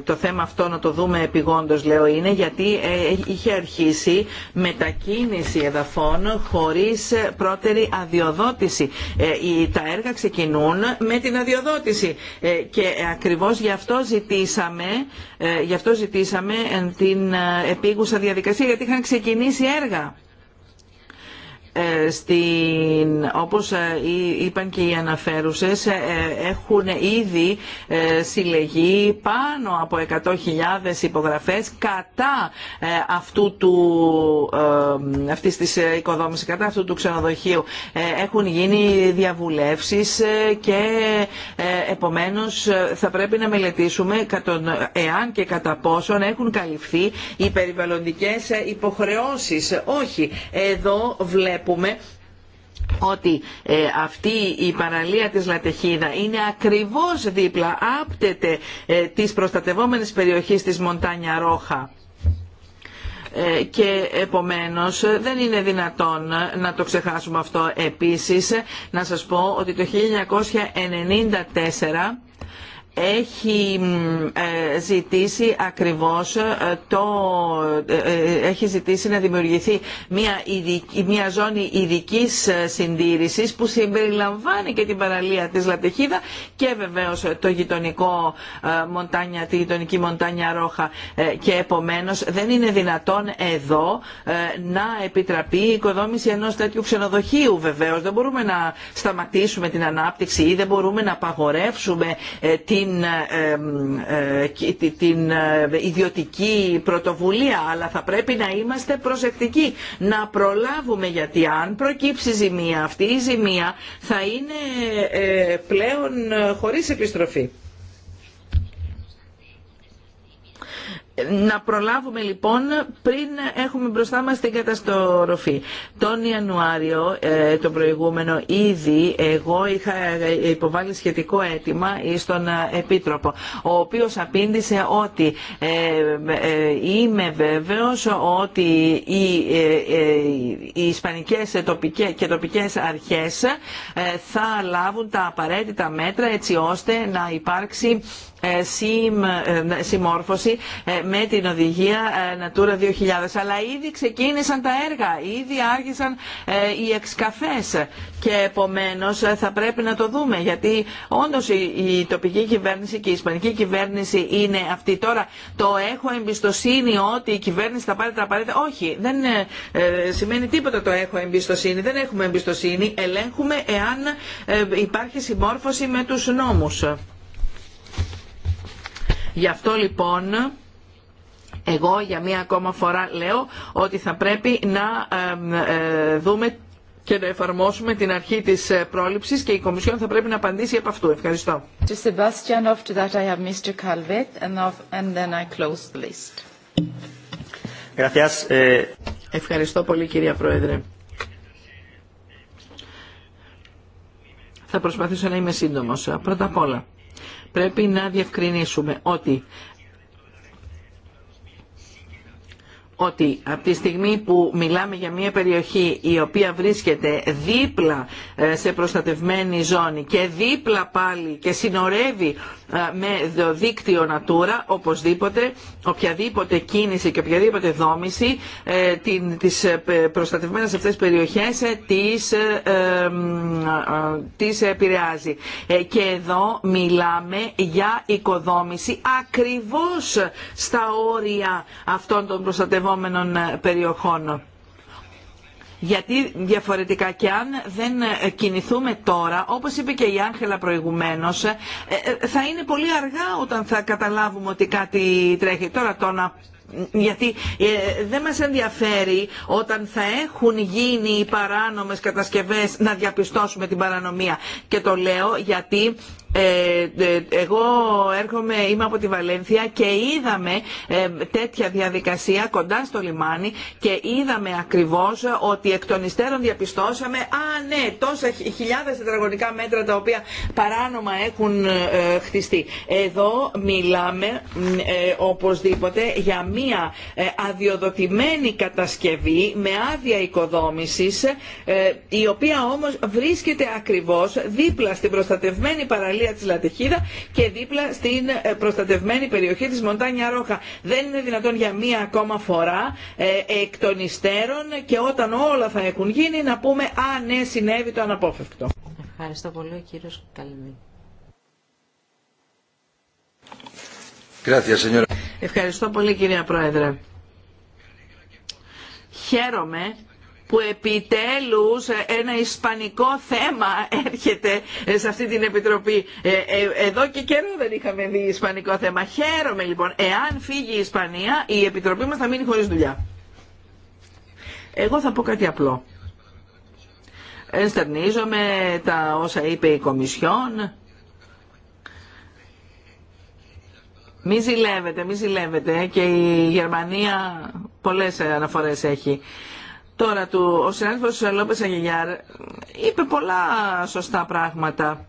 το θέμα αυτό να το δούμε επιγόντως λέω είναι γιατί ε, είχε αρχίσει μετακίνηση εδαφών χωρίς πρώτερη αδειοδότηση. Ε, τα έργα ξεκινούν με την αδειοδότηση ε, και ακριβώς γι' αυτό ζητήσαμε, γι αυτό ζητήσαμε την επίγουσα διαδικασία γιατί είχαν ξεκινήσει έργα. Ε, στην, όπως ε, είπαν και οι αναφέρουσες ε, έχουν ήδη συλλεγεί πάνω από 100.000 υπογραφές κατά αυτού του, αυτής της οικοδόμησης, κατά αυτού του ξενοδοχείου. Έχουν γίνει διαβουλεύσεις και επομένως θα πρέπει να μελετήσουμε εάν και κατά πόσον έχουν καλυφθεί οι περιβαλλοντικές υποχρεώσεις. Όχι, εδώ βλέπουμε βλέπουμε ότι ε, αυτή η παραλία της Λατεχίδα είναι ακριβώς δίπλα, άπτεται ε, της προστατευόμενης περιοχής της Μοντάνια Ρόχα ε, και επομένως ε, δεν είναι δυνατόν να το ξεχάσουμε αυτό επίσης να σας πω ότι το 1994 έχει ε, ζητήσει ακριβώς ε, το ε, έχει ζητήσει να δημιουργηθεί μια, ειδική, μια ζώνη ειδική συντήρησης που συμπεριλαμβάνει και την παραλία της Λατεχίδα και βεβαίως το γειτονικό μοντάνια, τη γειτονική μοντάνια Ρόχα και επομένως δεν είναι δυνατόν εδώ να επιτραπεί η οικοδόμηση ενός τέτοιου ξενοδοχείου βεβαίως δεν μπορούμε να σταματήσουμε την ανάπτυξη ή δεν μπορούμε να απαγορεύσουμε την την, ε, ε, ε, την ιδιωτική πρωτοβουλία, αλλά θα πρέπει να είμαστε προσεκτικοί, να προλάβουμε γιατί αν προκύψει ζημία αυτή η ζημία θα είναι πλέον χωρίς επιστροφή. να προλάβουμε λοιπόν πριν έχουμε μπροστά μας την καταστροφή. Τον Ιανουάριο, ε, τον προηγούμενο, ήδη εγώ είχα ε, υποβάλει σχετικό αίτημα στον ε, Επίτροπο, ο οποίος απήντησε ότι είμαι βέβαιος ότι οι ισπανικές και τοπικές αρχές θα λάβουν τα απαραίτητα μέτρα έτσι ώστε να υπάρξει ε, ε, συμμόρφωση ε, με την οδηγία Natura 2000. Αλλά ήδη ξεκίνησαν τα έργα, ήδη άργησαν οι εξκαφές και επομένως θα πρέπει να το δούμε γιατί όντως η τοπική κυβέρνηση και η ισπανική κυβέρνηση είναι αυτή. Τώρα το έχω εμπιστοσύνη ότι η κυβέρνηση θα πάρει τα απαραίτητα. Όχι, δεν σημαίνει τίποτα το έχω εμπιστοσύνη. Δεν έχουμε εμπιστοσύνη, ελέγχουμε εάν υπάρχει συμμόρφωση με τους νόμους. Γι' αυτό λοιπόν εγώ για μία ακόμα φορά λέω ότι θα πρέπει να ε, δούμε και να εφαρμόσουμε την αρχή της ε, πρόληψης και η Κομισιόν θα πρέπει να απαντήσει από αυτού. Ευχαριστώ. Ευχαριστώ πολύ κυρία Πρόεδρε. Θα προσπαθήσω να είμαι σύντομος. Πρώτα απ' όλα πρέπει να διευκρινίσουμε ότι ότι από τη στιγμή που μιλάμε για μια περιοχή η οποία βρίσκεται δίπλα ε, σε προστατευμένη ζώνη και δίπλα πάλι και συνορεύει ε, με το δίκτυο Natura, οπωσδήποτε οποιαδήποτε κίνηση και οποιαδήποτε δόμηση ε, τις προστατευμένες αυτές περιοχές τις, τις επηρεάζει. Και εδώ μιλάμε για οικοδόμηση ακριβώς στα όρια αυτών των προστατευμένων ε, περιοχών. Γιατί διαφορετικά και αν δεν ε, κινηθούμε τώρα, όπως είπε και η Άγχελα προηγουμένως, ε, θα είναι πολύ αργά όταν θα καταλάβουμε ότι κάτι τρέχει. Τώρα το γιατί δεν μας ενδιαφέρει όταν θα έχουν γίνει οι παράνομες κατασκευές να διαπιστώσουμε την παρανομία. Και το λέω γιατί ε, ε, εγώ έρχομαι, είμαι από τη Βαλένθια και είδαμε ε, τέτοια διαδικασία κοντά στο λιμάνι και είδαμε ακριβώς ότι εκ των υστέρων διαπιστώσαμε «Α, ναι, τόσα χιλιάδες τετραγωνικά μέτρα τα οποία παράνομα έχουν χτιστεί». Εδώ μιλάμε οπωσδήποτε για μία αδειοδοτημένη κατασκευή με άδεια οικοδόμησης η οποία όμως βρίσκεται ακριβώς δίπλα στην προστατευμένη παραλία Λατεχίδα και δίπλα στην ε, προστατευμένη περιοχή της Μοντάνια Ρόχα. Δεν είναι δυνατόν για μία ακόμα φορά ε, εκ των υστέρων και όταν όλα θα έχουν γίνει να πούμε «Α, ναι, συνέβη το αναπόφευκτο». Ευχαριστώ πολύ, κύριος Καλμή. Ευχαριστώ πολύ, κυρία Πρόεδρε. Χαίρομαι που επιτέλους ένα ισπανικό θέμα έρχεται σε αυτή την Επιτροπή. Ε, ε, εδώ και καιρό δεν είχαμε δει ισπανικό θέμα. Χαίρομαι λοιπόν. Εάν φύγει η Ισπανία, η Επιτροπή μας θα μείνει χωρίς δουλειά. Εγώ θα πω κάτι απλό. Ενστερνίζομαι τα όσα είπε η Κομισιόν. Μη ζηλεύετε, μη ζηλεύετε και η Γερμανία πολλές αναφορές έχει. Τώρα, του, ο συνάδελφος Λόπες Αγγελιάρ είπε πολλά σωστά πράγματα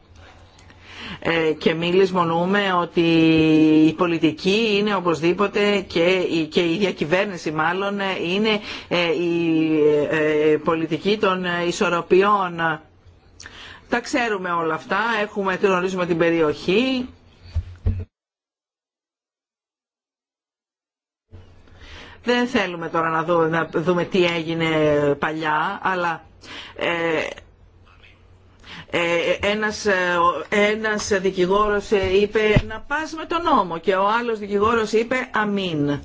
ε, και μη λησμονούμε ότι η πολιτική είναι οπωσδήποτε και η, και η διακυβέρνηση μάλλον είναι ε, η ε, πολιτική των ισορροπιών. Τα ξέρουμε όλα αυτά, έχουμε, γνωρίζουμε την περιοχή Δεν θέλουμε τώρα να δούμε, τι έγινε παλιά, αλλά ε, ε ένας, ε, ένας δικηγόρος ε, είπε να πας με τον νόμο και ο άλλος δικηγόρος είπε αμήν.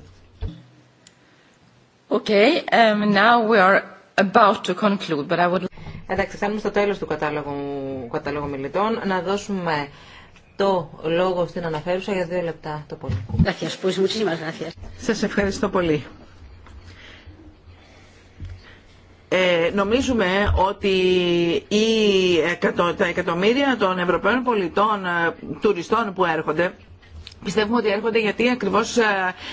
Okay, um, now we are about to conclude, but I would... Εντάξει, φτάνουμε στο τέλος του κατάλογου, κατάλογου μιλητών. Να δώσουμε το λόγο στην αναφέρουσα για δύο λεπτά το πολύ. Σας ευχαριστώ πολύ. Ε, νομίζουμε ότι η, τα εκατομμύρια των Ευρωπαίων πολιτών ε, τουριστών που έρχονται Πιστεύουμε ότι έρχονται γιατί ακριβώς ε,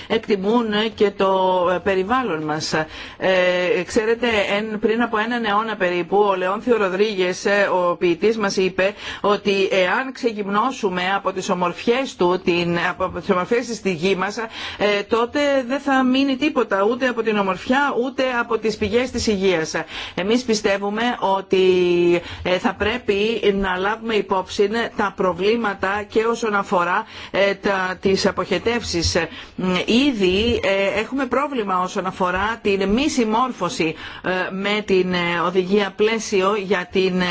εκτιμούν ε, και το ε, περιβάλλον μας. Ε, ξέρετε, εν, πριν από έναν αιώνα περίπου, ο Λεόν Θεοροδρίγες, ο ποιητής μας είπε ότι εάν ξεγυμνώσουμε από τις ομορφιές του, την, από τις ομορφιές της τη γη μας, τότε δεν θα μείνει τίποτα ούτε από την ομορφιά, ούτε από τις πηγές της υγείας. Εμείς πιστεύουμε ότι θα πρέπει να λάβουμε υπόψη τα προβλήματα και όσον αφορά τα της αποχετεύσεις. Ήδη ε, έχουμε πρόβλημα όσον αφορά την μη συμμόρφωση ε, με την ε, οδηγία πλαίσιο για, την,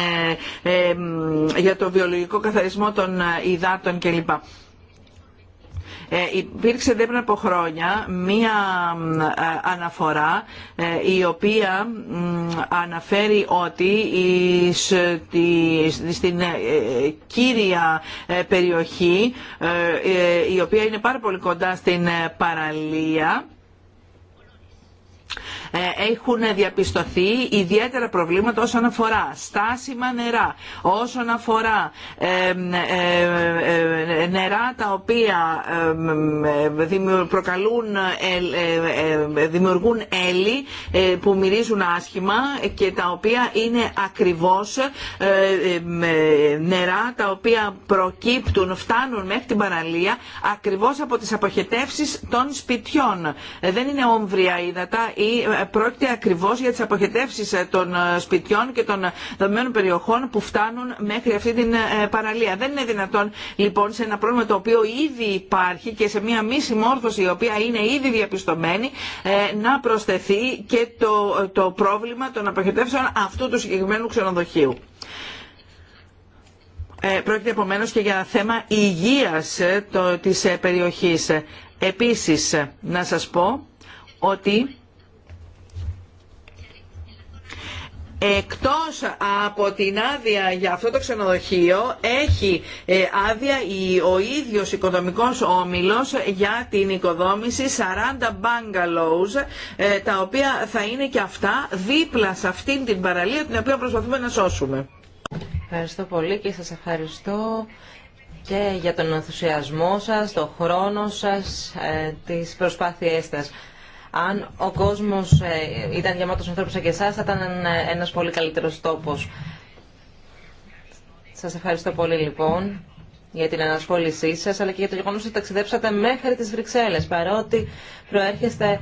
για το βιολογικό καθαρισμό των υδάτων κλπ. Ε, υπήρξε πριν από χρόνια μία ε, αναφορά ε, η οποία αναφέρει ότι στην κύρια περιοχή η οποία είναι πάρα πολύ κοντά στην παραλία ε, έχουν διαπιστωθεί ιδιαίτερα προβλήματα όσον αφορά στάσιμα νερά, όσον αφορά ε, ε, νερά τα οποία προκαλούν, δημιουργούν έλλη που μυρίζουν άσχημα και τα οποία είναι ακριβώς νερά τα οποία προκύπτουν, φτάνουν μέχρι την παραλία ακριβώς από τις αποχετεύσεις των σπιτιών. Δεν είναι όμβρια ύδατα ή πρόκειται ακριβώς για τις αποχετεύσεις ε, των ε, σπιτιών και των ε, δομημένων περιοχών που φτάνουν μέχρι αυτή την παραλία. Δεν είναι δυνατόν λοιπόν σε ένα πρόβλημα το οποίο ήδη υπάρχει και σε μια μη συμμόρφωση η οποία είναι ήδη διαπιστωμένη να προσθεθεί και το, το πρόβλημα των αποχετεύσεων αυτού του συγκεκριμένου ξενοδοχείου. Πρόκειται επομένως και για θέμα υγείας της περιοχής. Επίσης, να σας πω ότι εκτός από την άδεια για αυτό το ξενοδοχείο έχει ε, άδεια ο ίδιος οικονομικός όμιλος για την οικοδόμηση 40 bungalows ε, τα οποία θα είναι και αυτά δίπλα σε αυτήν την παραλία την οποία προσπαθούμε να σώσουμε. Ευχαριστώ πολύ και σας ευχαριστώ και για τον ενθουσιασμό σας, τον χρόνο σας, ε, τις προσπάθειές σας. Αν ο κόσμος ε, ήταν γεμάτος ανθρώπους σαν και εσάς, θα ήταν ένας πολύ καλύτερος τόπος. Σας ευχαριστώ πολύ λοιπόν για την ανασχόλησή σας, αλλά και για το γεγονός ότι ταξιδέψατε μέχρι τις Βρυξέλλες, παρότι προέρχεστε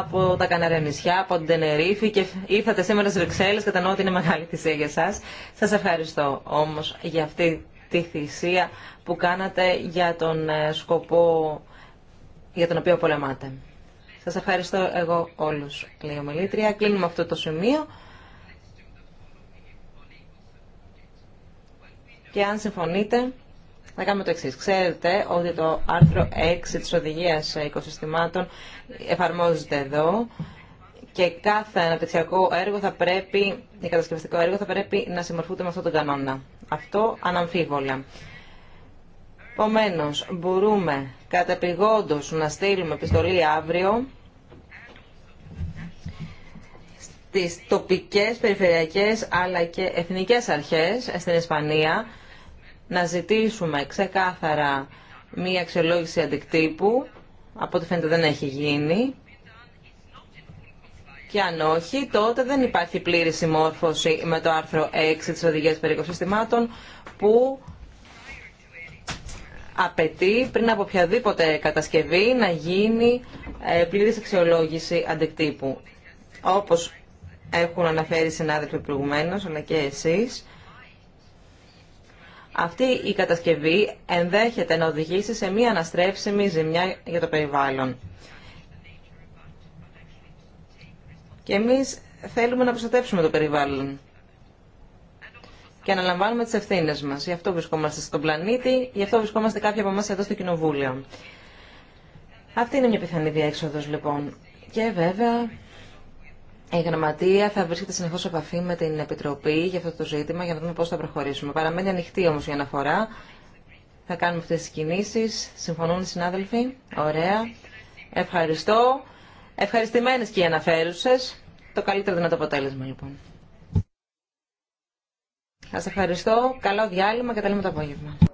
από τα Καναρέ από την Τενερίφη και ήρθατε σήμερα στις Βρυξέλλες, κατανοώ ότι είναι μεγάλη θυσία για σας. Σας ευχαριστώ όμως για αυτή τη θυσία που κάνατε για τον ε, σκοπό για τον οποίο πολεμάτε. Σας ευχαριστώ εγώ όλους, λέει μιλήτρια Κλείνουμε αυτό το σημείο. Και αν συμφωνείτε, να κάνουμε το εξή. Ξέρετε ότι το άρθρο 6 της Οδηγίας Οικοσυστημάτων εφαρμόζεται εδώ και κάθε αναπτυξιακό έργο θα πρέπει, ή κατασκευαστικό έργο θα πρέπει να συμμορφούνται με αυτόν τον κανόνα. Αυτό αναμφίβολα. Επομένω, μπορούμε κατεπηγόντως να στείλουμε επιστολή αύριο τις τοπικές, περιφερειακές αλλά και εθνικές αρχές στην Ισπανία να ζητήσουμε ξεκάθαρα μία αξιολόγηση αντικτύπου. Από ό,τι φαίνεται δεν έχει γίνει. Και αν όχι, τότε δεν υπάρχει πλήρη συμμόρφωση με το άρθρο 6 της Οδηγίας Περικοσυστημάτων που απαιτεί πριν από οποιαδήποτε κατασκευή να γίνει ε, πλήρης αξιολόγηση αντικτύπου. Όπως έχουν αναφέρει συνάδελφοι προηγουμένω, αλλά και εσεί. αυτή η κατασκευή ενδέχεται να οδηγήσει σε μία αναστρέψιμη ζημιά για το περιβάλλον. Και εμείς θέλουμε να προστατεύσουμε το περιβάλλον και να λαμβάνουμε τις ευθύνες μας. Γι' αυτό βρισκόμαστε στον πλανήτη, γι' αυτό βρισκόμαστε κάποιοι από εμά εδώ στο Κοινοβούλιο. Αυτή είναι μια πιθανή διέξοδος λοιπόν. Και βέβαια η Γραμματεία θα βρίσκεται συνεχώ σε επαφή με την Επιτροπή για αυτό το ζήτημα για να δούμε πώ θα προχωρήσουμε. Παραμένει ανοιχτή όμω η αναφορά. Θα κάνουμε αυτέ τι κινήσει. Συμφωνούν οι συνάδελφοι. Ωραία. Ευχαριστώ. Ευχαριστημένε και οι αναφέρουσε. Το καλύτερο δυνατό αποτέλεσμα λοιπόν. Σα ευχαριστώ. Καλό διάλειμμα και τα λέμε το απόγευμα.